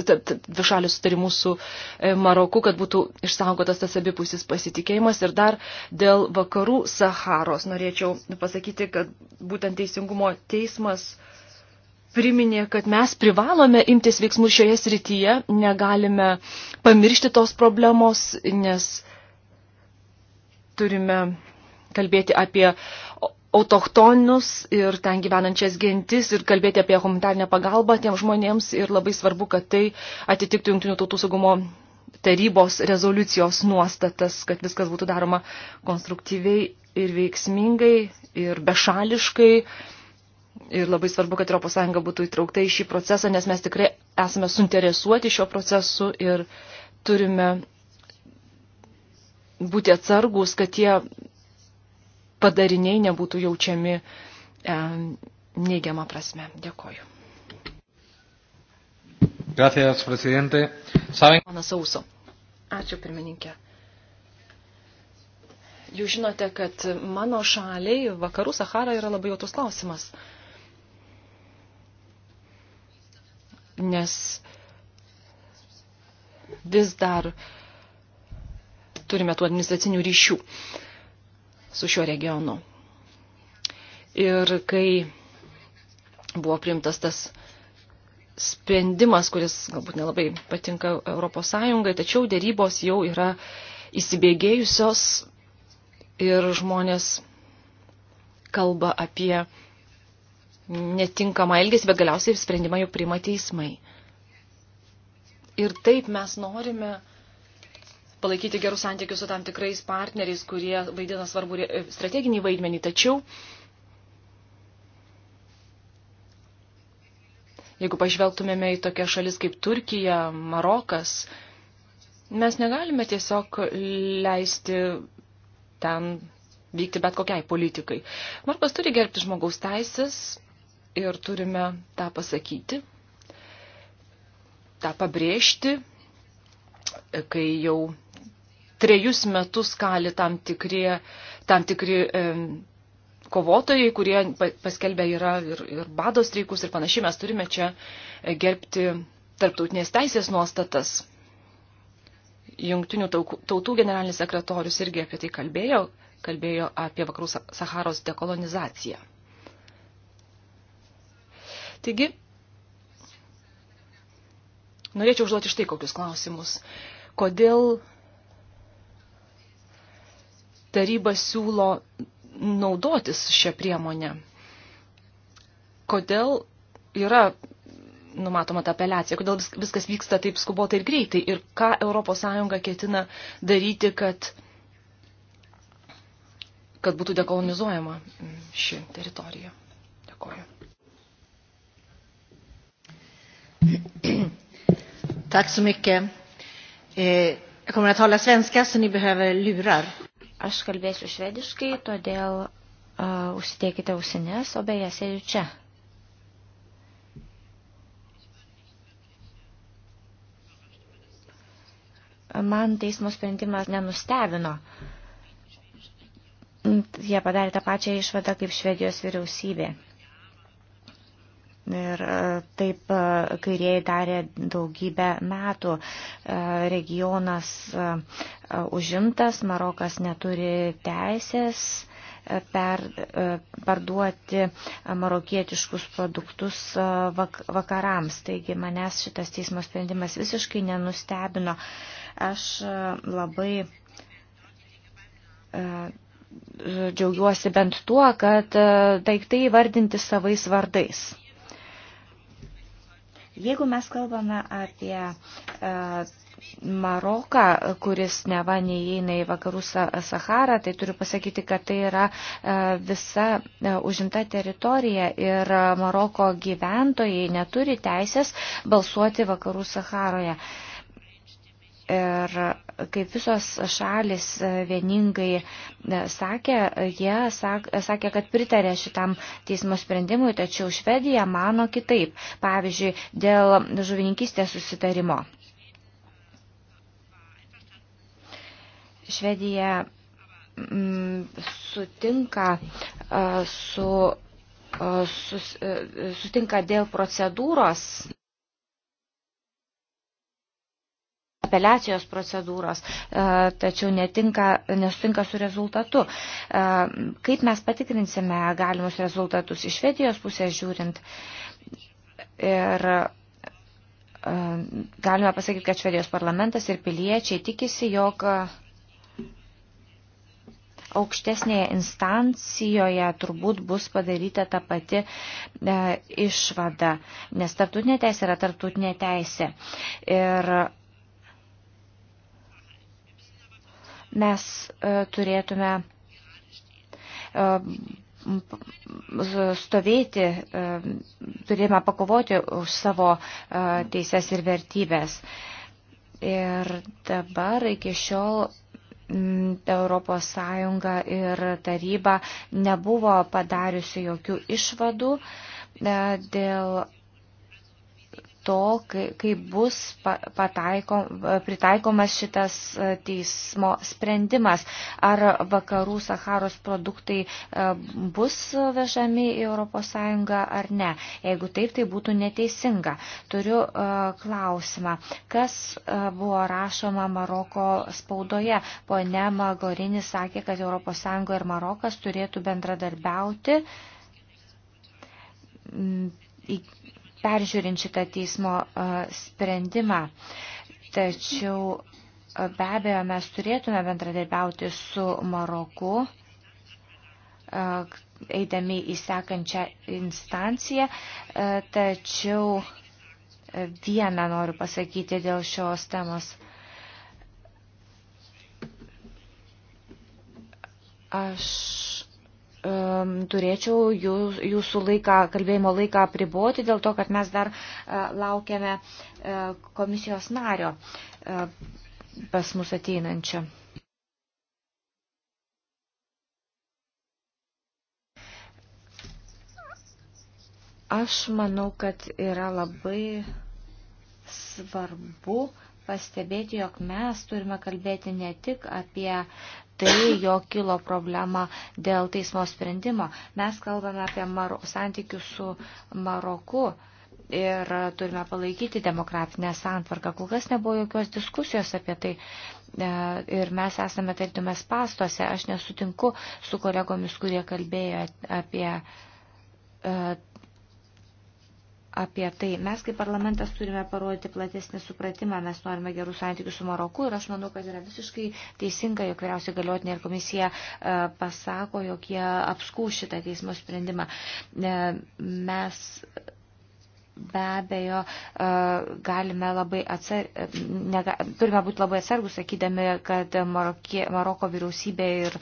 dvišalių sutarimų su e, Maroku, kad būtų išsaugotas tas abipusis pasitikėjimas. Ir dar dėl vakarų Saharos norėčiau pasakyti, kad būtent teisingumo teismas priminė, kad mes privalome imtis veiksmų šioje srityje, negalime pamiršti tos problemos, nes turime kalbėti apie autochtonus ir ten gyvenančias gentis ir kalbėti apie humanitarinę pagalbą tiem žmonėms ir labai svarbu, kad tai atitiktų Junktinių tautų saugumo tarybos rezoliucijos nuostatas, kad viskas būtų daroma konstruktyviai ir veiksmingai ir bešališkai. Ir labai svarbu, kad ES būtų įtraukta į šį procesą, nes mes tikrai esame suinteresuoti šio procesu ir turime būti atsargus, kad tie padariniai nebūtų jaučiami e, neigiamą prasme. Dėkoju. Gracias, presidente. Saben... Pana Sauso. Ačiū, pirmininkė. Jūs žinote, kad mano šaliai vakarų Sahara yra labai jautus klausimas. Nes vis dar turime tų administracinių ryšių. Uh, su šiuo regionu. Ir kai buvo priimtas tas sprendimas, kuris galbūt nelabai patinka ES, tačiau dėrybos jau yra įsibėgėjusios ir žmonės kalba apie netinkamą elgesį, bet galiausiai sprendimą jau priima teismai. Ir taip mes norime palaikyti gerus santykius su tam tikrais partneriais, kurie vaidina svarbu strateginį vaidmenį. Tačiau, jeigu pažvelgtumėme į tokią šalis kaip Turkija, Marokas, mes negalime tiesiog leisti ten vykti bet kokiai politikai. Markas turi gerbti žmogaus teisės ir turime tą pasakyti, tą pabrėžti, kai jau trejus metus kali tam tikri, tam tikri e, kovotojai, kurie paskelbė yra ir, ir bado streikus ir panašiai. Mes turime čia e, gerbti tarptautinės teisės nuostatas. Jungtinių tautų generalinis sekretorius irgi apie tai kalbėjo, kalbėjo apie vakarų Saharos dekolonizaciją. Taigi, norėčiau užduoti štai kokius klausimus. Kodėl taryba siūlo naudotis šią priemonę. Kodėl yra numatoma ta apeliacija, kodėl viskas vyksta taip skubotai ir greitai ir ką ES ketina daryti, kad, kad būtų dekolonizuojama ši teritorija. Dėkoju. Tack så mycket. Eh, jag kommer att tala svenska så ni behöver lurar. Aš kalbėsiu švediškai, todėl uh, užsidėkite ausinės, o beje, sėdžiu čia. Man teismo sprendimas nenustebino. Jie padarė tą pačią išvadą kaip Švedijos vyriausybė. Ir e, taip e, kairieji darė daugybę metų. E, regionas užimtas, Marokas neturi teisės per, parduoti marokietiškus produktus vak, vakarams. Taigi manęs šitas teismo sprendimas visiškai nenustebino. Aš labai džiaugiuosi bent tuo, kad daiktai vardinti savais vardais. Jeigu mes kalbame apie e, Maroką, kuris neva neįeina į vakarų Saharą, tai turiu pasakyti, kad tai yra e, visa e, užimta teritorija ir Maroko gyventojai neturi teisės balsuoti vakarų Saharoje. Ir kaip visos šalis e, vieningai e, sakė, jie sakė, kad pritarė šitam teismo sprendimui, tačiau Švedija mano kitaip, pavyzdžiui, dėl žuvininkystės susitarimo. Švedija mm, sutinka uh, su, uh, sus, uh, sutinka dėl procedūros. apeliacijos procedūros, e, tačiau netinka, nesutinka su rezultatu. E, kaip mes patikrinsime galimus rezultatus iš Švedijos pusės žiūrint? Ir e, galime pasakyti, kad Švedijos parlamentas ir piliečiai tikisi, jog aukštesnėje instancijoje turbūt bus padaryta ta pati e, išvada, nes tartutinė teisė yra tartutinė teisė. Ir Mes e, turėtume e, stovėti, e, turime pakovoti už savo teises ir vertybės. Ir dabar iki šiol Europos Sąjunga ir taryba nebuvo padariusi jokių išvadų dėl to, kai bus pataiko, e, pritaikomas šitas e, teismo sprendimas. Ar vakarų Saharos produktai e, bus vežami į ES ar ne. Jeigu taip, tai būtų neteisinga. Turiu klausimą. Kas buvo rašoma Maroko spaudoje? Pone Magorinis sakė, kad ES ir Marokas turėtų bendradarbiauti peržiūrint šitą teismo sprendimą. Tačiau be abejo mes turėtume bendradarbiauti su Maroku, eidami į sekančią instanciją, tačiau vieną noriu pasakyti dėl šios temos. Aš um, turėčiau jūs, jūsų laiką, kalbėjimo laiką apriboti dėl to, kad mes dar uh, laukiame uh, komisijos nario uh, pas mus ateinančio. Aš manau, kad yra labai svarbu pastebėti, jog mes turime kalbėti ne tik apie tai, jo kilo problema dėl teismo sprendimo. Mes kalbame apie Maro, santykių su Maroku ir turime palaikyti demokratinę santvarką. Kol kas nebuvo jokios diskusijos apie tai e, ir mes esame tartume spastuose. Aš nesutinku su kolegomis, kurie kalbėjo apie e, apie tai. Mes kaip parlamentas turime parodyti platesnį supratimą, mes norime gerų santykių su Maroku ir aš manau, kad yra visiškai teisinga, jog vyriausiai galiotinė ir komisija e, pasako, jog jie apskūs šitą teismo sprendimą. E, mes be abejo e, galime labai atsar, nega, turime būti labai atsargus, sakydami, kad Marokė, Maroko vyriausybė ir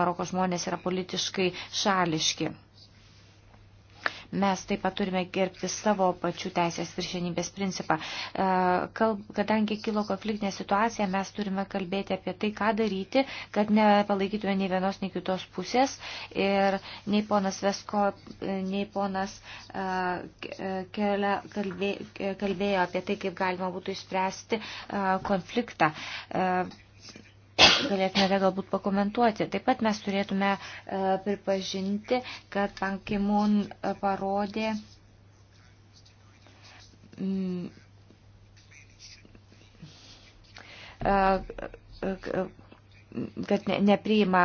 Maroko žmonės yra politiškai šališki. Mes taip pat turime gerbti savo pačių teisės viršenybės principą. E, kadangi kilo konfliktinė situacija, mes turime kalbėti apie tai, ką daryti, kad nepalaikytume nei vienos, nei kitos pusės. Ir nei ponas Vesko, e, nei ponas e, Kelia kalbėjo apie tai, kaip galima būtų išspręsti konfliktą galėtumėte galbūt pakomentuoti. Taip pat mes turėtume e, pripažinti, kad Pankimun e, parodė mm, e, kad nepriima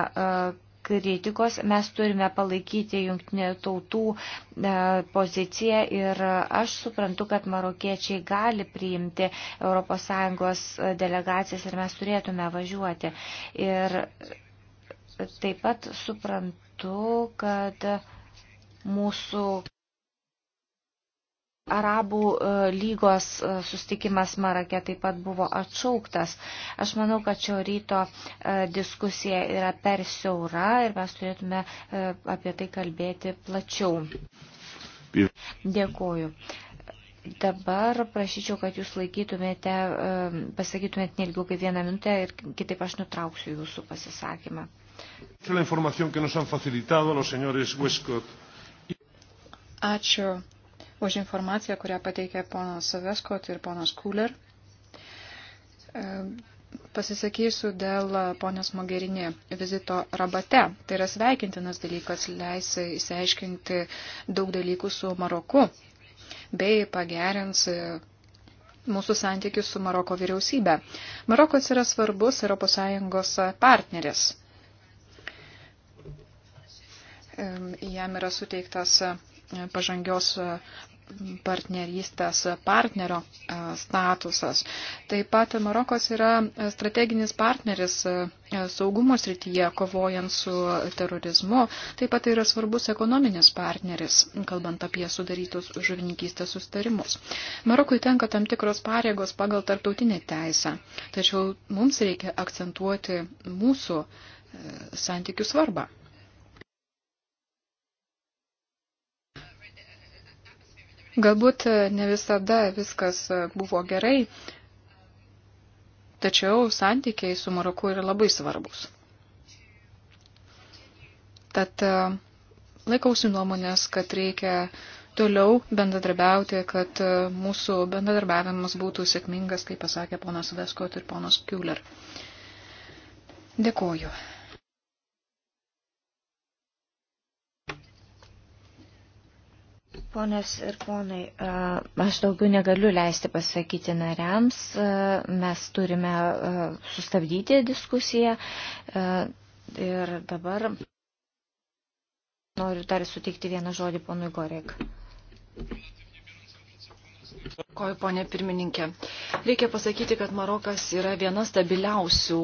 kritikos, mes turime palaikyti jungtinių tautų e, poziciją ir aš suprantu, kad marokiečiai gali priimti ES delegacijas ir mes turėtume važiuoti. Ir taip pat suprantu, kad mūsų Arabų e, lygos e, sustikimas Marake taip pat buvo atšauktas. Aš manau, kad šio ryto e, diskusija yra per siaura ir mes turėtume apie tai kalbėti plačiau. Dėkuoju. Dabar prašyčiau, kad jūs laikytumėte, pasakytumėte nelgiau kaip vieną minutę ir kitaip aš nutrauksiu jūsų pasisakymą. Ačiū už informaciją, kurią pateikė ponas Saveskot ir ponas Kuler. E, pasisakysiu dėl ponios Mogerini vizito rabate. Tai yra sveikintinas dalykas, leis įsiaiškinti daug dalykų su Maroku bei pagerins e, mūsų santykius su Maroko vyriausybė. Marokas yra svarbus ES partneris. Jam yra suteiktas pažangios partnerystės partnerio e, statusas. Taip pat Marokas yra strateginis partneris e, saugumo srityje, kovojant su terorizmu. Taip pat tai yra svarbus ekonominis partneris, kalbant apie sudarytus žuvininkystės sustarimus. Marokui tenka tam tikros pareigos pagal tarptautinę teisę, tačiau mums reikia akcentuoti mūsų e, santykių svarbą. Galbūt e, ne visada viskas e, buvo gerai, tačiau santykiai su Maroku yra labai svarbus. Tad e, laikausi nuomonės, kad reikia toliau bendradarbiauti, kad mūsų bendradarbiavimas būtų sėkmingas, kaip pasakė ponas Veskot ir ponas Kiuler. Dėkoju. Ponios ir ponai, aš daugiau negaliu leisti pasakyti nariams, mes turime sustabdyti diskusiją ir dabar noriu dar sutikti vieną žodį ponui Gorek. Dėkoju, ponė pirmininkė. Reikia pasakyti, kad Marokas yra viena stabiliausių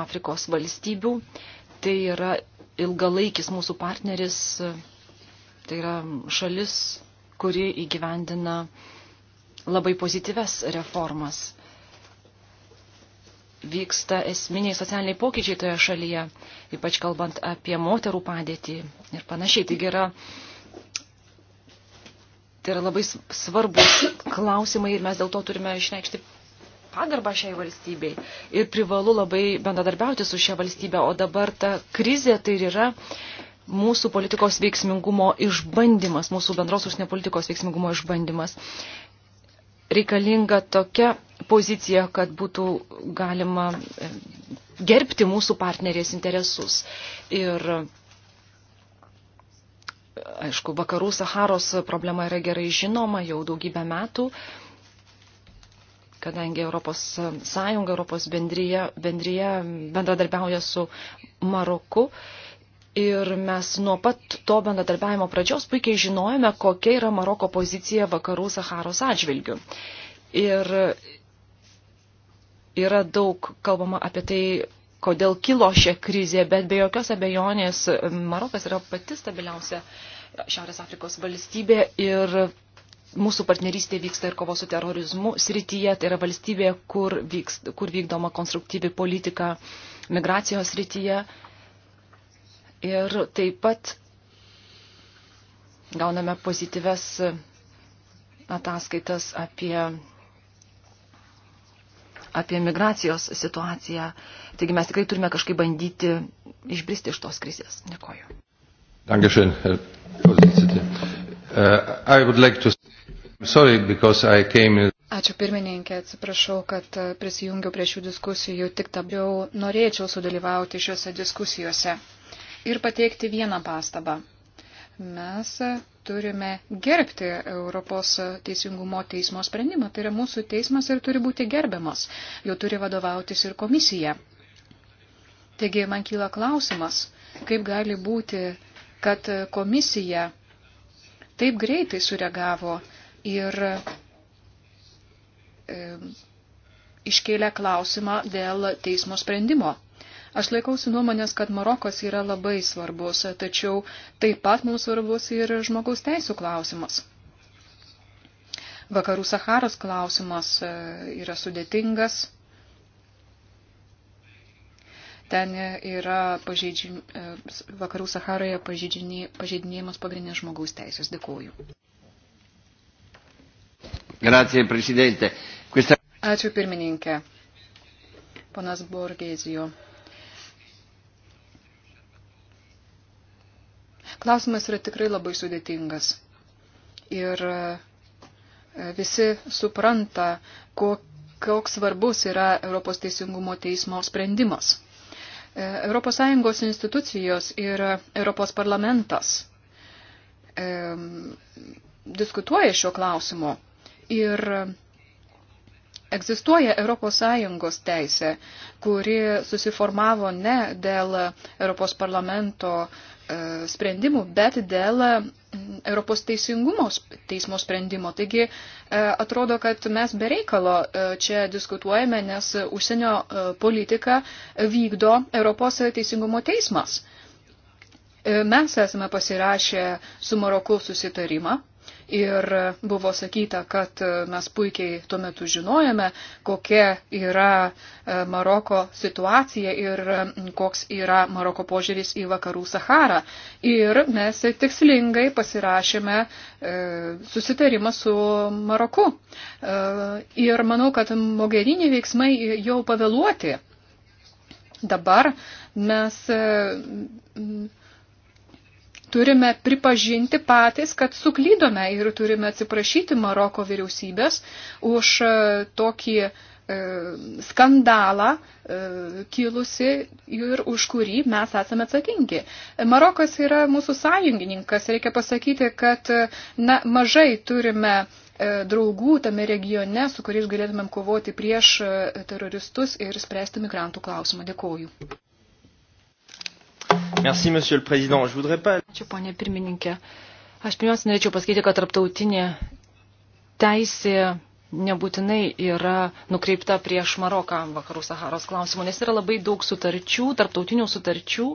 Afrikos valstybių. Tai yra ilgalaikis mūsų partneris Tai yra šalis, kuri įgyvendina labai pozityves reformas. Vyksta esminiai socialiniai pokyčiai toje šalyje, ypač kalbant apie moterų padėtį ir panašiai. Taigi yra, tai yra labai svarbus klausimai ir mes dėl to turime išreikšti pagarbą šiai valstybei ir privalu labai bendradarbiauti su šia valstybe. O dabar ta krizė tai yra mūsų politikos veiksmingumo išbandymas, mūsų bendros užsienio politikos veiksmingumo išbandymas. Reikalinga tokia pozicija, kad būtų galima e, gerbti mūsų partnerės interesus. Ir aišku, vakarų Saharos problema yra gerai žinoma jau daugybę metų, kadangi Europos Sąjunga, Europos bendryje, bendryje bendradarbiauja su Maroku. Uh, Ir mes nuo pat to bendradarbiavimo pradžios puikiai žinojame, kokia yra Maroko pozicija vakarų Saharos atžvilgių. Ir yra daug kalbama apie tai, kodėl kilo šią krizę, bet be jokios abejonės Marokas yra pati stabiliausia Šiaurės Afrikos valstybė ir mūsų partnerystė vyksta ir kovos su terorizmu srityje, tai yra valstybė, kur, vyks, kur vykdoma konstruktyvi politika migracijos srityje Ir taip pat gauname pozityves ataskaitas apie, apie migracijos situaciją. Taigi mes tikrai turime kažkaip bandyti išbristi iš tos krizės. Dėkoju. Dankeschön, Herr Vorsitzende. Uh, I would like to... Sorry, because I came... Ačiū pirmininkė, atsiprašau, kad uh, prisijungiau prie šių diskusijų, tik tabiau norėčiau sudalyvauti šiuose diskusijose ir pateikti vieną pastabą. Mes turime gerbti Europos teisingumo teismo sprendimą. Tai yra mūsų teismas ir turi būti gerbiamas. Jo turi vadovautis ir komisija. Taigi man kyla klausimas, kaip gali būti, kad komisija taip greitai sureagavo ir e, iškėlė klausimą dėl teismo sprendimo. Aš laikausi nuomonės, kad Marokas yra labai svarbus, tačiau taip pat mums svarbus ir žmogaus teisų klausimas. Vakarų Saharos klausimas e, yra sudėtingas. Ten yra pažeidži... E, vakarų Saharoje pažeidinėjimas pagrindinės žmogaus teisės. Dėkuoju. Grazie, Presidente. Questa... Ačiū pirmininkė. Ponas Borgėzijo. Klausimas yra tikrai labai sudėtingas. Ir e, visi supranta, koks svarbus yra Europos teisingumo teismo sprendimas. ES institucijos ir Europos parlamentas diskutuoja šio klausimo. Ir Egzistuoja ES teisė, kuri susiformavo ne dėl ES parlamento e, sprendimų, bet dėl Europos teisingumo teismo sprendimo. Taigi e, atrodo, kad mes bereikalo e, čia diskutuojame, nes užsienio politiką vykdo Europos teisingumo teismas. Mes esame pasirašę su Maroku susitarimą Ir buvo sakyta, kad e, mes puikiai tuo metu žinojame, kokia yra e, Maroko situacija ir e, koks yra Maroko požiūris į vakarų Saharą. Ir mes tikslingai pasirašėme susitarimą su Maroku. Ir manau, kad Mogherini veiksmai jau pavėluoti. Dabar mes turime pripažinti patys, kad suklydome ir turime atsiprašyti Maroko vyriausybės už e, tokį e, skandalą e, kilusi ir už kurį mes esame atsakingi. Marokas yra mūsų sąjungininkas. Reikia pasakyti, kad na, mažai turime draugų tame regione, su kuriais galėtumėm kovoti prieš teroristus ir spręsti migrantų klausimą. Dėkoju. Merci, monsieur le président. Je voudrais pas... Ačiū, ponė pirmininkė. Aš pirmiausia norėčiau pasakyti, kad tarptautinė teisė nebūtinai yra nukreipta prieš Maroką vakarų Saharos klausimų, nes yra labai daug sutarčių, tarptautinių sutarčių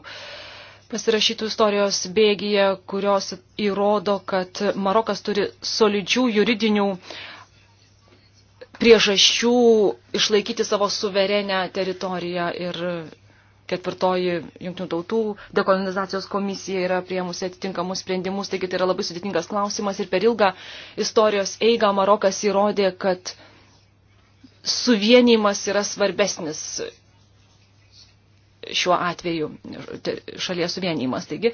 pasirašytų istorijos bėgyje, kurios įrodo, kad Marokas turi solidžių juridinių priežasčių išlaikyti savo suverenę teritoriją ir ketvirtoji jungtinių tautų dekolonizacijos komisija yra priemusi atitinkamus sprendimus, taigi tai yra labai sudėtingas klausimas ir per ilgą istorijos eigą Marokas įrodė, kad suvienimas yra svarbesnis šiuo atveju tai šalies suvienimas. Taigi,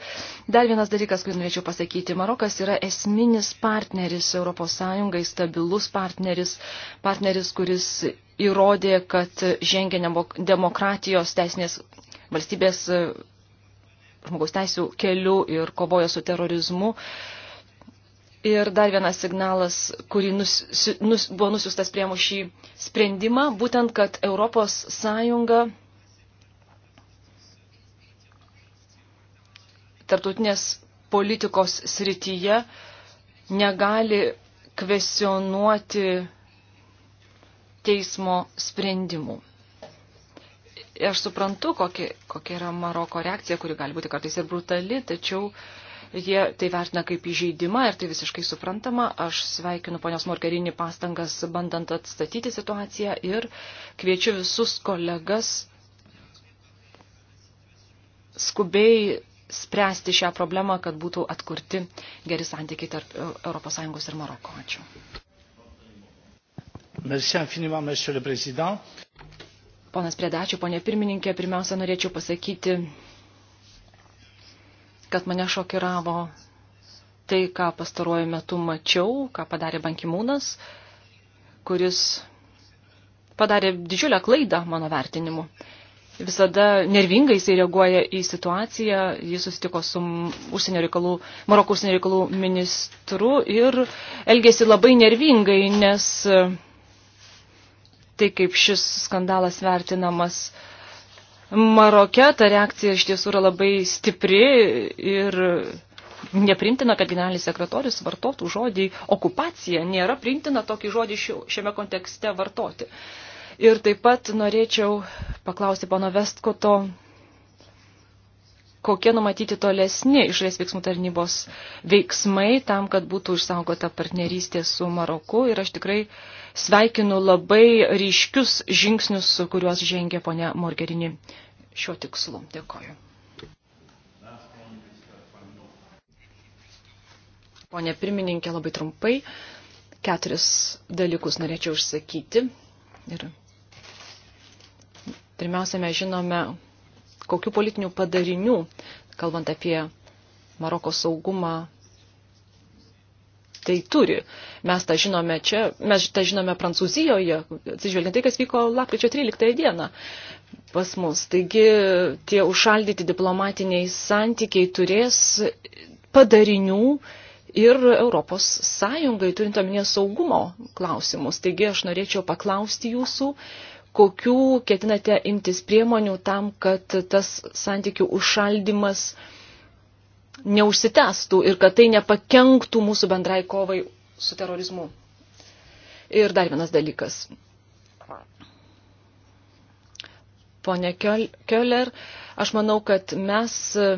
dar vienas dalykas, kurį norėčiau pasakyti. Marokas yra esminis partneris ES, stabilus partneris, partneris, kuris įrodė, kad žengia demokratijos teisinės valstybės e, žmogaus teisų keliu ir kovoja su terorizmu. Ir dar vienas signalas, kurį nus, nus, buvo nusiustas prie šį sprendimą, būtent, kad Europos Sąjunga tartutinės politikos srityje negali kvesionuoti teismo sprendimų. Aš suprantu, kokia, kokia yra Maroko reakcija, kuri gali būti kartais ir brutali, tačiau jie tai vertina kaip įžeidimą ir tai visiškai suprantama. Aš sveikinu ponios Morgerinį pastangas bandant atstatyti situaciją ir kviečiu visus kolegas skubiai spręsti šią problemą, kad būtų atkurti geri santykiai tarp ES ir Maroko. Ačiū. Merci infiniment, monsieur le président. Ponas Predačių, ponė pirmininkė, pirmiausia norėčiau pasakyti, kad mane šokiravo tai, ką pastaruoju metu mačiau, ką padarė bankimūnas, kuris padarė didžiulę klaidą mano vertinimu. Visada nervingai jisai reaguoja į situaciją, jis susitiko su užsienio reikalų, Maroko užsienio reikalų ministru ir elgėsi labai nervingai, nes tai, kaip šis skandalas vertinamas Maroke, ta reakcija iš tiesų yra labai stipri ir neprimtina, kad generalinis sekretorius vartotų žodį okupacija. Nėra primtina tokį žodį šiame kontekste vartoti. Ir taip pat norėčiau paklausti pono Vestkoto, kokie numatyti tolesni išorės veiksmų tarnybos veiksmai tam, kad būtų išsaugota partnerystė su Maroku. Ir aš tikrai sveikinu labai ryškius žingsnius, kuriuos žengė ponia Morgerini šiuo tikslu. Dėkoju. Pone pirmininkė, labai trumpai keturis dalykus norėčiau užsakyti. Ir pirmiausia, mes žinome, kokiu politinių padarinių, kalbant apie Maroko saugumą, tai turi. Mes tą žinome čia, mes tą žinome Prancūzijoje, atsižvelgiant tai, kas vyko lapkričio 13 dieną pas mus. Taigi tie užšaldyti diplomatiniai santykiai turės padarinių ir Europos Sąjungai, turint omenyje saugumo klausimus. Taigi aš norėčiau paklausti jūsų, kokių ketinate imtis priemonių tam, kad tas santykių užšaldimas uh, neužsitęstų ir kad tai nepakenktų mūsų bendrai kovai su terorizmu. Ir dar vienas dalykas. Pone Kioler, aš manau, kad mes e,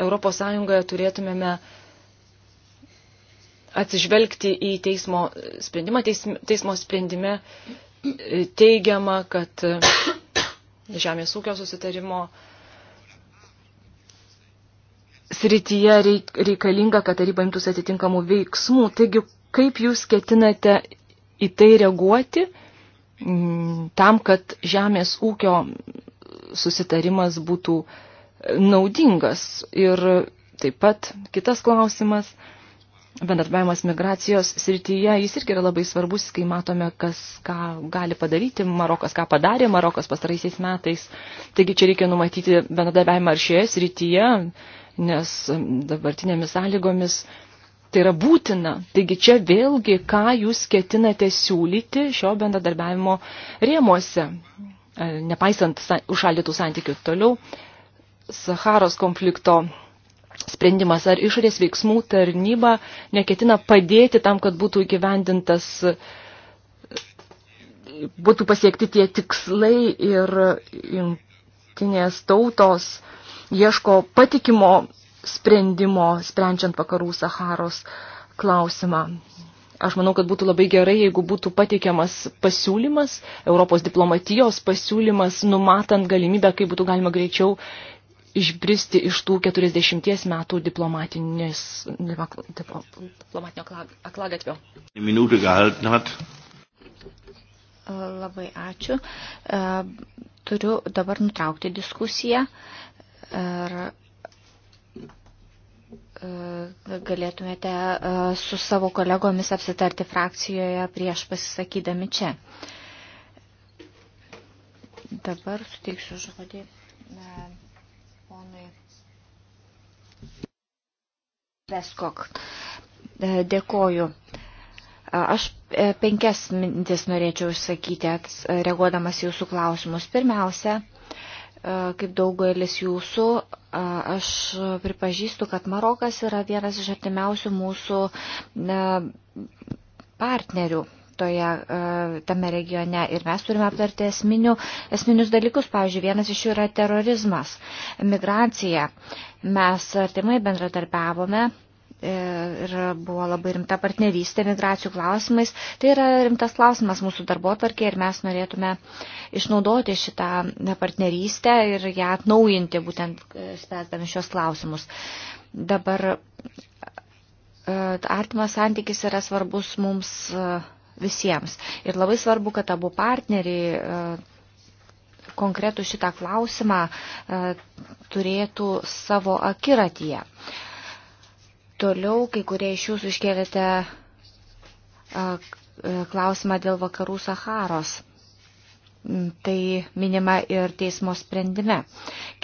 Europos Sąjungoje turėtumėme atsižvelgti į teismo sprendimą. Teismo sprendime e, teigiama, kad e, žemės ūkio susitarimo uh, srityje reikalinga, kad taryba imtųsi atitinkamų veiksmų. Taigi, kaip jūs ketinate į tai reaguoti mm, tam, kad žemės ūkio susitarimas būtų naudingas. Ir taip pat kitas klausimas, bendradarbiavimas migracijos srityje, jis irgi yra labai svarbus, kai matome, kas ką gali padaryti, Marokas ką padarė, Marokas pastaraisiais metais. Taigi čia reikia numatyti bendradarbiavimą ir šioje srityje, nes dabartinėmis sąlygomis tai yra būtina. Taigi čia vėlgi, ką jūs ketinate siūlyti šio bendradarbiavimo rėmuose, e, nepaisant užšaldytų santykių toliau, Saharos konflikto sprendimas ar išorės veiksmų tarnyba neketina padėti tam, kad būtų įgyvendintas būtų pasiekti tie tikslai ir jungtinės tautos uh, ieško patikimo sprendimo, sprendžiant vakarų Saharos klausimą. Aš manau, kad būtų labai gerai, jeigu būtų pateikiamas pasiūlymas, Europos diplomatijos pasiūlymas, numatant galimybę, kaip būtų galima greičiau išbristi iš tų 40 metų diplomatinės, diplomatinio aklagatvio. Minutę gehalten hat. Labai ačiū. E, turiu dabar nutraukti diskusiją Ir e, galėtumėte e, su savo kolegomis apsitarti frakcijoje prieš pasisakydami čia. Dabar suteiksiu žodį e, ponui Peskok. Dėkoju. Aš penkias mintis norėčiau išsakyti, reaguodamas jūsų klausimus. Pirmiausia, E, kaip daugelis jūsų, e, aš pripažįstu, kad Marokas yra vienas iš artimiausių mūsų e, partnerių toje, tame regione ir mes turime aptarti esminių, esminius dalykus. Pavyzdžiui, vienas iš jų yra terorizmas, migracija. Mes artimai bendradarbiavome E, ir buvo labai rimta partnerystė migracijų klausimais. Tai yra rimtas klausimas mūsų darbo tarkė ir mes norėtume išnaudoti šitą partnerystę ir ją atnaujinti, būtent e, spėsdami šios klausimus. Dabar e, artimas santykis yra svarbus mums visiems. Ir labai svarbu, kad abu partneriai konkretų šitą klausimą turėtų savo akiratyje. Toliau kai kurie iš jūsų iškėlėte e, klausimą dėl vakarų Saharos. Mm, tai minima ir teismo sprendime.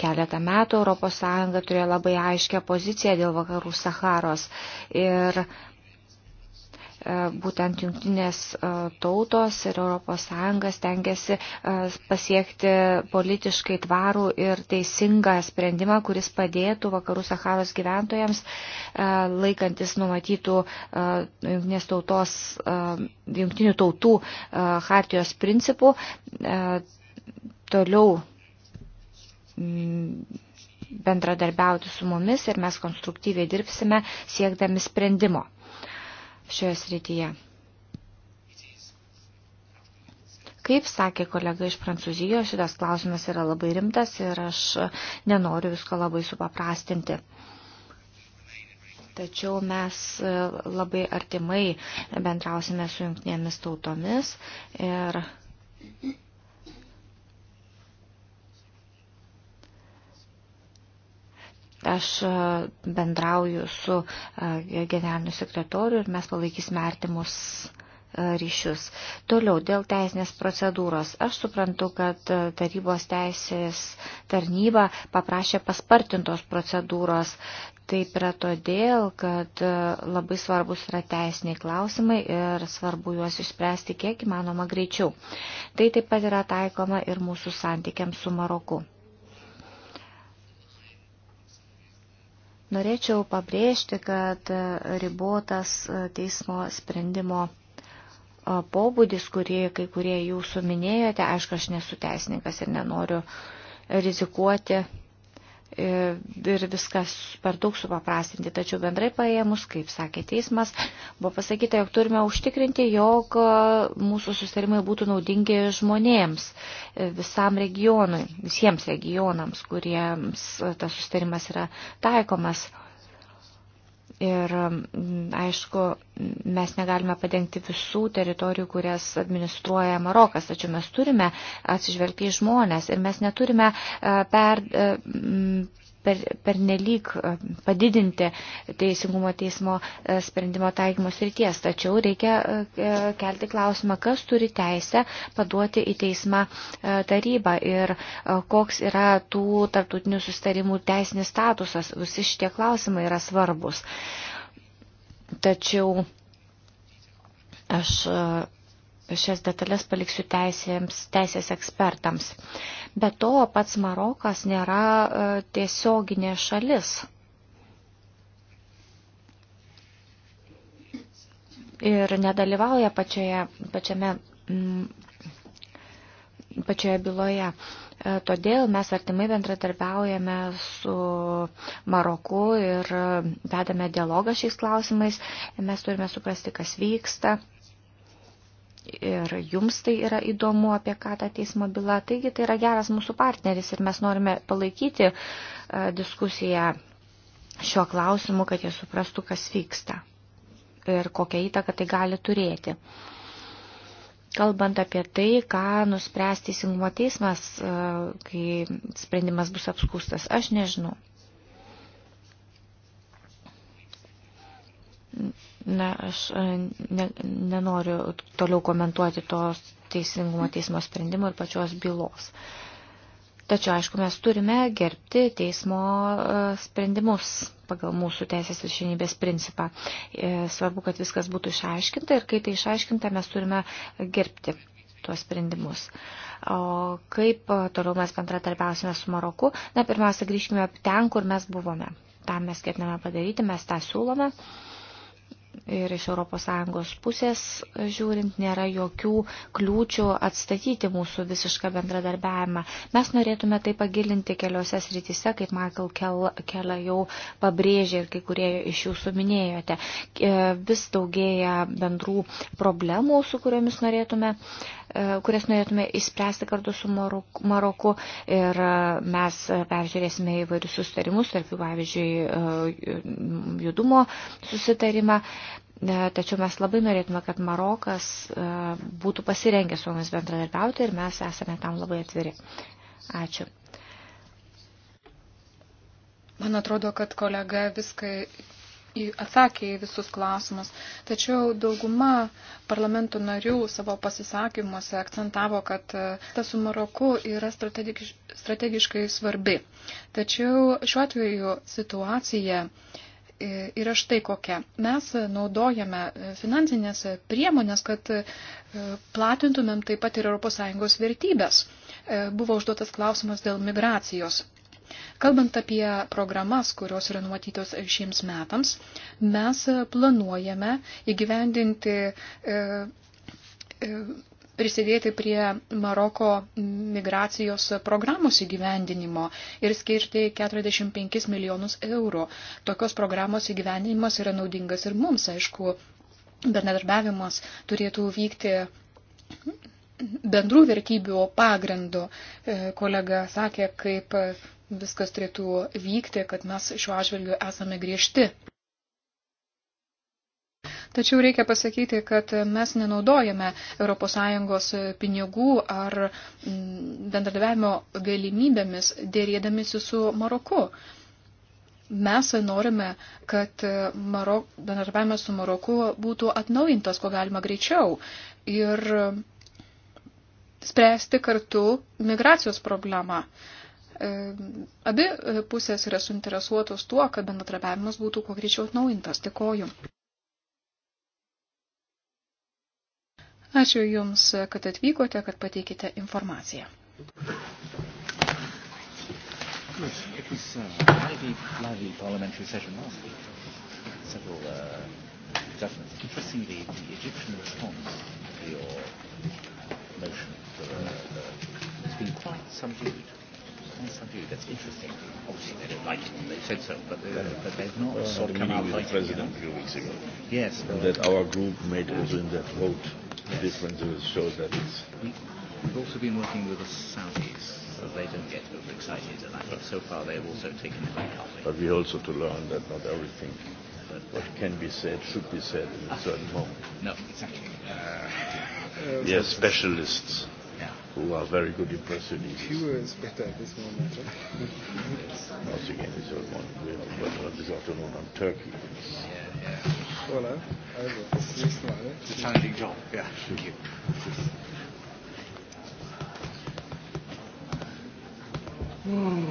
Keletą metų ES turėjo labai aiškę poziciją dėl vakarų Saharos ir E, būtent jungtinės e, tautos ir ES tengiasi e, pasiekti politiškai tvarų ir teisingą sprendimą, kuris padėtų vakarų Saharos gyventojams laikantis numatytų jungtinės tautos, jungtinių tautų hartijos principų toliau mm, bendradarbiauti su mumis ir mes konstruktyviai dirbsime siekdami sprendimo šioje srityje. Kaip sakė kolega iš Prancūzijos, šitas klausimas yra labai rimtas ir aš nenoriu visko labai supaprastinti. Tačiau mes labai artimai bendrausime su jungtinėmis tautomis ir Aš e, bendrauju su e, generaliniu sekretoriu ir mes palaikysime artimus e, ryšius. Toliau, dėl teisinės procedūros. Aš suprantu, kad tarybos teisės tarnyba paprašė paspartintos procedūros. Taip yra todėl, kad labai svarbus yra teisiniai klausimai ir svarbu juos išspręsti kiek įmanoma greičiau. Tai taip pat yra taikoma ir mūsų santykiams su Maroku. Norėčiau pabrėžti, kad ribotas teismo sprendimo pobūdis, kurį kai kurie jūsų minėjote, aišku, aš nesu teisininkas ir nenoriu rizikuoti E, ir viskas per daug supaprastinti. Tačiau bendrai paėmus, kaip sakė teismas, buvo pasakyta, jog turime užtikrinti, jog e, mūsų susitarimai būtų naudingi žmonėms, e, visam regionui, visiems regionams, kuriems tas susitarimas yra taikomas. Ir aišku, mes negalime padengti visų teritorijų, kurias administruoja Marokas, tačiau mes turime atsižvelgti į žmonės ir mes neturime e, per, e, per, per nelik e, padidinti Teisingumo teismo e, sprendimo taikymo srities. Tačiau reikia e, kelti klausimą, kas turi teisę paduoti į teismą tarybą ir koks yra tų tartutinių sustarimų teisinis statusas. Visi šitie klausimai yra svarbus. Tačiau aš šias detalės paliksiu teisėms, teisės ekspertams. Be to, pats Marokas nėra e, tiesioginė šalis. Ir nedalyvauja pačioje, pačiame, mm, pačioje byloje. E, todėl mes artimai bendradarbiaujame su Maroku ir e, vedame dialogą šiais klausimais. Mes turime suprasti, kas vyksta ir jums tai yra įdomu, apie ką ta teismo byla. Taigi tai yra geras mūsų partneris ir mes norime palaikyti e, diskusiją šiuo klausimu, kad jie suprastų, kas vyksta ir kokią įtaką tai gali turėti. Kalbant apie tai, ką nuspręs teisingumo teismas, e, kai sprendimas bus apskūstas, aš nežinau. Na, aš e, ne, nenoriu toliau komentuoti tos teisingumo teismo sprendimo ir pačios bylos. Tačiau, aišku, mes turime gerbti teismo e, sprendimus pagal mūsų teisės viršinybės principą. E, svarbu, kad viskas būtų išaiškinta ir kai tai išaiškinta, mes turime gerbti tuos sprendimus. O kaip toliau mes bendratarbiausime su Maroku? Na, pirmiausia, grįžkime ten, kur mes buvome. Tam mes ketiname padaryti, mes tą siūlome. Uh, ir iš ES pusės žiūrint nėra jokių kliūčių atstatyti mūsų visišką bendradarbiavimą. Mes norėtume tai pagilinti keliose srityse, kaip Michael Kela jau pabrėžė ir kai kurie iš jūsų minėjote. E, vis daugėja bendrų problemų, su kuriomis norėtume e, kurias norėtume įspręsti kartu su Maroku ir e, mes peržiūrėsime įvairius sustarimus, tarp jų, pavyzdžiui, judumo susitarimą E, tačiau mes labai norėtume, kad Marokas e, būtų pasirengęs su mumis bendradarbiauti ir mes esame tam labai atviri. Ačiū. Man atrodo, kad kolega viską atsakė į visus klausimus, tačiau dauguma parlamento narių savo pasisakymuose akcentavo, kad e, ta su Maroku yra strategiškai svarbi. Tačiau šiuo atveju situacija uh, E, yra štai kokia. Mes naudojame finansinės priemonės, kad e, platintumėm taip pat ir ES vertybės. E, buvo užduotas klausimas dėl migracijos. Kalbant apie programas, kurios yra numatytos šiems metams, mes planuojame įgyvendinti prisidėti prie Maroko migracijos programos įgyvendinimo ir skirti 45 milijonus eurų. Tokios programos įgyvendinimas yra naudingas ir mums, aišku, bendradarbiavimas turėtų vykti bendrų vertybių pagrindu. E, kolega sakė, kaip viskas turėtų vykti, kad mes šiuo atžvilgiu esame griežti. Tačiau reikia pasakyti, kad mes nenaudojame ES pinigų ar bendradarbiavimo galimybėmis dėrėdamisi su Maroku. Mes norime, kad Marok, bendradarbiavimas su Maroku būtų atnaujintas, ko galima greičiau. Ir spręsti kartu migracijos problemą. E, abi pusės yra suinteresuotos tuo, kad bendradarbiavimas būtų kuo greičiau atnaujintas. Dėkoju. Ačiū Jums, kad atvykote, kad pateikite informaciją. Good. It was uh, lively, lively parliamentary session last week. Several uh, governments. Interesting the, the Egyptian response to your uh, motion. For, uh, the, uh, it's been quite subdued. Quite subdued. That's interesting. Obviously they don't like it. They said so, but, uh, yeah. but they've not well, sort of come out with the president a few weeks ago. Yes. Well, that our group made also in that vote differences show that it's. We've also been working with the Saudis so they don't get overexcited, and I think so far they've also taken it very calmly. But we also to learn that not everything but what can be said should be said in a certain moment. No, exactly. Uh, we are specialists yeah. who are very good impressionists. Fewer is better at this moment. Once again, it's all one. We have got this afternoon on Turkey. Yeah. Voilà. Also, bis zum nächsten Mal. Ne? It's a challenging job. Yeah. Thank you. Mm.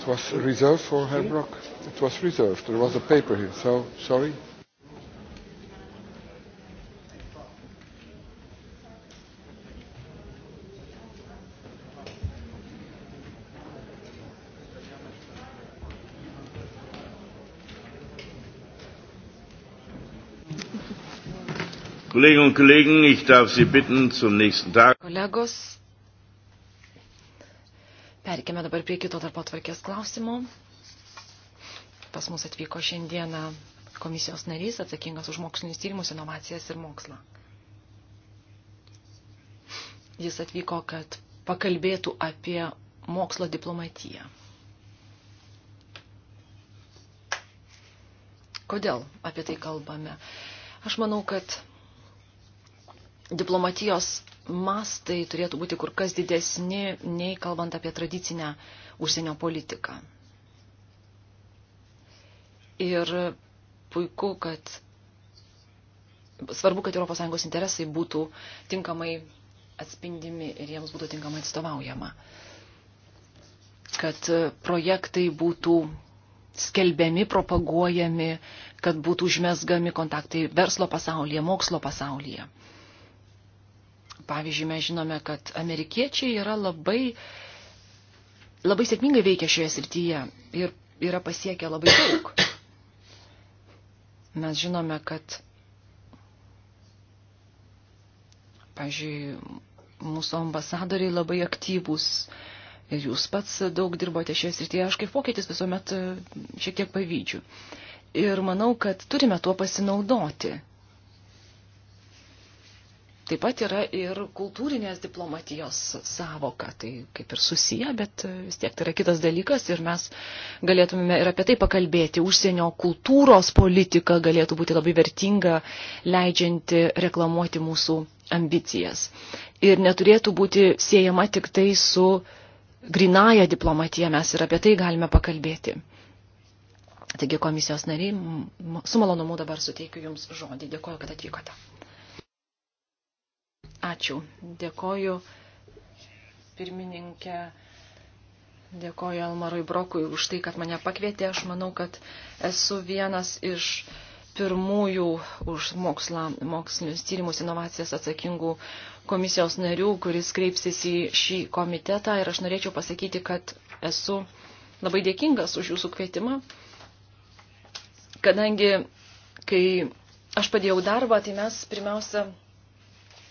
It was reserved for Herr hm? Brock. It was reserved. There was a paper here, so sorry. Kolleginnen und Kollegen, ich darf Sie bitten, zum nächsten Tag. Kolegos, Pereikime dabar prie kito darbo tvarkės klausimo. Pas mus atvyko šiandieną komisijos narys atsakingas už mokslinius tyrimus, inovacijas ir mokslą. Jis atvyko, kad pakalbėtų apie mokslo diplomatiją. Kodėl apie tai kalbame? Aš manau, kad diplomatijos mastai turėtų būti kur kas didesni, nei kalbant apie tradicinę užsienio politiką. Ir puiku, kad svarbu, kad ES interesai būtų tinkamai atspindimi ir jiems būtų tinkamai atstovaujama. Kad projektai būtų skelbiami, propaguojami, kad būtų užmesgami kontaktai verslo pasaulyje, mokslo pasaulyje. Pavyzdžiui, mes žinome, kad amerikiečiai yra labai, labai sėkmingai veikia šioje srityje ir yra pasiekę labai daug. Mes žinome, kad, pavyzdžiui, mūsų ambasadoriai labai aktyvūs ir jūs pats daug dirbote šioje srityje, aš kaip vokietis visuomet e, šiek tiek pavydžiu. Ir manau, kad turime tuo pasinaudoti Taip pat yra ir kultūrinės diplomatijos savoka, tai kaip ir susiję, bet e, vis tiek tai yra kitas dalykas ir mes galėtumėme ir apie tai pakalbėti. Užsienio kultūros politika galėtų būti labai vertinga, leidžianti reklamuoti mūsų ambicijas. Ir neturėtų būti siejama tik tai su grinaja diplomatija, mes ir apie tai galime pakalbėti. Taigi komisijos nariai, su malonumu dabar suteikiu Jums žodį. Dėkuoju, kad atvykote. Ačiū. Dėkoju pirmininkė, dėkoju Almarui Brokui už tai, kad mane pakvietė. Aš manau, kad esu vienas iš pirmųjų už mokslą, mokslinius tyrimus, inovacijas atsakingų komisijos narių, kuris kreipsis į šį komitetą. Ir aš norėčiau pasakyti, kad esu labai dėkingas už jūsų kvietimą, kadangi, kai aš padėjau darbą, tai mes pirmiausia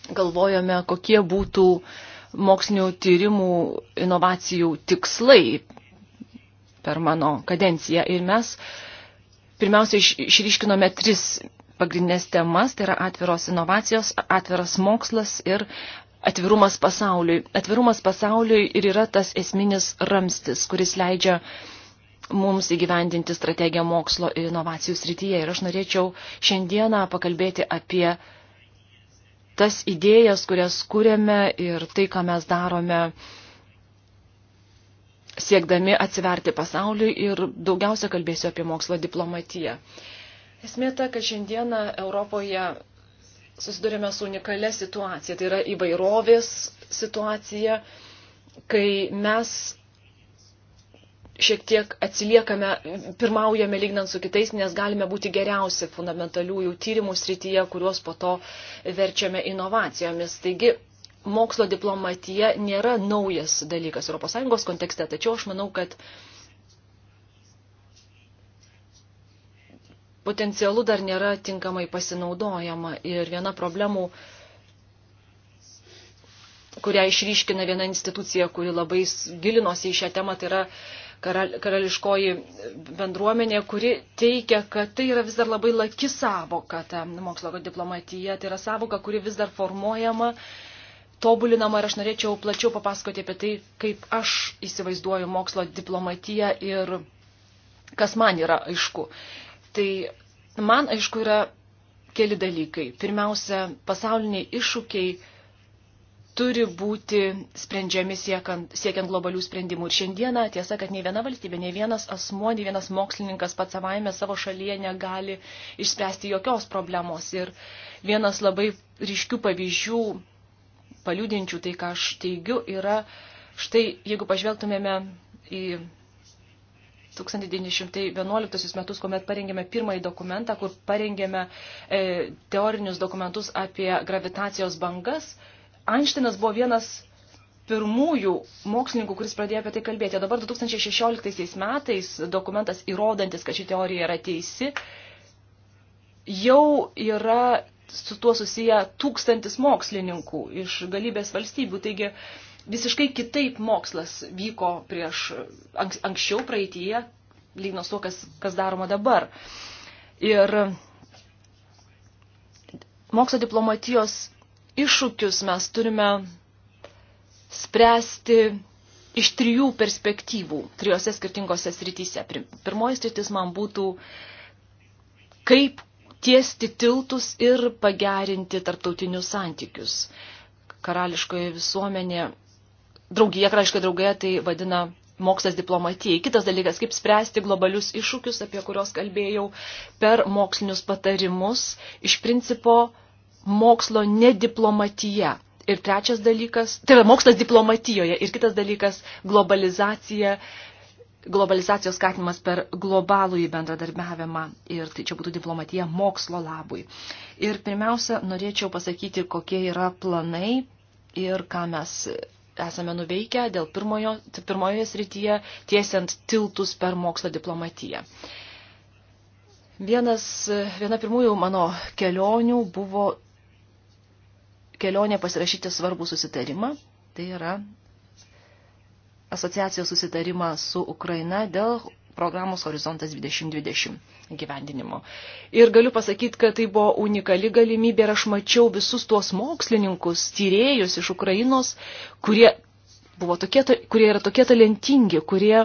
galvojome, kokie būtų mokslinių tyrimų inovacijų tikslai per mano kadenciją. Ir mes pirmiausia išryškinome tris pagrindinės temas, tai yra atviros inovacijos, atviras mokslas ir atvirumas pasauliui. Atvirumas pasauliui ir yra tas esminis ramstis, kuris leidžia mums įgyvendinti strategiją mokslo ir inovacijų srityje. Ir aš norėčiau šiandieną pakalbėti apie tas idėjas, kurias kūrėme ir tai, ką mes darome siekdami atsiverti pasauliui ir daugiausia kalbėsiu apie mokslo diplomatiją. Esmė ta, kad šiandieną Europoje susidurime su unikalia situacija, tai yra įvairovės situacija, kai mes šiek tiek atsiliekame, pirmaujame lygnant su kitais, nes galime būti geriausi fundamentaliųjų tyrimų srityje, kuriuos po to verčiame inovacijomis. Taigi, mokslo diplomatija nėra naujas dalykas ES kontekste, tačiau aš manau, kad potencialu dar nėra tinkamai pasinaudojama. Ir viena problemų, kurią išryškina viena institucija, kuri labai gilinosi į šią temą, tai yra karal, karališkoji bendruomenė, kuri teikia, kad tai yra vis dar labai laki savoka, ta mokslo diplomatija, tai yra savoka, kuri vis dar formuojama, tobulinama ir aš norėčiau plačiau papasakoti apie tai, kaip aš įsivaizduoju mokslo diplomatiją ir kas man yra aišku. Tai man aišku yra keli dalykai. Pirmiausia, pasauliniai iššūkiai turi būti sprendžiami siekiant, siekiant globalių sprendimų. Ir šiandieną tiesa, kad nei viena valstybė, nei vienas asmuo, nei vienas mokslininkas pats savaime savo šalyje negali išspręsti jokios problemos. Ir vienas labai ryškių pavyzdžių, paliūdinčių tai, ką aš teigiu, yra štai, jeigu pažvelgtumėme į 1911 metus, kuomet parengėme pirmąjį dokumentą, kur parengėme e, teorinius dokumentus apie gravitacijos bangas, Einšteinas buvo vienas pirmųjų mokslininkų, kuris pradėjo apie tai kalbėti. O dabar 2016 metais dokumentas įrodantis, kad ši teorija yra teisi, jau yra su tuo susiję tūkstantis mokslininkų iš galybės valstybių. Taigi visiškai kitaip mokslas vyko prieš anksčiau praeitįje, lyginos to, kas, kas daroma dabar. Ir mokslo diplomatijos iššūkius mes turime spręsti iš trijų perspektyvų, trijose skirtingose srityse. Pirmoji sritis man būtų, kaip tiesti tiltus ir pagerinti tarptautinius santykius. Karališkoje visuomenė, draugija, karališkoje draugija tai vadina mokslas diplomatijai. Kitas dalykas, kaip spręsti globalius iššūkius, apie kuriuos kalbėjau, per mokslinius patarimus. Iš principo, mokslo nediplomatija. Ir trečias dalykas, tai yra mokslas diplomatijoje. Ir kitas dalykas - globalizacija, globalizacijos skatinimas per globalų į bendradarbiavimą. Ir tai čia būtų diplomatija mokslo labui. Ir pirmiausia, norėčiau pasakyti, kokie yra planai ir ką mes esame nuveikę dėl pirmojo, pirmojoje srityje, tiesiant tiltus per mokslo diplomatiją. Vienas, viena pirmųjų mano kelionių buvo kelionė pasirašyti svarbų susitarimą, tai yra asociacijos susitarimą su Ukraina dėl programos Horizontas 2020 gyvendinimo. Ir galiu pasakyti, kad tai buvo unikali galimybė ir aš mačiau visus tuos mokslininkus, tyrėjus iš Ukrainos, kurie, buvo tokie, kurie yra tokie talentingi, kurie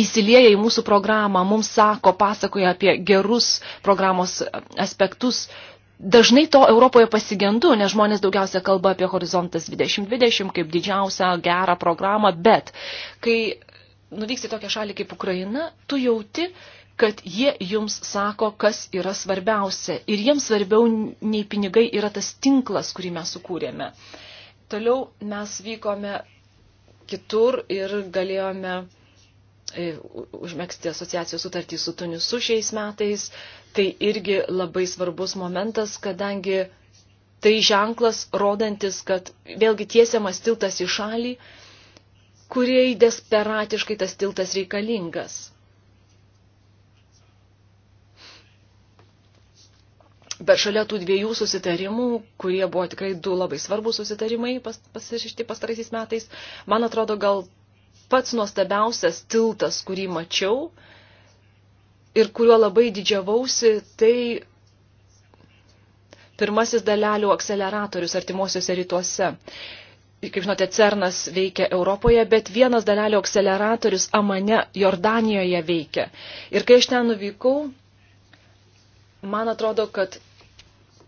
įsilieja į mūsų programą, mums sako, pasakoja apie gerus programos aspektus, Dažnai to Europoje pasigendu, nes žmonės daugiausia kalba apie Horizontas 2020 kaip didžiausią gerą programą, bet kai nuvyksi tokią šalį kaip Ukraina, tu jauti, kad jie jums sako, kas yra svarbiausia. Ir jiems svarbiau nei pinigai yra tas tinklas, kurį mes sukūrėme. Toliau mes vykome kitur ir galėjome E, užmėgsti asociacijos sutartį su Tunisu šiais metais. Tai irgi labai svarbus momentas, kadangi tai ženklas rodantis, kad vėlgi tiesiamas tiltas į šalį, kuriai desperatiškai tas tiltas reikalingas. Bet šalia tų dviejų susitarimų, kurie buvo tikrai du labai svarbus susitarimai pas, pasirišti pastaraisiais metais, man atrodo, gal pats nuostabiausias tiltas, kurį mačiau ir kuriuo labai didžiavausi, tai pirmasis dalelių akceleratorius artimuosiuose rytuose. Kaip žinote, CERNas veikia Europoje, bet vienas dalelių akceleratorius Amane Jordanijoje veikia. Ir kai aš ten nuvykau, man atrodo, kad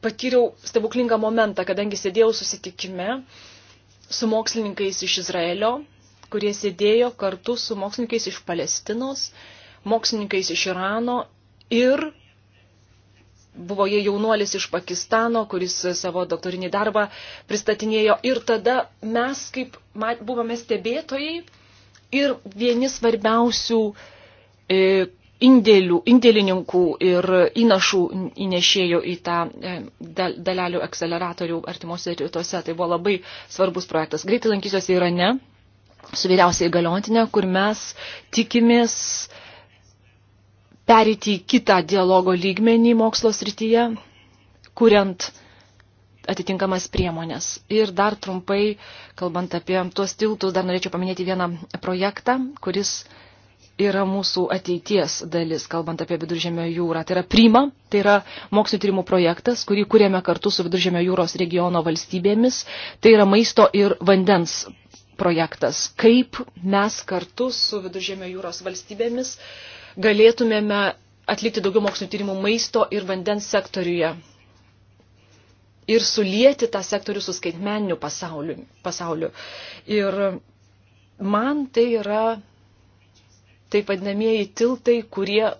patyriau stebuklingą momentą, kadangi sėdėjau susitikime su mokslininkais iš Izraelio, kurie sėdėjo kartu su mokslininkais iš Palestinos, mokslininkais iš Irano ir buvo jie jaunuolis iš Pakistano, kuris savo doktorinį darbą pristatinėjo. Ir tada mes kaip mat, buvome stebėtojai ir vieni svarbiausių e, indėlių, indėlininkų ir įnašų įnešėjo į tą e, dalelių akceleratorių artimuose rytuose. Tai buvo labai svarbus projektas. Greitai lankysiuosi Irane, su vyriausiai galiotinė, kur mes tikimės perėti į kitą dialogo lygmenį mokslo srityje, kuriant atitinkamas priemonės. Ir dar trumpai, kalbant apie tuos tiltus, dar norėčiau paminėti vieną projektą, kuris yra mūsų ateities dalis, kalbant apie Viduržėmio jūrą. Tai yra Prima, tai yra mokslinio tyrimų projektas, kurį kūrėme kartu su Viduržėmio jūros regiono valstybėmis. Tai yra maisto ir vandens projektas, kaip mes kartu su Viduržėmio jūros valstybėmis galėtumėme atlikti daugiau mokslinio tyrimų maisto ir vandens sektoriuje ir sulieti tą sektorių su skaitmeniniu pasauliu. pasauliu. Ir man tai yra taip vadinamieji tiltai, kurie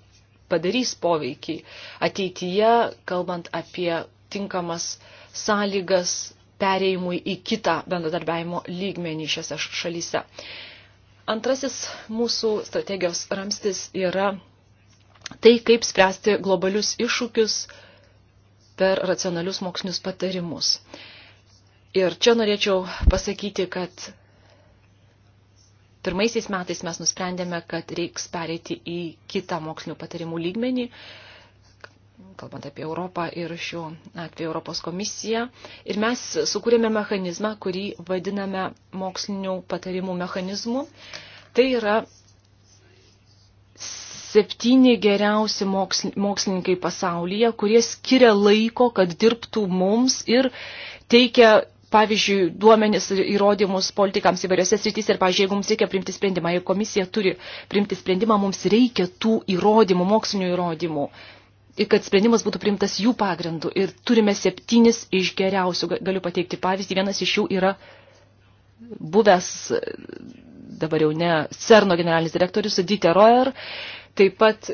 padarys poveikį ateityje, kalbant apie tinkamas sąlygas perėjimui į kitą bendradarbiavimo lygmenį šiose šalyse. Antrasis mūsų strategijos ramstis yra tai, kaip spręsti globalius iššūkius per racionalius mokslinius patarimus. Ir čia norėčiau pasakyti, kad pirmaisiais metais mes nusprendėme, kad reiks pereiti į kitą mokslinių patarimų lygmenį, kalbant apie Europą ir šiuo atveju Europos komisiją. Ir mes sukūrėme mechanizmą, kurį vadiname mokslinių patarimų mechanizmu. Tai yra septyni geriausi mokslininkai pasaulyje, kurie skiria laiko, kad dirbtų mums ir teikia, pavyzdžiui, duomenis ir įrodymus politikams įvairiose srityse. Ir, pavyzdžiui, jeigu mums reikia priimti sprendimą, jeigu komisija turi priimti sprendimą, mums reikia tų įrodymų, mokslinių įrodymų. Uh, ir kad sprendimas būtų priimtas jų pagrindų. Ir turime septynis iš geriausių, galiu pateikti pavyzdį, vienas iš jų yra buvęs, dabar jau ne, CERNO generalinis direktorius Dieter Roer, taip pat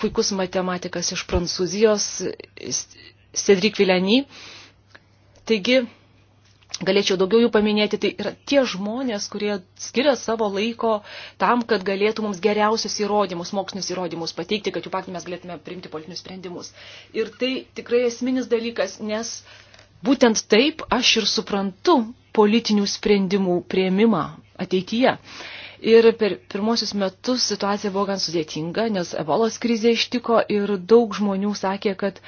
puikus matematikas iš Prancūzijos Cedric Villani. Taigi, galėčiau daugiau jų paminėti, tai yra tie žmonės, kurie skiria savo laiko tam, kad galėtų mums geriausius įrodymus, mokslinius įrodymus pateikti, kad jų pat mes galėtume priimti politinius sprendimus. Ir tai tikrai esminis dalykas, nes būtent taip aš ir suprantu politinių sprendimų prieimimą ateityje. Ir per pirmosius metus situacija buvo gan sudėtinga, nes ebolos krizė ištiko ir daug žmonių sakė, kad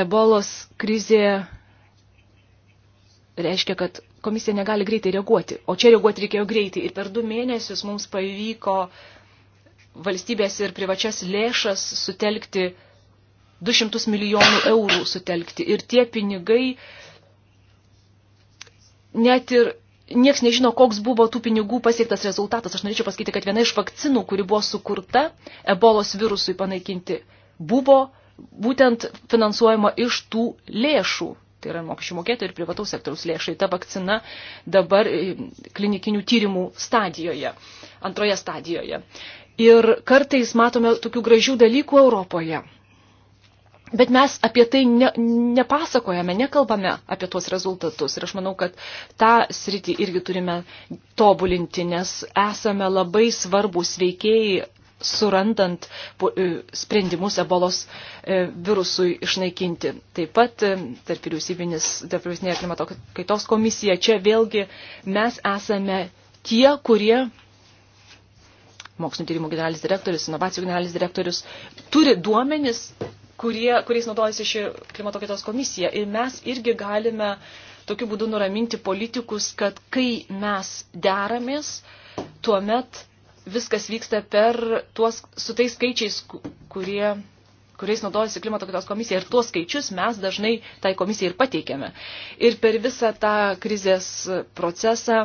ebolos krizė reiškia, kad komisija negali greitai reaguoti. O čia reaguoti reikėjo greitai. Ir per du mėnesius mums pavyko valstybės ir privačias lėšas sutelkti 200 milijonų eurų sutelkti. Ir tie pinigai net ir nieks nežino, koks buvo tų pinigų pasiektas rezultatas. Aš norėčiau pasakyti, kad viena iš vakcinų, kuri buvo sukurta ebolos virusui panaikinti, buvo būtent finansuojama iš tų lėšų tai yra mokesčių mokėtojų ir privataus sektoriaus lėšai. Ta vakcina dabar e, klinikinių tyrimų stadijoje, antroje stadijoje. Ir kartais matome tokių gražių dalykų Europoje. Bet mes apie tai ne, nepasakojame, nekalbame apie tuos rezultatus. Ir aš manau, kad tą sritį irgi turime tobulinti, nes esame labai svarbus veikėjai surandant e, sprendimus ebolos e, virusui išnaikinti. Taip pat e, tarp vyriausybinė klimato kaitos komisija čia vėlgi mes esame tie, kurie mokslinio tyrimų generalinis direktorius, inovacijų generalinis direktorius, turi duomenis, kurie, kuriais naudojasi ši klimato kaitos komisija. Ir mes irgi galime tokiu būdu nuraminti politikus, kad kai mes deramės, tuomet viskas vyksta per tuos, su tais skaičiais, kurie, kuriais naudojasi klimato kaitos komisija. Ir tuos skaičius mes dažnai tai komisijai ir pateikėme. Ir per visą tą krizės procesą,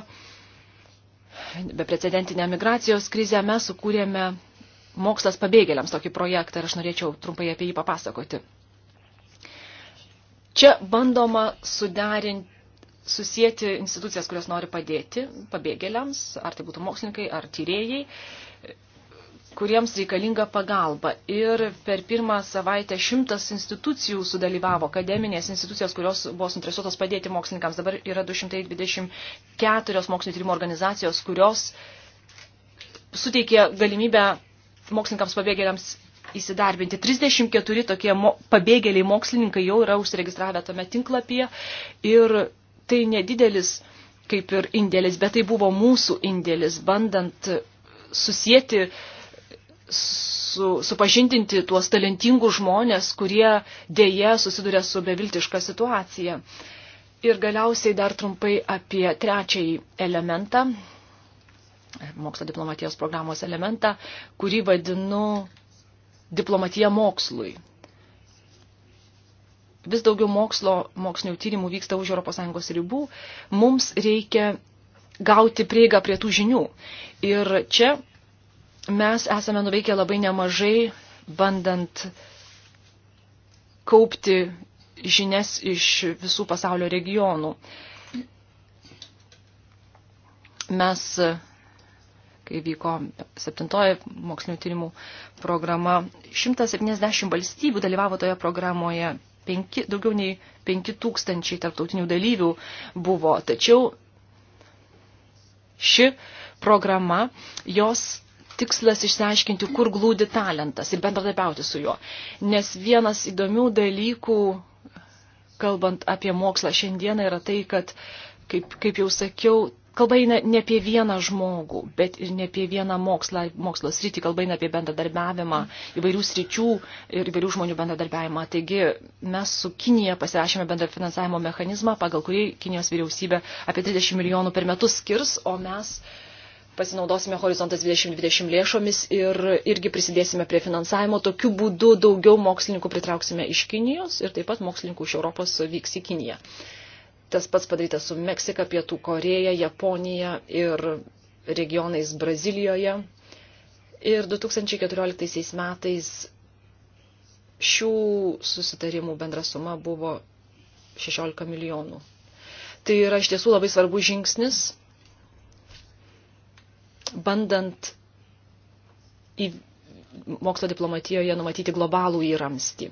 beprecedentinę migracijos krizę, mes sukūrėme mokslas pabėgėliams tokį projektą ir aš norėčiau trumpai apie jį papasakoti. Čia bandoma suderinti susijęti institucijas, kurios nori padėti pabėgėliams, ar tai būtų mokslininkai, ar tyrėjai, kuriems reikalinga pagalba. Ir per pirmą savaitę šimtas institucijų sudalyvavo, akademinės institucijos, kurios buvo suinteresuotos padėti mokslininkams. Dabar yra 224 mokslinio tyrimo organizacijos, kurios suteikė galimybę mokslininkams pabėgėliams įsidarbinti. 34 tokie mo pabėgėliai mokslininkai jau yra užsiregistravę tame tinklapyje ir tai nedidelis kaip ir indėlis, bet tai buvo mūsų indėlis, bandant susijęti, su, supažindinti tuos talentingus žmonės, kurie dėje susiduria su beviltiška situacija. Ir galiausiai dar trumpai apie trečiąjį elementą, mokslo diplomatijos programos elementą, kurį vadinu diplomatija mokslui vis daugiau mokslo, mokslinių tyrimų vyksta už ES ribų, mums reikia gauti prieigą prie tų žinių. Ir čia mes esame nuveikę labai nemažai, bandant kaupti žinias iš visų pasaulio regionų. Mes, kai vyko septintoji mokslinio tyrimų programa, 170 valstybių dalyvavo toje programoje, penki, daugiau nei 5 tūkstančiai tarptautinių dalyvių buvo. Tačiau ši programa, jos tikslas išsiaiškinti, kur glūdi talentas ir bendradarbiauti su juo. Nes vienas įdomių dalykų, kalbant apie mokslą šiandieną, yra tai, kad, kaip, kaip jau sakiau, kalba eina ne apie vieną žmogų, bet ir ne apie vieną mokslą, mokslo sritį, kalba eina apie bendradarbiavimą, įvairių sričių ir įvairių žmonių bendradarbiavimą. Taigi mes su Kinija pasirašėme bendrafinansavimo mechanizmą, pagal kurį Kinijos vyriausybė apie 30 milijonų per metus skirs, o mes pasinaudosime Horizontas 2020 lėšomis ir irgi prisidėsime prie finansavimo. Tokiu būdu daugiau mokslininkų pritrauksime iš Kinijos ir taip pat mokslininkų iš Europos vyks į Kiniją. Tas pats padaryta su Meksika, Pietų Koreja, Japonija ir regionais Brazilijoje. Ir 2014 metais šių susitarimų bendra suma buvo 16 milijonų. Tai yra iš tiesų labai svarbus žingsnis, bandant į mokslo diplomatijoje numatyti globalų įramstį.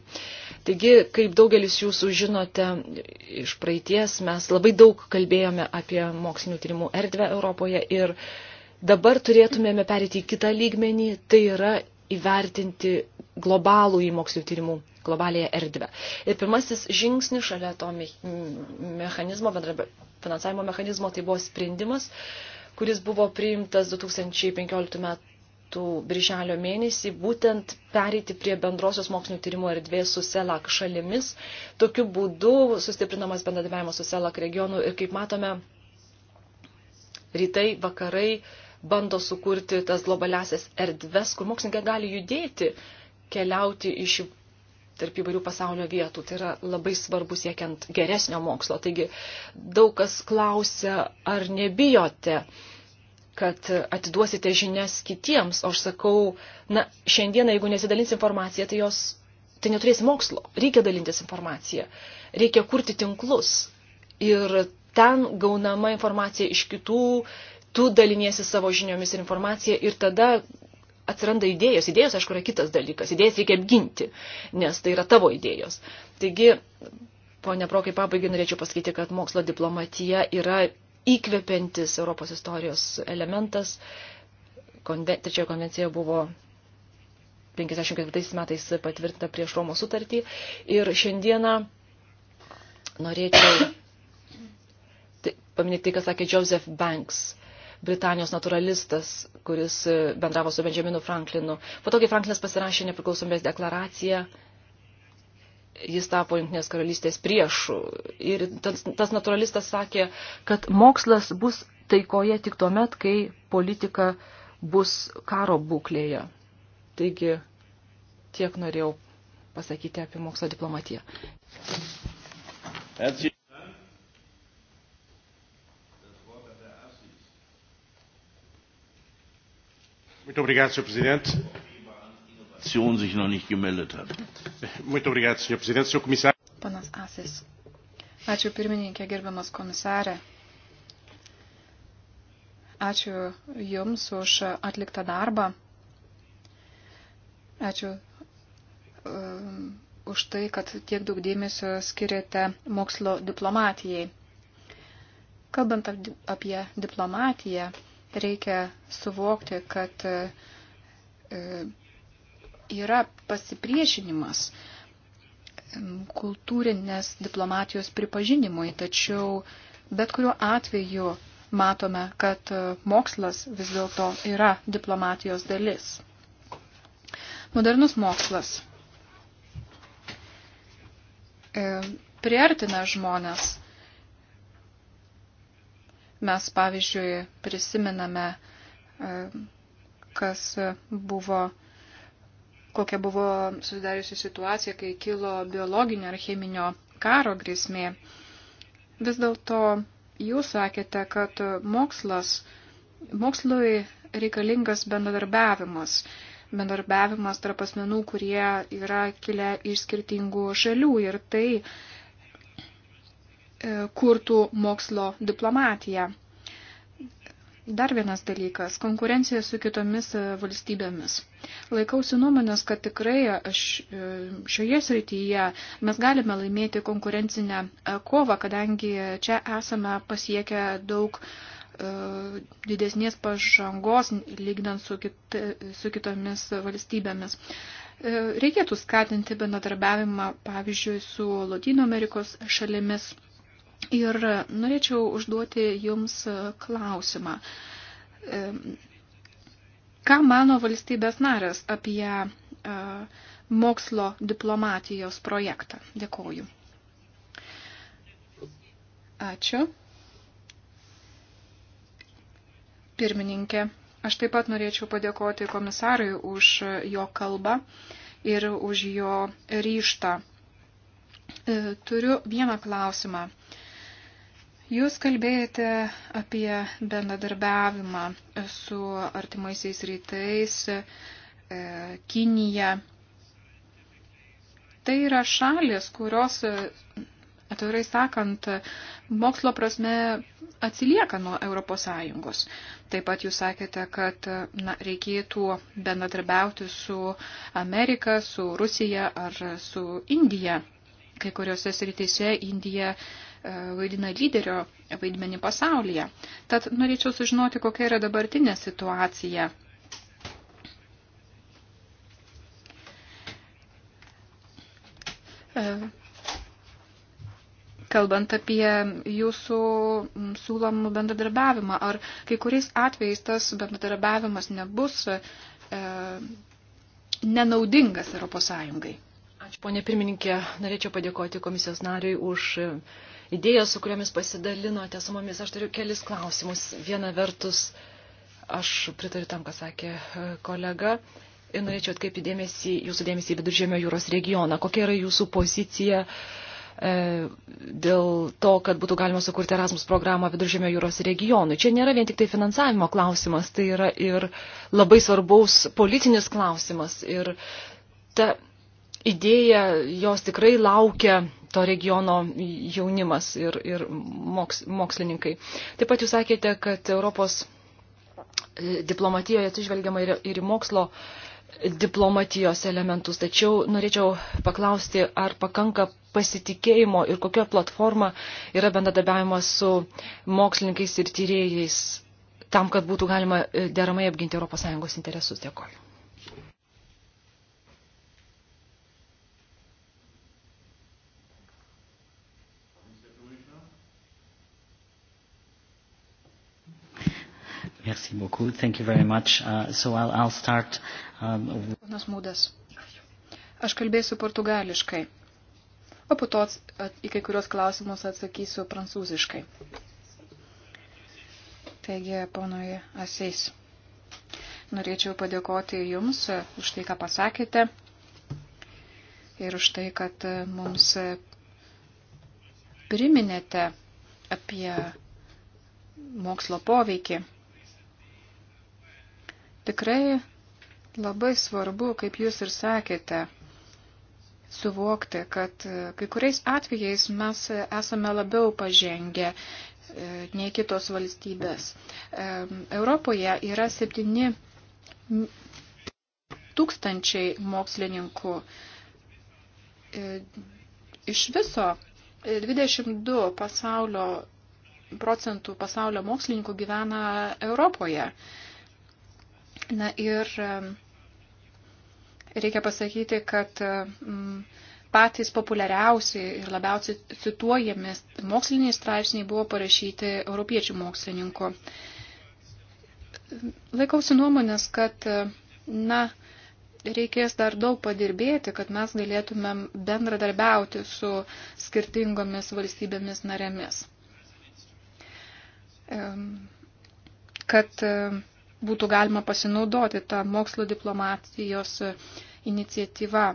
Taigi, kaip daugelis jūsų žinote iš praeities, mes labai daug kalbėjome apie mokslinių tyrimų erdvę Europoje ir dabar turėtumėme perėti į kitą lygmenį, tai yra įvertinti globalų į mokslinių tyrimų globalėje erdvę. Ir pirmasis žingsnis šalia to mechanizmo, finansavimo mechanizmo, tai buvo sprendimas, kuris buvo priimtas 2015 met, metų birželio mėnesį būtent pereiti prie bendrosios mokslinio tyrimo erdvės su SELAK šalimis. Tokiu būdu sustiprinamas bendradarbiavimas su SELAK regionu ir kaip matome, rytai, vakarai bando sukurti tas globaliasias erdves, kur mokslininkai gali judėti, keliauti iš tarp įvairių pasaulio vietų. Tai yra labai svarbu siekiant geresnio mokslo. Taigi daug kas klausia, ar nebijote kad atiduosite žinias kitiems, o aš sakau, na, šiandieną, jeigu nesidalins informacija, tai jos, tai neturės mokslo. Reikia dalintis informaciją, reikia kurti tinklus. Ir ten gaunama informacija iš kitų, tu daliniesi savo žiniomis ir informacija ir tada atsiranda idėjos. Idėjos, aišku, yra kitas dalykas. Idėjas reikia apginti, nes tai yra tavo idėjos. Taigi, ponia Prokai, pabaigai norėčiau pasakyti, kad mokslo diplomatija yra įkvepiantis Europos istorijos elementas. Konve, trečioje konvencijoje buvo 54 metais patvirtinta prieš Romo sutartį. Ir šiandieną norėčiau tai paminėti tai, ką sakė Joseph Banks. Britanijos naturalistas, kuris bendravo su Benjaminu Franklinu. Po to, kai Franklinas pasirašė nepriklausomybės deklaraciją, jis tapo Junktinės karalystės priešu. Ir tas, tas naturalistas sakė, kad mokslas bus taikoje tik tuo met, kai politika bus karo būklėje. Taigi tiek norėjau pasakyti apie mokslo diplomatiją. Ačiū. Muito obrigado, Sr. Presidente. Fraktion sich noch nicht gemeldet hat. Muito obrigado, senhor presidente, senhor comissário. Panas Asis. Ačiū pirmininkė, gerbiamas komisarė. Ačiū Jums už atliktą darbą. Ačiū um, už tai, kad tiek daug dėmesio skiriate mokslo diplomatijai. Kalbant apie diplomatiją, reikia suvokti, kad uh, yra pasipriešinimas kultūrinės diplomatijos pripažinimui, tačiau bet kuriuo atveju matome, kad mokslas vis dėlto yra diplomatijos dalis. Modernus mokslas e, priartina žmonės. Mes, pavyzdžiui, prisiminame, e, kas buvo kokia buvo susidariusi situacija, kai kilo biologinio ar cheminio karo grėsmė. Vis dėlto jūs sakėte, kad mokslas, mokslui reikalingas bendradarbiavimas. Bendradarbiavimas tarp asmenų, kurie yra kilę iš skirtingų šalių ir tai e, kurtų mokslo diplomatiją. Dar vienas dalykas - konkurencija su kitomis e, valstybėmis. Laikausi nuomonės, kad tikrai e, aš, e, šioje srityje mes galime laimėti konkurencinę kovą, kadangi čia esame pasiekę daug uh, didesnės pažangos lygnant su, kita, su kitomis valstybėmis. Reikėtų skatinti bendradarbiavimą, pavyzdžiui, su Latino Amerikos šalimis Ir norėčiau užduoti Jums e, klausimą. E, ką mano valstybės narės apie e, mokslo diplomatijos projektą? Dėkoju. Ačiū. Pirmininkė, aš taip pat norėčiau padėkoti komisarui už jo kalbą ir už jo ryštą. Turiu vieną klausimą Jūs kalbėjote apie bendradarbiavimą su artimaisiais rytais, e, Kinija. Tai yra šalis, kurios, e, atvirai sakant, mokslo prasme atsilieka nuo ES. Taip pat jūs sakėte, kad na, reikėtų bendradarbiauti su Amerika, su Rusija ar su Indija. Kai kuriuose srityse Indija uh, E, vaidina lyderio vaidmenį pasaulyje. Tad norėčiau sužinoti, kokia yra dabartinė situacija. E, kalbant apie jūsų siūlomų bendradarbiavimą, ar kai kuriais atvejais tas bendradarbiavimas nebus e, nenaudingas Europos Sąjungai? Ačiū, ponė pirmininkė. Norėčiau padėkoti komisijos nariui už idėjas, su kuriomis pasidalinote su mumis. Aš turiu kelis klausimus. Viena vertus, aš pritariu tam, ką sakė e, kolega. Ir norėčiau atkaipti dėmesį, jūsų dėmesį į Viduržėmio jūros regioną. Kokia yra jūsų pozicija e, dėl to, kad būtų galima sukurti Erasmus programą Viduržėmio jūros regionui? Čia nėra vien tik tai finansavimo klausimas, tai yra ir labai svarbaus politinis klausimas. Ir ta idėja, jos tikrai laukia to regiono jaunimas ir, ir moks, mokslininkai. Taip pat jūs sakėte, kad Europos e, diplomatijoje atsižvelgiama ir, ir į mokslo diplomatijos elementus. Tačiau norėčiau paklausti, ar pakanka pasitikėjimo ir kokia platforma yra bendradarbiavimas su mokslininkais ir tyrėjais tam, kad būtų galima e, deramai apginti ES interesus. Dėkoju. Merci beaucoup. Thank you very much. Uh, so I'll, I'll start. Um, Ponas Mūdas. Aš kalbėsiu portugališkai, o po to į kai kurios klausimus atsakysiu prancūziškai. Taigi, ponoje Aseis, norėčiau padėkoti Jums už tai, ką pasakėte ir už tai, kad mums priminėte apie mokslo poveikį Tikrai labai svarbu, kaip jūs ir sakėte, suvokti, kad e, kai kuriais atvejais mes esame labiau pažengę e, nei kitos valstybės. E, Europoje yra 7 tūkstančiai mokslininkų. Iš viso 22 pasaulio, procentų pasaulio mokslininkų gyvena Europoje. Na ir reikia pasakyti, kad patys populiariausi ir labiausiai cituojami moksliniai straipsniai buvo parašyti europiečių mokslininkų. Laikausi nuomonės, kad na, reikės dar daug padirbėti, kad mes galėtumėm bendradarbiauti su skirtingomis valstybėmis narėmis. Kad būtų galima pasinaudoti tą mokslo diplomatijos iniciatyvą.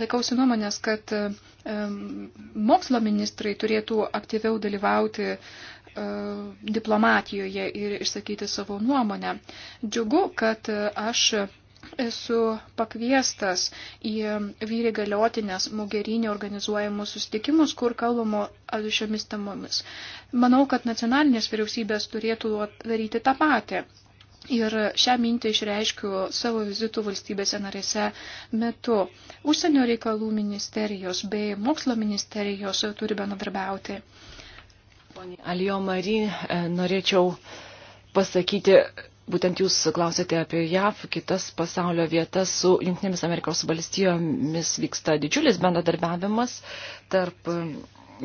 Laikausi nuomonės, kad mokslo ministrai turėtų aktyviau dalyvauti e, diplomatijoje ir išsakyti savo nuomonę. Džiugu, kad aš esu pakviestas į vyri galiotinės mugerinį organizuojamus susitikimus, kur kalbamo šiomis temomis. Manau, kad nacionalinės vyriausybės turėtų daryti tą patį. Ir šią mintį išreiškiu savo vizitų valstybėse narėse metu. Užsienio reikalų ministerijos bei mokslo ministerijos turi bendradarbiauti. Pone Alijo Mari, e, norėčiau pasakyti būtent jūs klausėte apie JAV, kitas pasaulio vietas su Junktinėmis Amerikos valstijomis vyksta didžiulis bendradarbiavimas tarp um,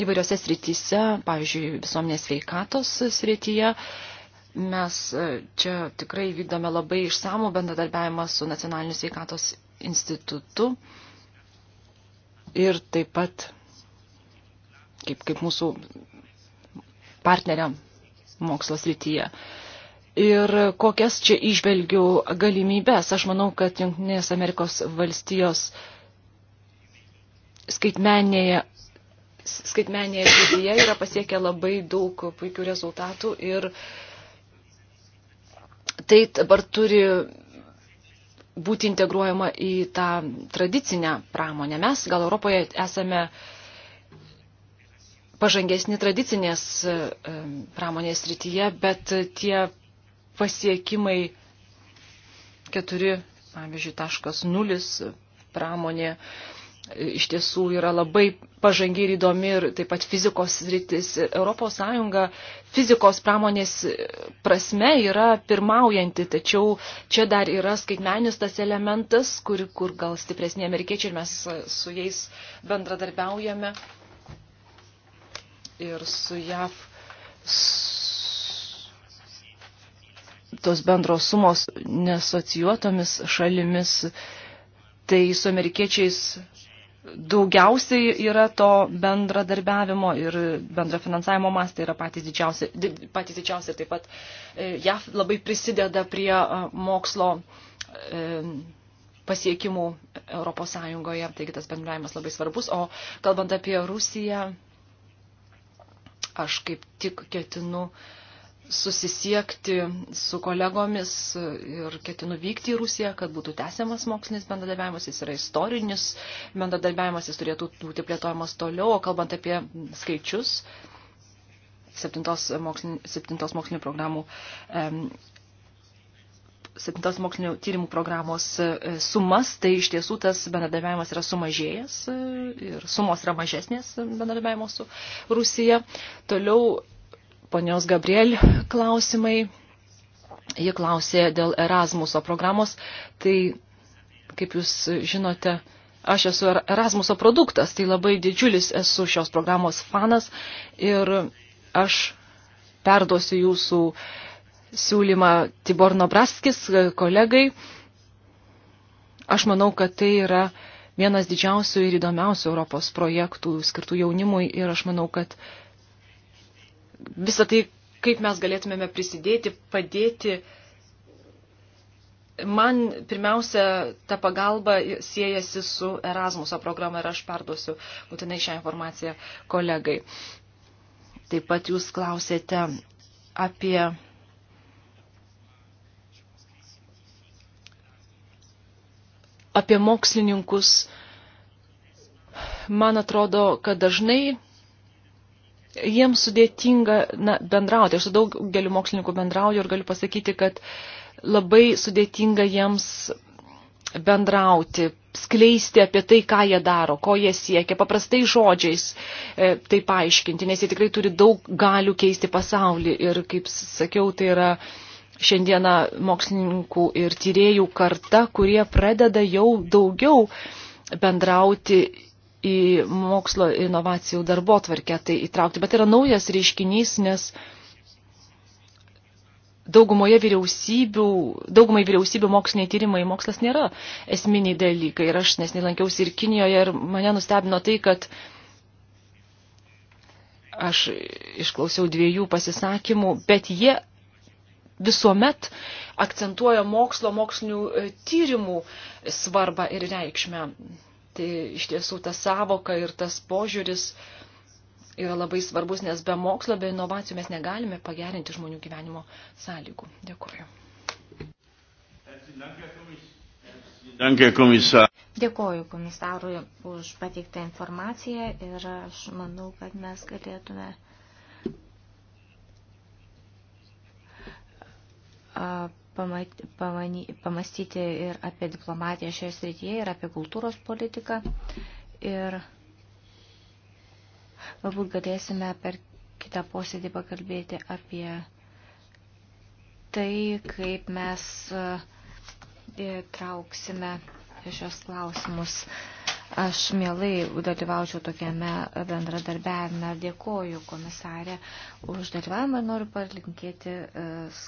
įvairiose srityse, pavyzdžiui, visuomenės veikatos srityje. Mes uh, čia tikrai vykdome labai išsamų bendradarbiavimą su Nacionaliniu sveikatos institutu ir taip pat kaip, kaip mūsų partneriam mokslo srityje. Uh, ir kokias čia išvelgiu galimybės. Aš manau, kad Junktinės Amerikos valstijos skaitmenėje skaitmenėje srityje yra pasiekę labai daug puikių rezultatų ir tai dabar turi būti integruojama į tą tradicinę pramonę. Mes gal Europoje esame pažangesni tradicinės pramonės srityje, bet tie pasiekimai 4, pavyzdžiui, taškas 0 pramonė e, iš tiesų yra labai pažangi ir įdomi ir taip pat fizikos rytis. Europos Sąjunga fizikos pramonės prasme yra pirmaujanti, tačiau čia dar yra skaitmenis tas elementas, kur, kur gal stipresni amerikiečiai ir mes su jais bendradarbiaujame ir su JAV. Su tos bendros sumos nesocijuotomis šalimis, tai su amerikiečiais daugiausiai yra to bendradarbiavimo ir bendro finansavimo mastai yra patys didžiausi, patys didžiausi taip pat e, JAF labai prisideda prie e, mokslo e, pasiekimų Europos Sąjungoje, taigi tas bendravimas labai svarbus. O kalbant apie Rusiją, aš kaip tik ketinu uh, susisiekti su kolegomis ir ketinu vykti į Rusiją, kad būtų tęsiamas mokslinis bendradarbiavimas, jis yra istorinis bendradarbiavimas, jis turėtų būti plėtojamas toliau, o kalbant apie skaičius, septintos, mokslin, septintos mokslinių programų. Um, septintos mokslinio tyrimų programos e, sumas, tai iš tiesų tas bendradarbiavimas yra sumažėjęs e, ir sumos yra mažesnės bendradarbiavimo su Rusija. Toliau ponios Gabriel klausimai. Ji klausė dėl Erasmuso programos. Tai, kaip jūs žinote, aš esu Erasmuso produktas, tai labai didžiulis esu šios programos fanas ir aš perduosiu jūsų siūlymą Tiborno Braskis kolegai. Aš manau, kad tai yra vienas didžiausių ir įdomiausių Europos projektų skirtų jaunimui ir aš manau, kad visą tai, kaip mes galėtumėme prisidėti, padėti. Man pirmiausia, ta pagalba siejasi su Erasmuso programa ir aš perduosiu būtinai šią informaciją kolegai. Taip pat jūs klausėte apie apie mokslininkus. Man atrodo, kad dažnai jiems sudėtinga na, bendrauti. Aš su daugeliu mokslininkų bendrauju ir galiu pasakyti, kad labai sudėtinga jiems bendrauti, skleisti apie tai, ką jie daro, ko jie siekia, paprastai žodžiais e, tai paaiškinti, nes jie tikrai turi daug galių keisti pasaulį ir, kaip sakiau, tai yra šiandieną mokslininkų ir tyriejų karta, kurie pradeda jau daugiau bendrauti į mokslo inovacijų darbo tvarkę tai įtraukti. Bet yra naujas reiškinys, nes daugumoje vyriausybių, daugumai vyriausybių moksliniai tyrimai, mokslas nėra esminiai dalykai. Ir aš nesnį lankiausi ir Kinijoje ir mane nustebino tai, kad aš išklausiau dviejų pasisakymų, bet jie visuomet akcentuoja mokslo, mokslinių e, tyrimų svarbą ir reikšmę. Tai iš tiesų ta savoka ir tas požiūris yra labai svarbus, nes be mokslo, be inovacijų mes negalime pagerinti žmonių gyvenimo sąlygų. Dėkuoju. Dėkuoju komisarui už pateiktą informaciją ir aš manau, kad mes galėtume uh, pamastyti ir apie diplomatiją šioje srityje, ir apie kultūros politiką. Ir galbūt galėsime per kitą posėdį pakalbėti apie tai, kaip mes e, trauksime šios klausimus. Aš mielai dalyvaučiau tokiame bendradarbiavime. Dėkoju komisarė už dalyvavimą ir noriu palinkėti e,